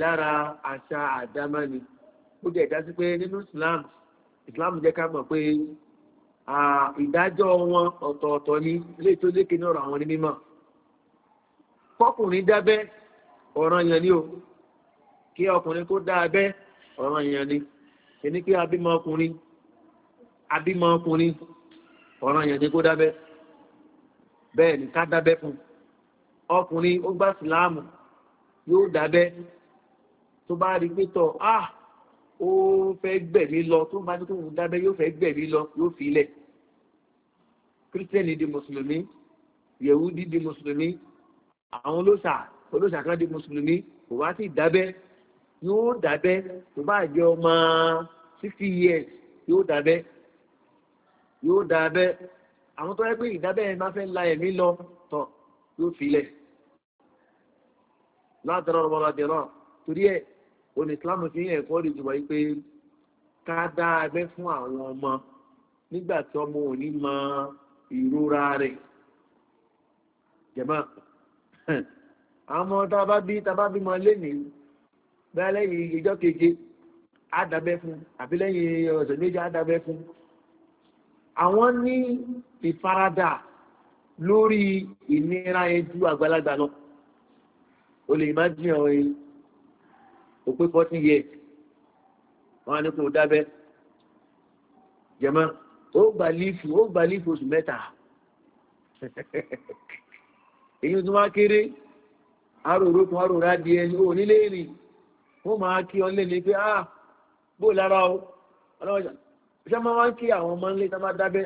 lára àṣà àdámá ni ó jẹ́ ìdásí pé nínú islam islam jẹ́ ká mọ̀ pé ìdájọ́ wọn ọ̀tọ̀ọ̀tọ̀ ni ilé tó lékè ní ọ̀rọ̀ àwọn ní mímọ̀ kọkùnrin dábẹ́ ọ̀ràn yẹn ni o kí ọkùnrin kó dábẹ́ ọ̀ràn yẹn ni kì ní kí abímọ ọkùnrin abímọ ọkùnrin ọ̀ràn yẹn ni kó dábẹ́ bẹ́ẹ̀ ni ká dábẹ́ fún ọkùnrin ó gbá síláàmù yóò dábẹ́ tó bá rí pé tọ̀ á ah, ó fẹ́ gbẹ̀mí lọ tó bá ní kó wù dábẹ́ yóò fẹ́ gbẹ̀mí lọ yóò fi ilẹ̀ kírísítẹ́nì di mùsùlùmí yẹ̀wúdí di mùsùlùmí àwọn olóṣà olóṣà kan di mùsùlùmí kò wá sí dábẹ́ yóò dábẹ́ tó bá jẹ́ ọmọ sixty years yóò dábẹ́ yóò dá abẹ́ àwọn tó yẹ pé ìdábẹ́ ẹ̀ máa fẹ́ la ẹ̀mí lọ tọ̀ yóò filẹ̀ látara ọ̀rọ̀ ọ̀dẹ̀ náà torí ẹ̀ òní islam fi ń ẹ̀kọ́ rí jù wáyé pé ká dá abẹ́ fún àwọn ọmọ nígbà tí ọmọ ò ní mọ ìrora rẹ̀ jẹ̀mọ́ àwọn ọmọ tá a bí tá a bẹ́ẹ̀ lẹ́yìn ìjọ keje á dábẹ́ fún àbí lẹ́yìn ọ̀sẹ̀ méjì á dábẹ́ fún àwọn ní ìfaradà lórí ìnira yẹn ju àgbàlagbà lọ o lè má jiyàn ọ yìí òpin fourteen years wọn á ní o dábẹ́ jẹ̀mọ́ ó gbà lífù ó gbà lífù oṣù mẹ́ta èyí tó wá kéré àròrò kan àròrò adìẹ ní onílé rìn wọ́n máa kí ọ lé ní pé ah, bó lára o ọlọ́wọ́jà iṣẹ́ máa wá ń kí àwọn ọmọ ńlẹ̀ tó bá dábẹ́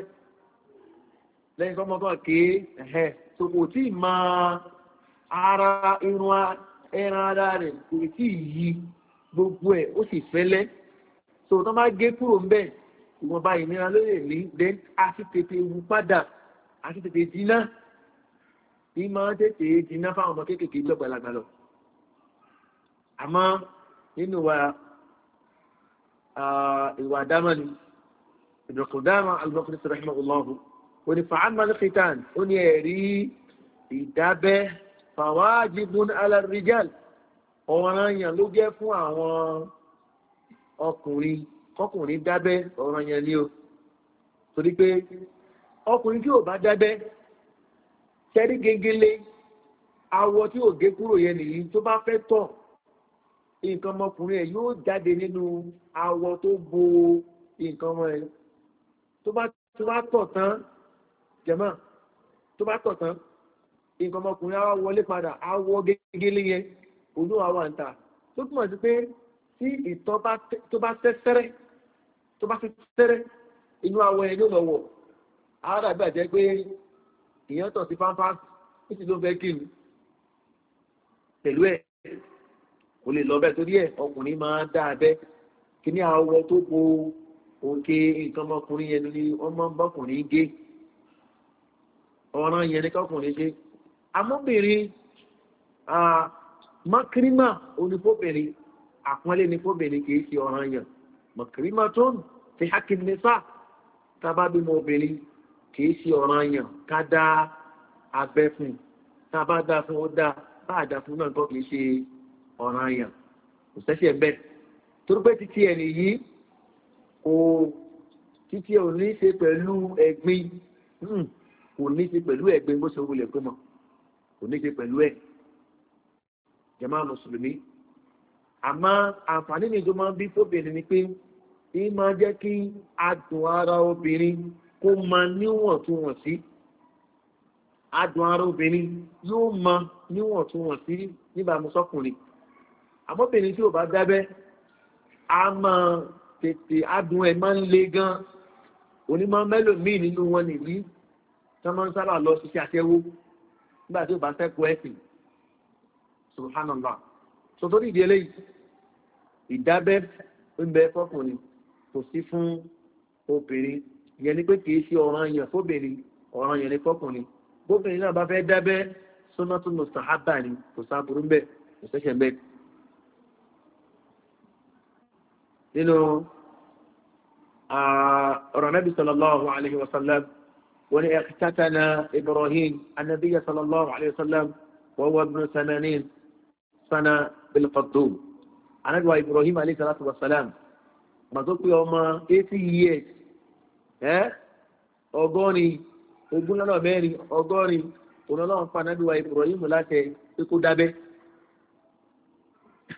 lẹ́yìn tó mọ́kàn ké ẹ̀hẹ́ tó kò tí ì mọ ara irun ẹran ara rẹ̀ kò tí ì yí gbogbo ẹ̀ ó sì fẹ́lẹ́ tó tó bá gé kúrò ńbẹ̀ ìwọ̀nba ìnira ló lè ní then a sì tètè wù padà a sì tètè jiná ní máa tètè jiná fáwọn ọmọ kéékèèké lọ́gbàlagbà lọ àmọ́ nínú wa ah, ìwà dámọ́ ni. ابن قدامة المقدس رحمه الله ونفعما الختان أن يري إدابة فواجب على الرجال ọ̀ràn yẹn ló jẹ́ fún àwọn ọkùnrin kọkùnrin dábẹ́ ọ̀ràn yẹn ni o torí pé ọkùnrin tí ò bá dábẹ́ sẹ́rí gegele awọ tí ò gé kúrò yẹn nìyí tó bá fẹ́ tọ̀ nǹkan ọmọkùnrin ẹ̀ yóò jáde nínú awọ tó bo nǹkan ọmọ ẹ̀ tó bá tó bá tọ̀ tán jẹ̀mọ́ tó bá tọ̀ tán nǹkan ọmọkùnrin á wọlé padà á wọ gégélé yẹn ojú àwa ń ta tó túmọ̀ sí pé tí ìtọ̀ tó bá sẹ́sẹ́rẹ́ tó bá sẹ́sẹ́rẹ́ inú awọ ẹni ló lọ́wọ́ á dàbí àjẹ́ pé ìyẹn tọ̀ sí pampers ó sì ló fẹ́ kí ni pẹ̀lú ẹ̀ kò lè lọ bẹ́ẹ̀ torí ẹ̀ ọkùnrin máa ń dá kí ní awọ tó po òkè nǹkan ọmọkùnrin yẹn ni wọ́n máa ń bọ́kùnrin gé ọ̀ràn yẹn ni kọ́kùnrin gé amóbìnrin makirima onífóbìnrin àpọ́nlé nífóbìnrin kìí ṣe ọ̀ràn yẹn makirima tó ń fi hakim nisa tábà bímọ obìnrin kìí ṣe ọ̀ràn yẹn ká dá abẹ́ fún tábà dá fún ó dá bá àdá fún náà kọ́ kìí ṣe ọ̀ràn yẹn kò sẹ́sẹ̀ bẹ́ẹ̀ torí títí ẹ̀ nìyí títí ò ní ṣe pẹ̀lú ẹ̀gbin hmm, kò ní ṣe pẹ̀lú ẹ̀gbin bó ṣe wulẹ̀ pé mọ̀ kò ní ṣe pẹ̀lú ẹ̀ jẹ́mọ́ mùsùlùmí àmọ́ àǹfààní nìjọ máa ń bí fóbìnrin ni pé ní máa jẹ́ kí adùn ara obìnrin kó máa níwọ̀ntúnwọ̀nsí adùn ara obìnrin yóò máa níwọ̀ntúnwọ̀nsí níbàámu sọ́kùnrin àmọ́bìnrin tí ò bá dábẹ́ a máa tètè adùn ẹ̀ máa ń le gan onímọ̀ mẹ́lòmíì nínú wọn nìyí tó máa ń sábà lọ ṣiṣẹ́ àtẹ́wó nígbà tí ó bá fẹ́ kó ẹ̀sìn subhanallah sọtọ́ ní ìdí eléyìí ìdábẹ́ ń bẹ fọkùnrin kò sí fún obìnrin ìyẹn ni pé kì í ṣe ọ̀ràn yẹn fóbìnrin ọ̀ràn yẹn ni fọkùnrin bóbìnrin náà bá fẹ́ dábẹ́ sọ́nà tó lọ sàhábà ni kò sáà burú bẹ́ẹ̀ kò sẹ́sẹ̀ bẹ́ẹ̀. nínú ọ̀rọ̀ nàbí sallallahu alayhi wa sallam wọ́n ní ẹ̀kítátánà ibrahim anabiya sallallahu alayhi wa sallam wọ́n wọ́n bí sananin sana bilfadum anabiwa ibrahim alayhi salatu wa sallam gbàtó pé ọmọ eighty years ẹ́ ọgọ́rin ogún mẹ́rin ọgọ́rin òun ọlọ́run pa ibrahim láti pé dábẹ́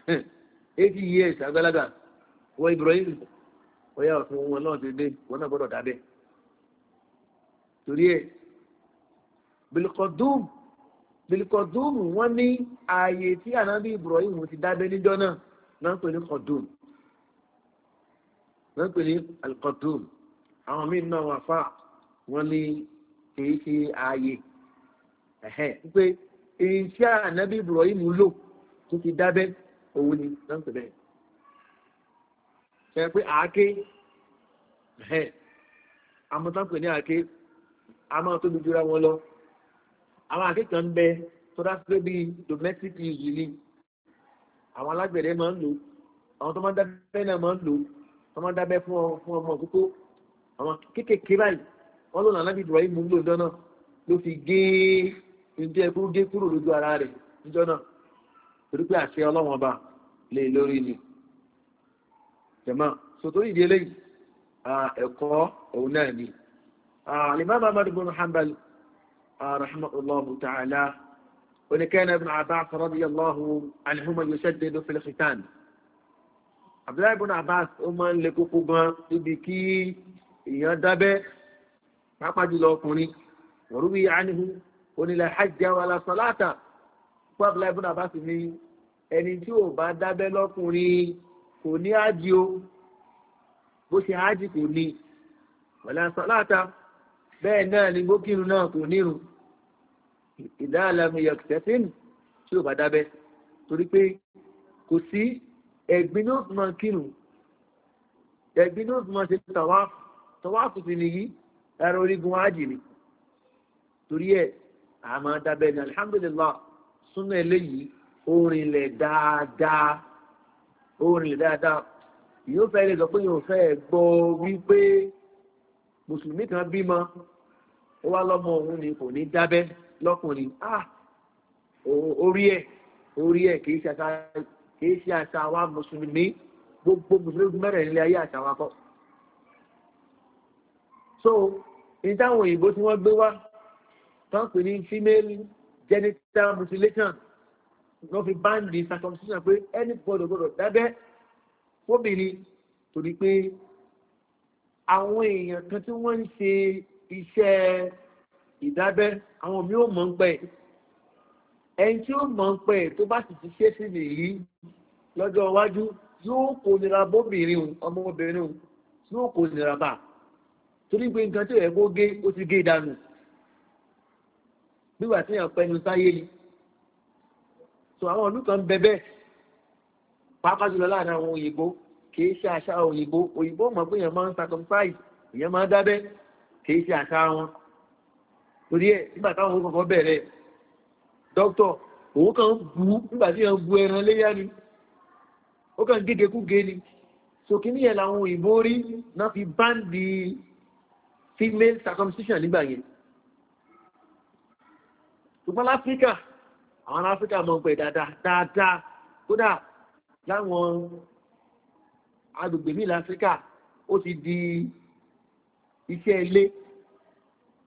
eighty years àgbàlagbà wọ Ibrahim bóyá ọ̀sán ohun ọlọ́run ti dé wọn náà gbọ́dọ̀ dá dé torí ẹ̀ bilikọdúùmù bilikọdúùmù wọn ní ààyè tí ànábì Ibrahim ti dá dé níjọ́ náà náà ń pè ní kọdúùmù náà ń pè ní alikọdúùmù àwọn míì náà wà fà wọn ní kìí ṣe ààyè ẹ̀hẹ́ pé èyí tí ànábì Ibrahim lò tó ti dá òun ni náà ń pè bẹ́ẹ̀ ṣe pé àáké ẹ̀ amọ̀tánpè ní àáké a máa tóbi jura wọn lọ àwọn àáké kan bẹ tó dá sí bí domestic use ni àwọn alágbẹ̀dẹ máa ń lò àwọn tó máa ń dábẹ́ náà máa ń lò tó máa ń dábẹ́ fún ọmọ òkúkó àwọn kéékèèké báyìí wọ́n lò nàlábì ìdúrà yìí mú lò dáná ló fi gé ìdí ẹkú gé kúrò lójú ara rẹ̀ níjọ́ torí pé àṣẹ ọlọ́wọ́n ọba lè lórí ni jẹ̀mọ́ sòtò ìdí eléyìí ẹ̀kọ́ òun náà ni alimami amadu bin hanbal rahmatulahu ta'ala oníkẹ́ni ibn abbas radiyallahu anhuma yushaddidu fil khitan abdullahi ibn abbas ó máa ń le kókó gan níbi kí èèyàn dábẹ́ pápá jùlọ ọkùnrin wọ̀rúwí ànihu onílẹ̀ hajj wàlá sọláta fún abdullahi ibn abbas ní ẹni tí ò bá dábẹ́ lọ́kùnrin kò ní ájì o bó ṣe ájì kò ní wàlá sàláta bẹ́ẹ̀ náà ni gbókìrún náà kò nírun ìdáàlámi yọkìtẹ́sìn tí ò bá dábẹ́ torí pé kò sí ẹ̀gbin ní òtún máa kírun ẹ̀gbin ní òtún máa ṣe tàwa tàwa kù nìyí ẹ̀rọ orígun ájì ni torí ẹ̀ àmọ́ dábẹ́ ni alihamdulilah súnmọ́ eléyìí orin lẹ̀ dáadáa orin dáadáa yóò fẹ́ lè sọ pé yóò fẹ́ gbọ́ wípé mùsùlùmí kan bímọ ó wá lọ́mọ òun ni kò ní dábẹ́ lọ́kùnrin ah orí ẹ̀ orí ẹ̀ kì í ṣe àṣà wa mùsùlùmí gbogbo mùsùlùmí mẹ́rẹ̀ nílé ayé àṣà wa kọ́ so ní táwọn òyìnbó tí wọ́n gbé wá tán pè ní female genital mutilation lọ́ fi báńdì circumcision pé ẹni gbọ́dọ̀ gbọ́dọ̀ dábẹ́ fóbìnrin torí pé àwọn èèyàn kan tí wọ́n ń ṣe iṣẹ́ ìdábẹ́ àwọn mi ò mọ̀ ń pẹ́ ẹni tí ó mọ̀ ń pẹ́ tó bá sì ti ṣe sí nìyí lọ́jọ́ iwájú yóò kó nira bóbìnrin ọmọbìnrin yóò kó nira bá torí pé nǹkan tí ó yẹ kó gé ó ti gé dànù bí wàá tí yàn pẹnu sáyé ni so àwọn ọdún kan bẹbẹ pàápàá jùlọ láàrin àwọn òyìnbó kìí ṣe àṣà òyìnbó òyìnbó mọ̀ pé èèyàn máa ń circumcise èèyàn máa ń dábẹ́ kìí ṣe àṣà wọn torí ẹ̀ nígbà táwọn ohun kọ̀ọ̀kan bẹ̀rẹ̀ dókítọ̀ òun kan bu nígbà tí èèyàn bu ẹran léyà ni ó kàn gègé kúge ni sókè níyẹn làwọn òyìnbó rí náà fi báńdì female circumcision nígbà yẹn ṣùgbọ́n láfíríkà àwọn áfíríkà mọ̀ pé dáadáa dáadáa kódà láwọn agbègbè nílẹ̀ áfíríkà ó ti di iṣẹ́ ilé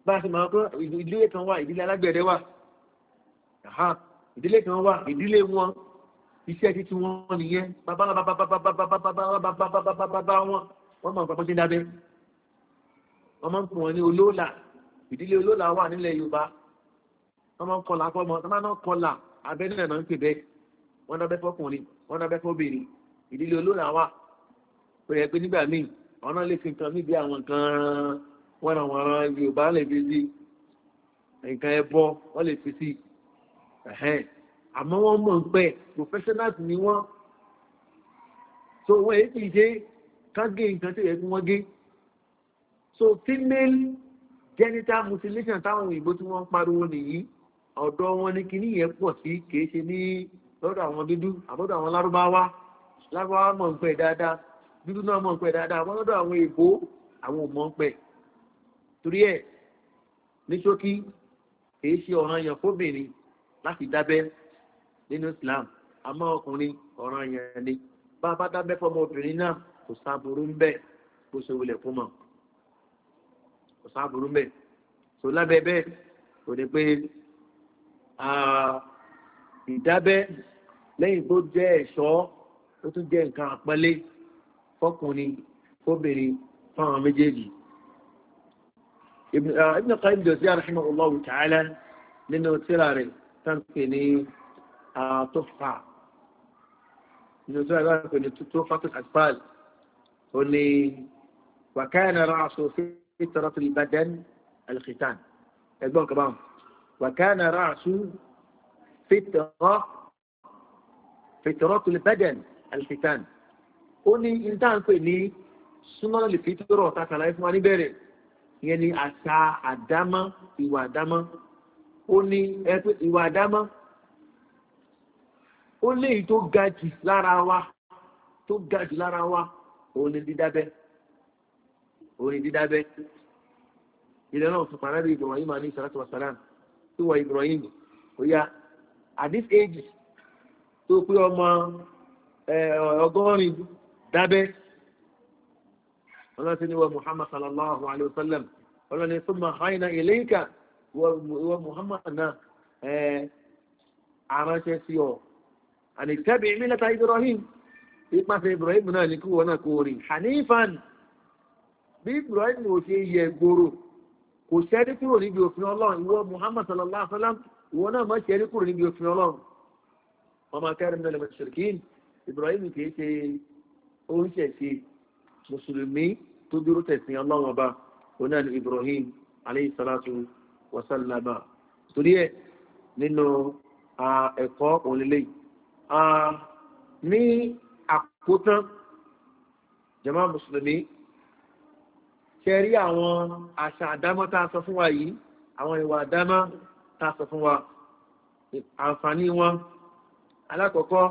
bá a ṣe máa ń kọ́ ìdílé kan wà ìdílé alágbẹ̀dẹ wà ìdílé kan wà ìdílé wọn iṣẹ́ títí wọn nìyẹn babalababababababababababababababa wọn wọ́n máa ń pàpọ́jẹ́ dábẹ́ wọ́n máa ń pè wọ́n ní olóòlà ìdílé olóòlà wà nílẹ̀ yorùbá wọ́n máa ń kọlà fọ́mọ wọ́n máa ń kọlà abẹ́rẹ́ náà ń pè bẹ́ẹ̀ náà bẹ́ fọkùnrin wọ́n náà bẹ́ fọbìnrin ìdílé olóra wà pé ẹ pé nígbà míì wọn náà lè fi nǹkan níbi àwọn nǹkan wọ́nàwọ̀nà yorùbá lè fi sí nǹkan ẹbọ wọ́n lè fi sí àmọ́ wọ́n mọ̀ ń pẹ́ professionals ni wọ́n so wọ́n èyí kìí ṣe ká gé nǹkan tí ẹ̀kún wọ́n gé so female genital mutilation táwọn òyìnbó tí wọ́n ń pariwo nìyí ọ̀dọ́ wọn ní kíní yẹn pọ̀ sí kìí ṣe ní lọ́dọ̀ àwọn dúdú àbọ́dọ̀ àwọn lárúbáwá lárúbáwá mọ̀ ń pẹ́ dáadáa dúdú náà mọ̀ ń pẹ́ dáadáa àwọn lọ́dọ̀ àwọn èbó àwọn ò mọ̀ ń pẹ́ torí ẹ̀ ní ṣókí kìí ṣe ọ̀ràn yẹn fóbìnrin láti dábẹ́ nínú islam àmọ́ ọkùnrin ọ̀ràn yẹn ni bá a bá dábẹ́ fọmọ obìnrin náà kò sáàbùrú ń bẹ̀ kó ṣe wulẹ̀ fún mọ̀ kò sáàbùrú ń bẹ̀ tó bẹ́ẹ̀ kò ní pé ìdábẹ́ lẹ́yìn tó jẹ́ ẹ̀ṣọ́ tó tún jẹ́ nǹkan àpẹẹlẹ fọkùnrin fóbìnrin fáwọn méjèèjì. ibn qayyim jọ̀sí arahima allahu ta'ala nínú tíra rẹ̀ tán pè ní àtọ́fà nínú tíra rẹ̀ tán pè ní tófàtún ó ní wàkáyà náà rà aṣọ sí ìtọ́rọ́tì ìbàdàn alkhitan ẹgbọ́n kaba وكان رأسه فترة فترة البدن الختان ó ní ìdáǹpẹ̀ ní súnmọ́lì fìtúrọ̀ tàtàlàyé fún wa níbẹ̀rẹ̀ yẹn ni àṣà àdámọ́ ìwà àdámọ́ ó ní ẹgbẹ́ ìwà àdámọ́ ó lé èyí tó ga jù lára wa tó ga jù lára wa òun ni dídábẹ́ òun ni dídábẹ́ ilẹ̀ náà fún pàrọ̀ ìgbìmọ̀ yìí máa ní ìṣàlátọ̀ wàsálàmù tí wọ ibrahim ó yá at this age tó pé ọmọ ọgọ́rin dábẹ́ ọlọ́sìn ni wọ muhammad sallallahu alayhi wa sallam ọlọ́ni tó máa haina iléyìnká wọ muhammad náà aránṣẹ́ sí ọ àni tẹ́bí ìmìlẹ́ta ibrahim ipasẹ̀ ibrahim náà ní kí wọ́n náà kó rí hanifan bí ibrahim ò ṣe yẹ gbòòrò kò ṣẹ́rí kúrò níbi òfin ọlọ́run ìwọ muhammad sallallahu alaihi wa sallam ìwọ náà má ṣẹ́rí kúrò níbi òfin ọlọ́run ọmọ akẹ́rẹ́ mi lọ́lẹ̀ ṣèkín ibrahim kì í ṣe oúnṣẹ̀ṣe mùsùlùmí tó dúró tẹ̀sìn ọlọ́run ọba onáni ibrahim alayhi salatu wa sallama torí ẹ̀ nínú ẹ̀kọ́ òlélẹ̀ ní àkótán jama mùsùlùmí ṣe rí àwọn àṣà àdámọ́ tá a sọ fún wa yìí àwọn ìwà àdámọ́ tá a sọ fún wa àǹfààní wọn alákọ̀ọ́kọ́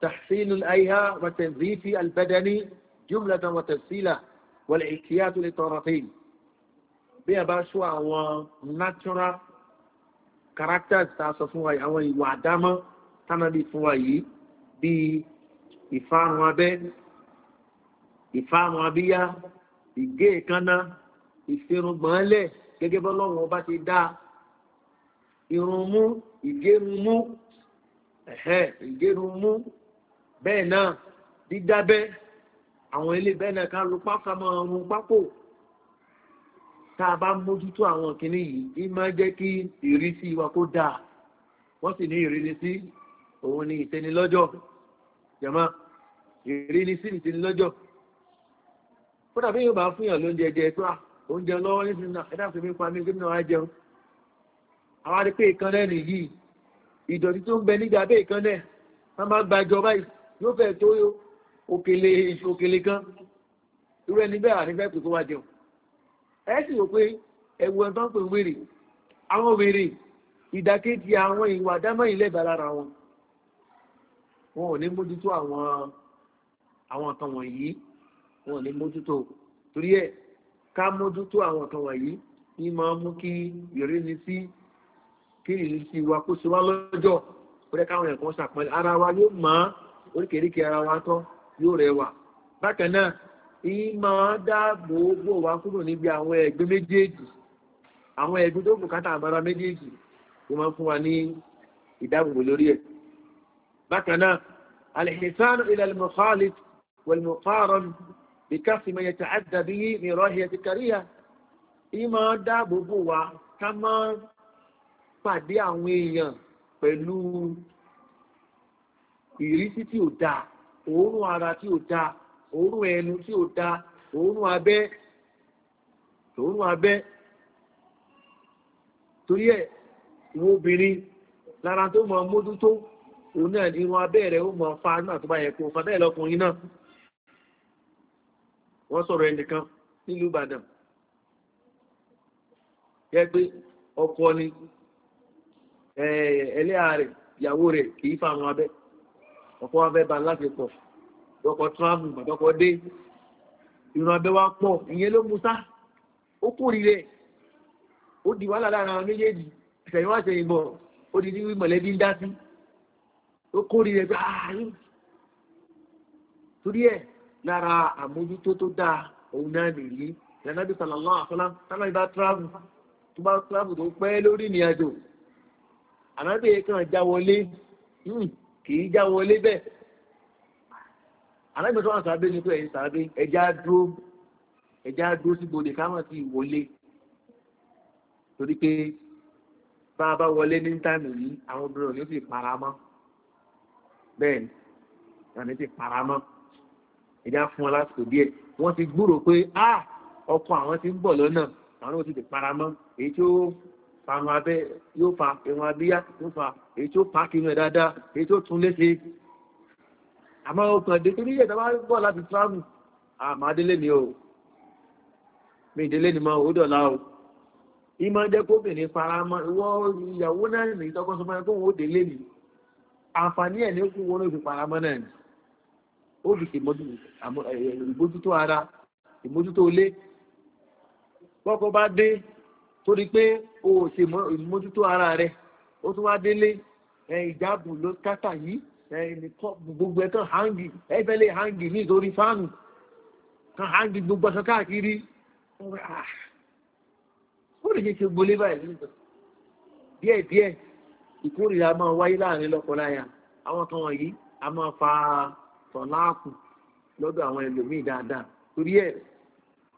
tàṣínú àyíhá wàtẹ̀zífì albẹ́dẹ́ní jùmlẹ̀tàn wàtẹ̀sílà wọlé ìkíyà tó lè tọrọ fèyí bí a bá ṣó àwọn natural characters tá a sọ fún wa yìí àwọn ìwà àdámọ́ tánàbí fún wa yìí bí ìfarun abẹ́ ìfarun abíyá ìgé ìkaná ìfirùngbọ̀nlẹ̀ gẹ́gẹ́ bọ́ lọ́wọ́ ọba ti dá irunmú ìgérunmú ẹ̀hẹ́ ìgérunmú bẹ́ẹ̀ náà dídábẹ́ àwọn ilé bẹ́ẹ̀ náà ká lu pápá máa run pápò tá a bá mójútó àwọn kìnnì yìí kí máa jẹ́ kí ìrísí wa kó dáa wọ́n sì ní ìrísí òun ni ìtẹnilọ́jọ́ jẹ̀mọ́ ìrísí ìtẹnilọ́jọ́ kódà bí yóò bá fún yàn lóúnjẹ jẹ tó à ah, oúnjẹ lọ́wọ́ ní sinimá ẹ̀dá fún mi pa mí gómìnà wa jẹun àwọn adé pé ìkan náà nìyí ìdọ̀tí tó ń bẹ nígbà bẹ́ẹ̀ ìkan náà wọ́n máa gbàjọ báyìí yóò fẹ́ tó òkèlè òkèlè kan irú ẹni bẹ́ẹ̀ ànífẹ́ pé kó wá jẹun ẹ sì rò pé ẹ̀wù ẹ̀ tó ń pè wèrè àwọn wèrè ìdàkejì àwọn ìwà dámọ̀yìn lẹ́bàá lára wọn wọn ò ní mójútó àwọn àwọn nǹkan wọ̀nyí wọn ò ní mójútó torí ẹ̀ ká mójútó àwọn kan wọ̀nyí ní máa mú kí ìrírí sí kí ìrírí sí wa kó ṣe wá lọ́jọ́ kó dẹ́ káwọn ẹ̀kọ́ ṣàpọ́nlé ara wa yóò mọ́ oríkèéríkèé ara wa tán yóò rẹwà bákan náà ìmọ̀ dáàbò bò wá kúrò níbi àwọn ẹgbẹ́ méjèèjì àwọn ẹgbẹ́ tó bùkátà àbára méjèèjì tó máa fún wa ní ìdáàbòbò lórí ẹ̀. bákan náà alẹ́sàn ilẹ̀ alimọ̀fààlì wẹ̀lmọ̀fààrọ̀ bíkásí mẹ́yẹ tí àdá bí mìíràn ẹ̀yẹ ti kàríyà ìmọ̀ dáàbò pàdé àwọn èèyàn pẹ̀lú ìrísí tí ò dáa òórùn ara tí ò dáa òórùn ẹnu tí ò dáa òórùn abẹ́ òórùn abẹ́ torí wo obìnrin lára tó mọ mójútó òun náà irun abẹ́ rẹ̀ ó mọ fa náà tó bá yẹ wọ́n sọ̀rọ̀ ẹnìkan nílùú ìbàdàn yẹ pé ọkọ ni ẹlẹ́yà rẹ̀ ìyàwó rẹ̀ kìí fa àwọn abẹ́ ọkọ abẹ́ bá láti pọ̀ lọ́kọ̀ tíráàmù bàtọ́kọ̀ dé ìran abẹ́ wa pọ̀ ìyẹn ló mú sá ó kórìíre ó di wàhálà láàrin àwọn méjèèjì ìṣẹ̀yìn wá ṣẹ̀yìn bọ̀ ó di ní mọ̀lẹ́bí ń dá sí ó kórìíre pé ààyè ah, torí ẹ̀ lára àmójútó tó dáa òun náà nìyí ìyànàbí sàlọ́lá àfọlá sábà ìbá tíráàbù tó bá tíráàbù tó pẹ́ lórí ìrìn àjò ànábì kan já wọlé hmm, kì í já wọlé bẹ́ẹ̀ ànábì tó wà sàbẹ́ ni pé ẹ̀yin sàbẹ́ ẹja dúró ẹja dúró síbodè káwọn ti wọlé torí pé bá a bá wọlé ní táìmù yìí àwọn obìnrin ò ní sì para mọ́ bẹ́ẹ̀ ni wọn ní sì para mọ́ ẹ̀dá fún wọn lásìkò díẹ̀ wọ́n ti gbúrò pé a ọkọ̀ àwọn ti ń bọ̀ lọ́nà àwọn ò ti lè para mọ́ èyí tí ó fa àwọn abẹ́ yóò fa ẹ̀wọ̀n abíyá yóò fa èyí tí ó pààkì inú ẹ̀ dáadáa èyí tí ó tún léṣe àmọ́ ọkàn dé torí ìyẹ̀dá bá bọ̀ láti tíráàmù àmọ́ adélé ni o mi ìdílé ni mo ò dọ̀la o ìmọ̀ jẹ́ kóbìnrin fara mọ́ ìwọ ìyàwó náà nìyí tọkọ sọmọ ẹ kóhun ó délé ni àǹfààní ẹ̀ ní ó kú wọn ó fi para mọ́ náà ni ó fi ìmójútó ara ìmójútó ilé bọ́kọ́ bá dé torí pé o ò ṣe ìmójútó ara rẹ ó tún wá délé ìjábù ló kátà yìí gbogbo ẹ̀kan hangi ẹ̀fẹ́lẹ̀ hangi ní ìtorí fáànù kan hangi gbogbo ọ̀sán káàkiri ah. ó lè ṣe ṣe gbolé báyìí nígbà díẹ̀díẹ̀ ìkórìíra máa wáyé láàrin lọ́kọ̀ọ́láyà àwọn kan wọ̀nyí a máa fa tọ̀láàkù lọ́dọ̀ àwọn ẹlòmíì dáadáa torí ẹ̀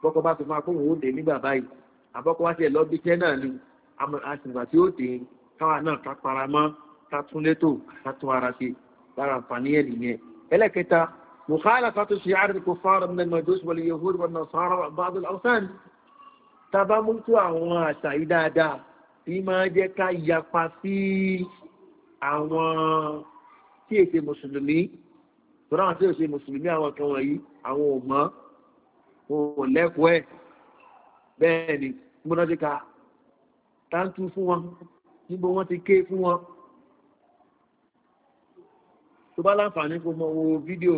bọ́kọ bá fi máa kóhùn ó dé nígbà báyìí àbọ́kọ wá sí ẹ̀ lọ́bí iṣẹ́ náà ni àtìgbà tí ó dé káwa náà ká para mọ́ ká tún létò ká tún ara ṣe lára àǹfààní ẹ̀ nìyẹn. ẹlẹ́kẹta mùkálà fatu ṣe àdìkò fáwọn ọmọ ẹ̀mọ́ ìjọsìn wọlé yehó ìwọ náà sọ́ọ́rọ́ bàbá ọ̀sán tá àwọn àṣà yìí dáadáa tí máa jẹ́ ká yapa sí àwọn tí èsè mùsùlùmí tọ́lá àti òṣè mùsùlùmí àwọn kan wọ̀nyí àwọn ò mọ́ lẹ́kọ̀ọ́ ẹ̀ bẹ́ẹ̀ ni gbọ́dọ̀ ti ka fún wọn wọn ti ké fún wọn. tó bá láǹfààní kó mọ wo fídíò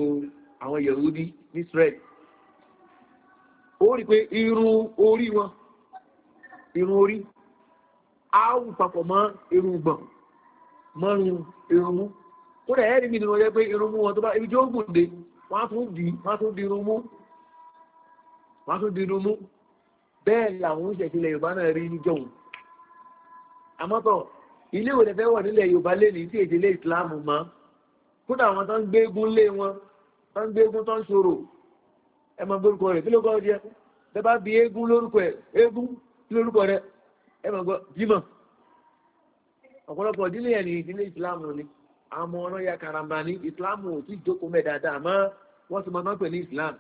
àwọn yahudi ní israel ó rí pé irun orí wọn irun orí á wù papọ̀ mọ́ irun gbọ̀n kó rẹ̀ ẹ́rì mi nínú ọjọ́ pé irun mú wọn tó bá ibi tí ó gùn dé wọ́n tún di wọ́n di irun mú di irun mú bẹ́ẹ̀ làwọn ìṣẹ̀tìlẹ̀ yorùbá náà rí ní jọ̀hún àmọ́tọ̀ ilé ìwé lẹ́fẹ́ wọ̀ nílẹ̀ yorùbá lé ní sí èdè ilé ìsìláàmù mọ́ kódà àwọn tó ń gbé egun lé wọn tó ń gbé egun tó ń ṣòro ẹ mọ gbórúkọ rẹ kí ló kọ́ ọ jẹ bẹ bá bi egun lórúkọ ẹ egun lórúkọ rẹ ẹ mọ gbọ bímọ ọ̀pọ̀lọpọ̀ ìdílé ẹ̀ ní ìdílé ìsìláàmù ni àmọ́ ọ̀nà ya karamba ní ìsìláàmù ò tí jókòó mẹ́ dáadáa mọ́ wọ́n ti máa ń pè ní ìsìláàmù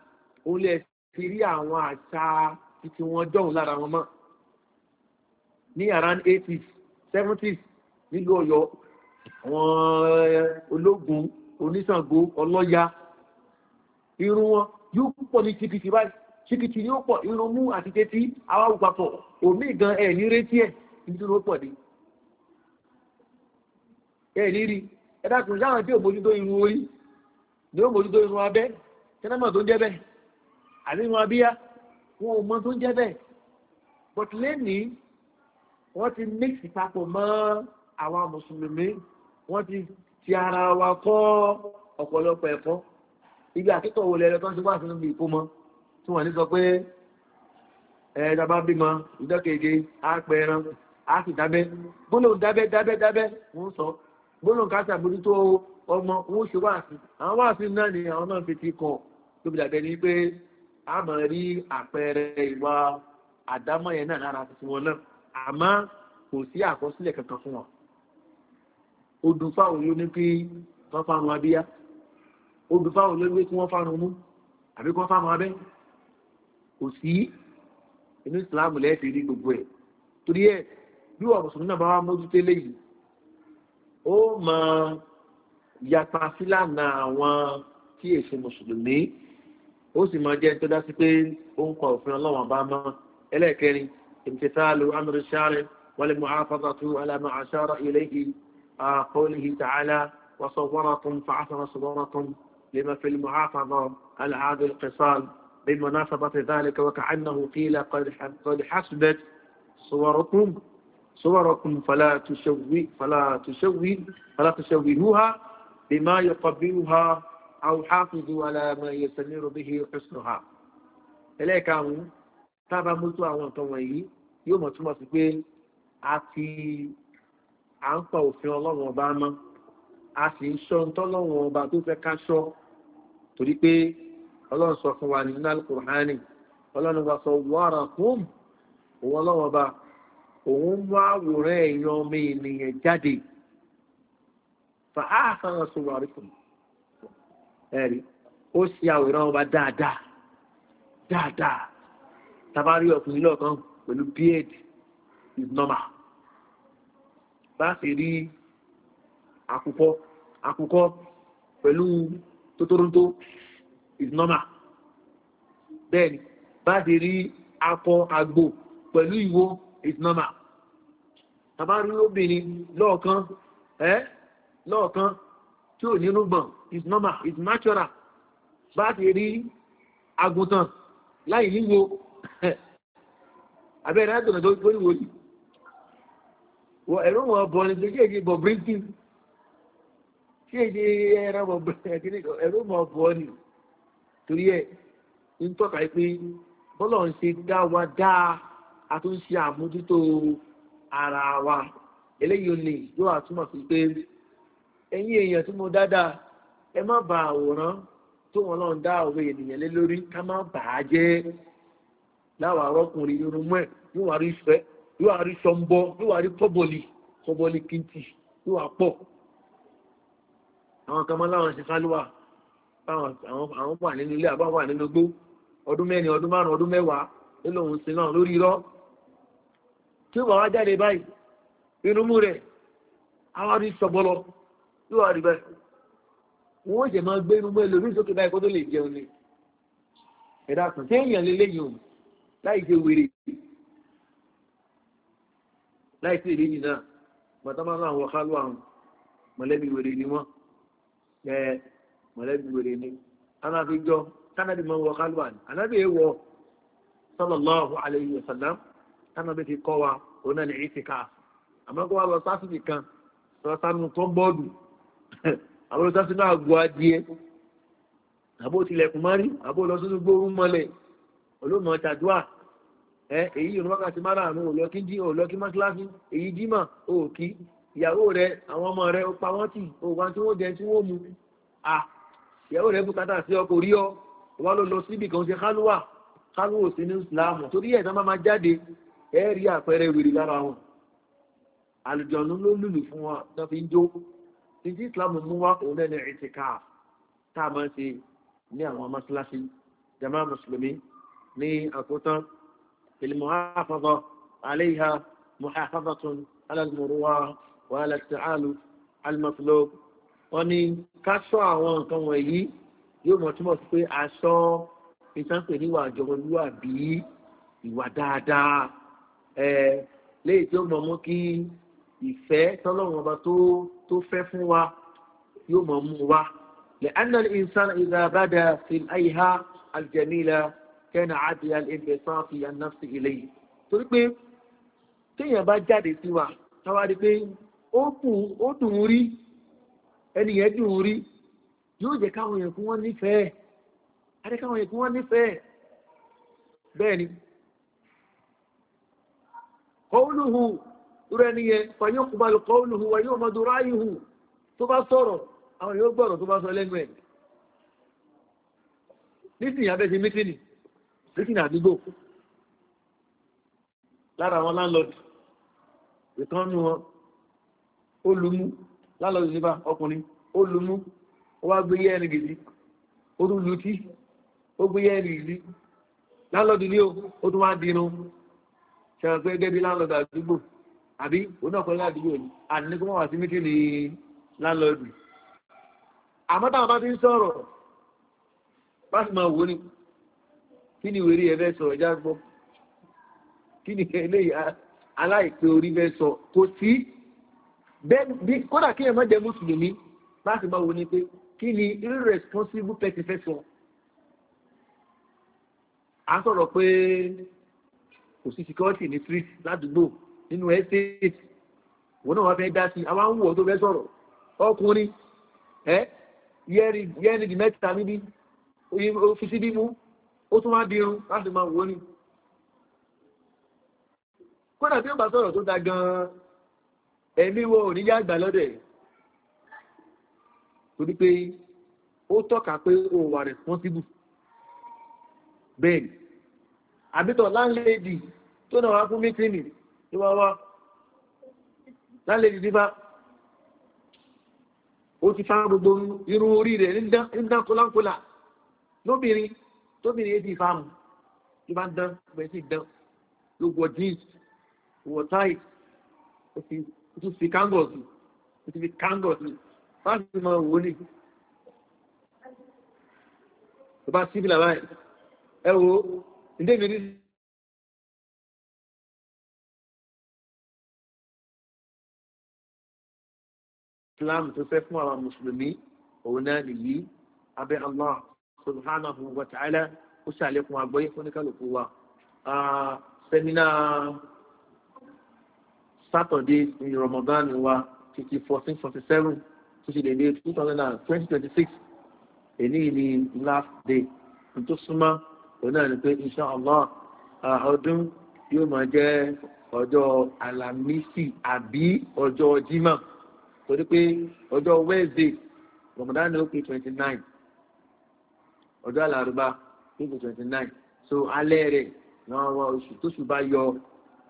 ó lè fi rí àwọn àṣà títí wọn dọ̀hún lára wọn mọ́ ní around eighties seventies nílùú ọ̀yọ́ àwọn eh, ológun oníṣàngó ọlọ́ya irun wọn yóò pọ̀ ní tìkìtì báyìí tìkìtì yóò pọ̀ irun mú àti tẹ́tí awáwò papọ̀ òmí gan ẹ̀ ní rétí ẹ̀ nítorí ó pọ̀ dé ẹ̀ ní rí i ẹ̀dá kùn sáwọn tí ò mójútó irun orí ni ó mójútó irun abẹ́ tẹ́lẹ̀mọ̀ tó ń jẹ́ bẹ́ẹ̀ àti irun abíyá wọn ò mọ tó ń jẹ́ bẹ́ẹ̀ but lẹ́nìí wọ́n ti mix papọ̀ mọ́ àwa mùsùlùmí wọ́n ti ti ara wa kọ́ ọ̀pọ̀lọpọ̀ ẹ̀kọ́ ibi àkẹ́kọ̀ọ́ wo lẹ́rẹ́ tó ń ṣe wá sínú ìkómọ tí wọ́n ní sọ pé ẹ̀ẹ́dà bá bímọ ìjọ́ á pẹ ẹran á sì dábẹ́ gbólóhùn dábẹ́ dábẹ́ dábẹ́ wọ́n sọ gbóná káṣà mójútó ọmọ wọn ṣe wáàsí àwọn wáàsí náà ni àwọn náà fi ti kọ tóbi dàbẹ ni pé a mọ̀ rí àpẹẹrẹ ìwà àdámọ́ yẹn náà lára tuntun wọn náà àmọ́ kò sí àkọsílẹ̀ kankan fún wọn odù fáwọn ló ní kí wọ́n fáwọn abíyá odù fáwọn ló ní kí wọ́n fáwọn mú àbí kí wọ́n fáwọn abẹ́ kò sí inú ìsìlámù lẹ́ẹ̀fì rí gbogbo ẹ̀ torí ẹ̀ bí wọ́n mùsùlùmí náà bá wá mójútó eléyìí ó máa yapa sílànà àwọn tí èsì mùsùlùmí ó sì máa jẹ́ tó dásí pé ó ń kọ òfin ọlọ́wọ̀n bá mọ́ ẹlẹ́ẹ̀kẹrin ìmùtẹ́tàlù amúrúṣàrẹ wọlé muhafazatu alamọ àṣàrọ ilẹ̀yìn àkọọ́lẹ̀ ìtàhálà وصوركم فعثر صوركم لما في المحافظة على هذا القصال بمناسبة ذلك وكأنه قيل قد حسبت صوركم صوركم فلا تشوي فلا تشوي فلا تشوهوها بما يقبلها أو حافظوا على ما يستمر به حسنها إليك أمو تابع ملتو أوان كواني يوم أتما سيكوين àti à ń pa òfin ọlọ́run ọba mọ́ a sì ń ṣọ́ tọ́lọ́run ọba tó fẹ́ ká torí pé ọlọ́run sọ fún wa nínú alukùránì ọlọ́run wa sọ wọ́ọ̀rọ̀ fún òun ọlọ́run ọba òun mú àwòrán ẹ̀yàn ọmọ ènìyàn jáde fa áhàn sọ̀rọ̀ àríkùn ẹ̀rí ó ṣe àwòrán ọba dáadáa dáadáa tabari ọkùnrin lọ́ọ̀kan pẹ̀lú beard is normal bá sì rí àkùkọ àkùkọ pẹ̀lú tótóróntó is normal bẹ́ẹ̀ni bá sì rí akọ àgbò pẹ̀lú ìwo is normal tàbá rí obìnrin lọ́ọ̀kan ẹ́ lọ́ọ̀kan tí ò nínú gbọ̀n normal natural bá ti rí agùntàn láì níwo abẹ́rẹ́ àtọ̀nà tó wọ ẹ̀rọ wọn bọ̀ ní pé kéèké bọ̀ bíríntì kéèké ẹ̀rọ wọn bọ̀ ẹ̀rọ wọn bọ̀ torí ẹ̀ ń tọ́ka pé bọ́lọ̀ ń ṣe dá wa dáa. a tún ṣe àmójútó ara wa eléyìí ni yóò àtúmọ̀ sí pé ẹ̀yin èèyàn tí mo dáadáa ẹ má ba àwòrán tó wọn lọ́n dá òwe ènìyàn lé lórí ká má bà á jẹ́ láwọn arọ́kùnrin irun mọ́ ẹ̀ yóò wá rí ìfẹ́ yóò wá rí sọmbọ yóò wá rí kọ́bọ̀lì kọ́bọ̀lì kìntì yóò wá pọ̀ àwọn kan máa láwọn ṣe kálúwà àwọn wà nínú ilé àbáwà nínú gbó ọdún mẹ́rin ọdún márùn-ún ọdún mẹ́wàá nílò òun sí náà lórí irọ́ tí ó wà jáde báyìí irunmú rẹ̀ àwọn rí sọ̀bọ̀lọ̀ yóò wà rí bẹ́ẹ̀ wọ́n jẹ̀ máa gbé irunmú ẹlòmí sókè báyìí kó tó lè jẹun ni ẹ̀dá kan tí èèyàn lélẹ́ yìí o láì ṣe wèrè láì sí ìrírí náà bàtà máa ń àwọn kálú àrùn mọ̀lẹ́bí wèrè ni wọ́n ẹ̀ mọ̀lẹ́bí wèrè ni anábìjọ kánàbì máa wọ kálú àrùn anábìyẹ wọ sọlọ́lọ́ọ̀hún alẹ́ yìí ọ̀sán náà tánàbí ti kọ́ wa òun náà ní ìtìká àmọ́ kó wá lọ sásìkì kan lọ sánú tó ń bọ́ọ̀dù àbúrò sásìkì náà gbọ́ adìẹ àbó tilẹ̀kùn mọ́rí àbó lọ sínú gbóòórùn mọ́lẹ̀ olóòmọ tàdúà ẹ èyí ìrún wákàtí márààrún òlọ́kí jí òlọ́kí mọ́síláṣí èyí jímà òkí ìyàwó rẹ àwọn ọmọ rẹ pa wọ́n tì òwà tí wọ́n jẹ tí wọ́n mu à ìyàwó rẹ bùkátà sí ọkọ̀ rí ọ wọ́n lọ lọ síbì kan ṣe kálúwà kálúwò sí ní ìsìláàmù torí ẹ̀ tán máa jáde ẹ rí àpẹẹrẹ wèrè lára wọn àlùjọ̀nù ló lùlù fún wọn náà fi ń jó ìdí ìsìlámù mú wá òun náà ní ìtìká tá a máa ń ṣe ní àwọn mọ́ṣáláṣí jama mùsùlùmí ní àkótán ìlmọ̀ àfọ́fọ́ àléhà mùhàfọ́fọ́tún alàlùmọ̀rúwá wàhálà tìhálù alìmọ̀fìlò wọn ni káṣọ àwọn nǹkan wọ̀nyí yóò mọ̀ túmọ̀ sí pé aṣọ ìtànpè níwà àjọwọ́lúwà bí ìwà dáadáa léyìí tí ó mọ̀ mú kí ìfẹ́ tọ́lọ́run ọba tó fẹ́ fún wa yóò mọ̀ mú wa lè anal insan ìgbà bàdà fi àyíká aljamila kẹ́nà àti alẹ́gbẹ̀sán fi ànáfsì ilé yìí torí pé téèyàn bá jáde sí wa táwa rí pé ó dùn ún rí ẹnìyẹn dùn rí yóò jẹ́ káwọn èèyàn kún wọ́n nífẹ̀ẹ́ adé káwọn èèyàn kún wọ́n nífẹ̀ẹ́ bẹ́ẹ̀ ni kọ́ọ̀lùhù hụ fàyọ́kùbalù kọ́ọ̀lùhù wà yóò mọ̀dù hụ tó bá sọ̀rọ̀ àwọn tó bá sọ lẹ́nu ẹ̀ nísìnyí abẹ́sẹ̀ mítìnì mítìnì àdúgbò lára àwọn láńlọ́dì ìtọ́nu wọn ó lumú láńlọ́dì sẹ́wọ̀n pé gẹ́gẹ́ bí láńlọ́dù àdúgbò àbí òun náà kọ́ ládùúgbò ni àní kó má wà sí mítì ní láńlọ́dù àmọ́ táwọn bá ti ń sọ̀rọ̀ bá sì máa wò ó ni kí ni ìwérí ẹ fẹ́ sọ ẹ̀já gbọ́ kí ni eléyìí aláìpé orí fẹ́ sọ kò sí bí kódà kí ẹ má jẹ mùsùlùmí bá sì máa wò ó pé kí ni irresponsible person fẹ́ sọ à ń sọ̀rọ̀ pé kò sí security ní street ládùúgbò nínú estate òun náà wọ́n fẹ́ dá sí i àwọn àwọn tó fẹ́ sọ̀rọ̀ ọkùnrin ẹ yẹ́nì di mẹ́ta níbí fi síbí mú ó tún wá dirun láti máa wò ó ni kódà tí ó bá sọ̀rọ̀ tó da gan-an ẹ̀mí wo ò ní yá àgbà lọ́dẹ̀ torí pé ó tọ́ka pé ó wà responsible bẹ́ẹ̀ àbítọ̀ láńlẹ́dì tó náà wá fún mítìnì ní wá wá láńlẹ́dì ní bá ó ti fa gbogbo irun orí rẹ̀ ń dán kólákólá lóbìnrin tóbìnrin èdè ìfàmù ló bá ń dán bẹ̀rẹ̀ sí dán ló wọ jeans wọ tight ó ti fi kangos ó ti fi kangos láti mọ òwò ní ló bá síbìlà báyìí ẹ wo ndéèmí rí islam tó fẹ́ fún àwọn mùsùlùmí òun náà nìyí abẹ́ allah subhanahu wa ta'ala ó ṣàlékún àgbọ́yé fún oníkàlùkù wa sẹ́mínà sátọ̀dé ní ramadan wa títí fourteen forty seven tó ṣe dédé two thousand and twenty twenty six èyí ni last day tó súnmọ́ òun náà ni pé iṣẹ́ ọlọ́ ọdún yóò máa jẹ́ ọjọ́ alamisi àbí ọjọ́ jimá torí pé ọjọ́ wednesday ramadan ni ó pé twenty nine ọjọ́ alárúbá pé pé twenty nine so alẹ́ rẹ̀ wọn wọ oṣù tó ṣù bá yọ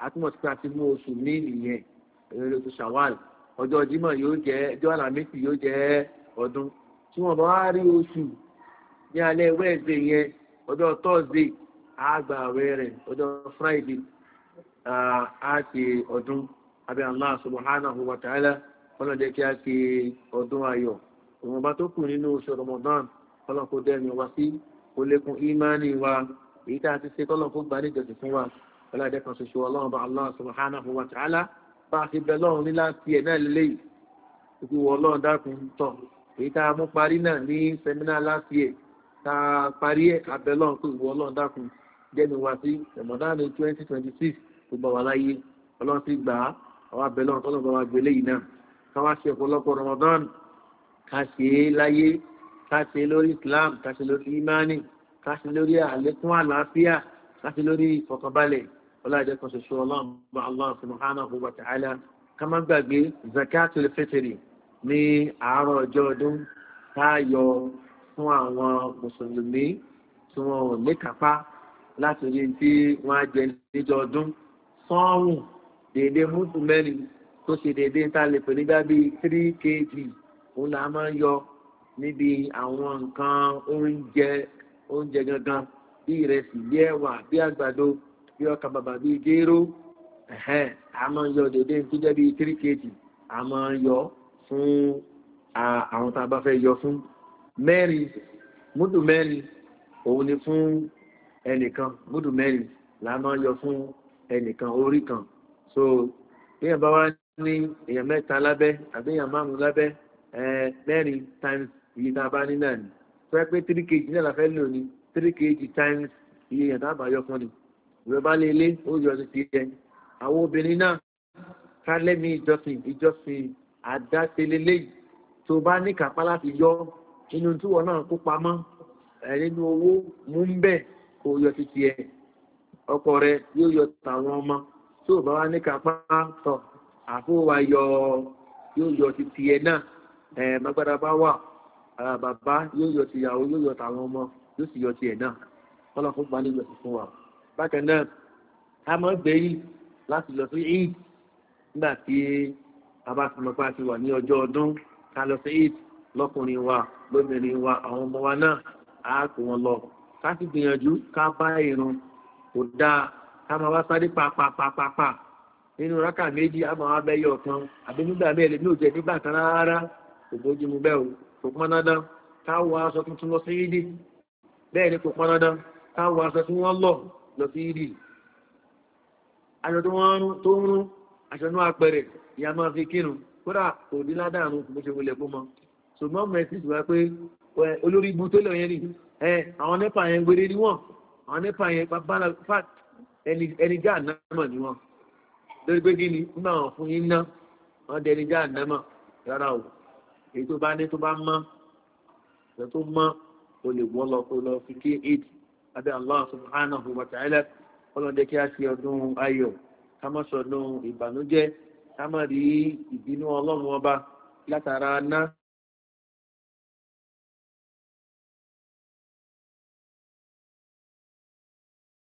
atúmọ̀sí pé a ti mú oṣù mí nìyẹn èrè oṣù shawal ọjọ́ jimá yóò jẹ́ ọjọ́ alamisi yóò jẹ́ ọdún tí wọ́n bá wá rí oṣù ní alẹ́ wednesday yẹn ọjọ́ thursday a gba àwẹ̀ rẹ̀ ọjọ́ friday a ṣe ọdún abẹ́ allah subhanahu wa ta'ala ọlọ́run jẹ́ kí a ṣe ọdún ayọ̀ ìwọ̀nba tó kù nínú oṣù ramadan ọlọ́run kò wá sí kó imani wa èyí tá a ti ṣe kọ́lọ́run kó gbà níjọsìn fún wa ọlọ́run jẹ́ kan ṣoṣo ọlọ́run bá allah subhanahu wa ta'ala bá a ti bẹ lọ́run ní láti ẹ̀ náà lélẹ́yìí ìpínwọ̀ ọlọ́run dákun tọ̀ èyí tá a mú parí náà ní sẹ́mínà láti ẹ̀ ta parí ẹ̀ abẹ́lọ́n pé ìwọ ọlọ́run dákun jẹ́nu wa sí ẹ̀mọ̀dánù twenty twenty six tó bá wa láyé ọlọ́run ti gbà á àwọn abẹ́lọ́n tó lọ́ba wa gbélé yìí náà ká wá ṣe ọ̀pọ̀lọpọ̀ ramadan ká ṣe é láyé ká ṣe é lórí islam ká ṣe lórí imani ká ṣe lórí àlékún àlàáfíà ká ṣe lórí ìfọkànbalẹ̀ ọlọ́run kan ṣoṣo ọlọ́run bá allah subhanahu wa ta'ala ká má gbàgbé zakatul ní àárọ̀ ọjọ́ ọdún ká yọ fún àwọn mùsùlùmí tí wọn ò ní kápá láti rí tí wọn á jẹ níjọ ọdún sọ́ọ̀rùn dèédé mútu mẹ́rin tó ṣe dèédé tá a lè pè nígbà bíi three kg òun là máa ń yọ níbi àwọn nǹkan oúnjẹ oúnjẹ gangan bí ìrẹsì bí ẹwà bí àgbàdo bí ọkà bàbà bí jéró ẹ̀hẹ́n a máa ń yọ dèédé tó jẹ́ bíi three kg a máa ń yọ fún àwọn tá a bá fẹ́ yọ fún mẹ́rin múdù mẹ́rin òun ni fún ẹnìkan múdù mẹ́rin là máa ń yọ fún ẹnìkan orí kan so èèyàn bá wá ní èèyàn mẹ́ta lábẹ́ àbí èèyàn márùn-ún lábẹ́ mẹ́rin times iye tá a bá ní náà ni tó yẹ pé three kg náà la fẹ́ lò ní three kg times iye èèyàn tá a bá yọ fún ni ìwé bá lé ilé ó yọ sí ti yẹ àwọn obìnrin náà ká lẹ́mìí ìjọsìn ìjọsìn àdáṣelélẹ́yìí tó bá ní kápá láti yọ inú tí wọ́n náà kó pamọ́ nínú owó mú ń bẹ̀ kó yọ títí ẹ̀ ọkọ rẹ yóò yọ tàwọn ọmọ tí ò bá wá ní kápá tọ̀ àfọwà yọ yóò yọ títí ẹ̀ náà ẹ̀ magbada bá wà bàbá yóò yọ tìyàwó yóò yọ tàwọn ọmọ yóò sì yọ tiẹ̀ náà wọ́n lọ fún gbaní ìjọsìn fún wa bákan náà a máa ń gbé yìí láti lọ sí eid nígbà tí a bá ti lọ pa ti wà ní ọjọ́ ọdún ká lọ sí eid lọ́kùnrin wa lóbìnrin wa àwọn ọmọ wa náà á kó wọn lọ ká sì gbìyànjú ká bá irun kò dáa ká máa wá sáré pàápàápàápàá nínú rákà méjì á máa wá bẹ́yọ̀ kan àbí nígbà mẹ́rin ní òjẹ́ nígbà kan rárá kò bójú mu bẹ́ẹ̀ o kò pọn dandan ká wọ aṣọ tuntun lọ sí yídì bẹ́ẹ̀ ni kò pọn dandan ká wọ aṣọ tí wọ́n lọ lọ sí yídì aṣọ tó wọ́n rún tó ń rún aṣọ náà apẹ̀rẹ̀ ìyá máa fi kírun kódà kò ní ládàánú bó ṣe wọlé fún mọ́ ṣùgbọ́n mẹ́sìsì wá pé olórí ibu tó lọ yẹn ni àwọn nẹ́pà yẹn gbére ni wọ́n àwọn nẹ́pà yẹn bára fat ẹni já ànámọ̀ ni wọ́n lórí pé kí ni nígbà wọn fún yín ná wọn dẹni já ànámọ̀ rárá o èyí tó bá ní tó bá mọ́ ìgbà tó mọ́ o lè wọ́ lọ kó lọ fi kí eight abẹ́ allah subhanahu wa ta'ala ọlọ́dẹ kí a ṣe ọdún ayọ̀ ká má sọdún ìbínú ọlọ́run ọba látara náà.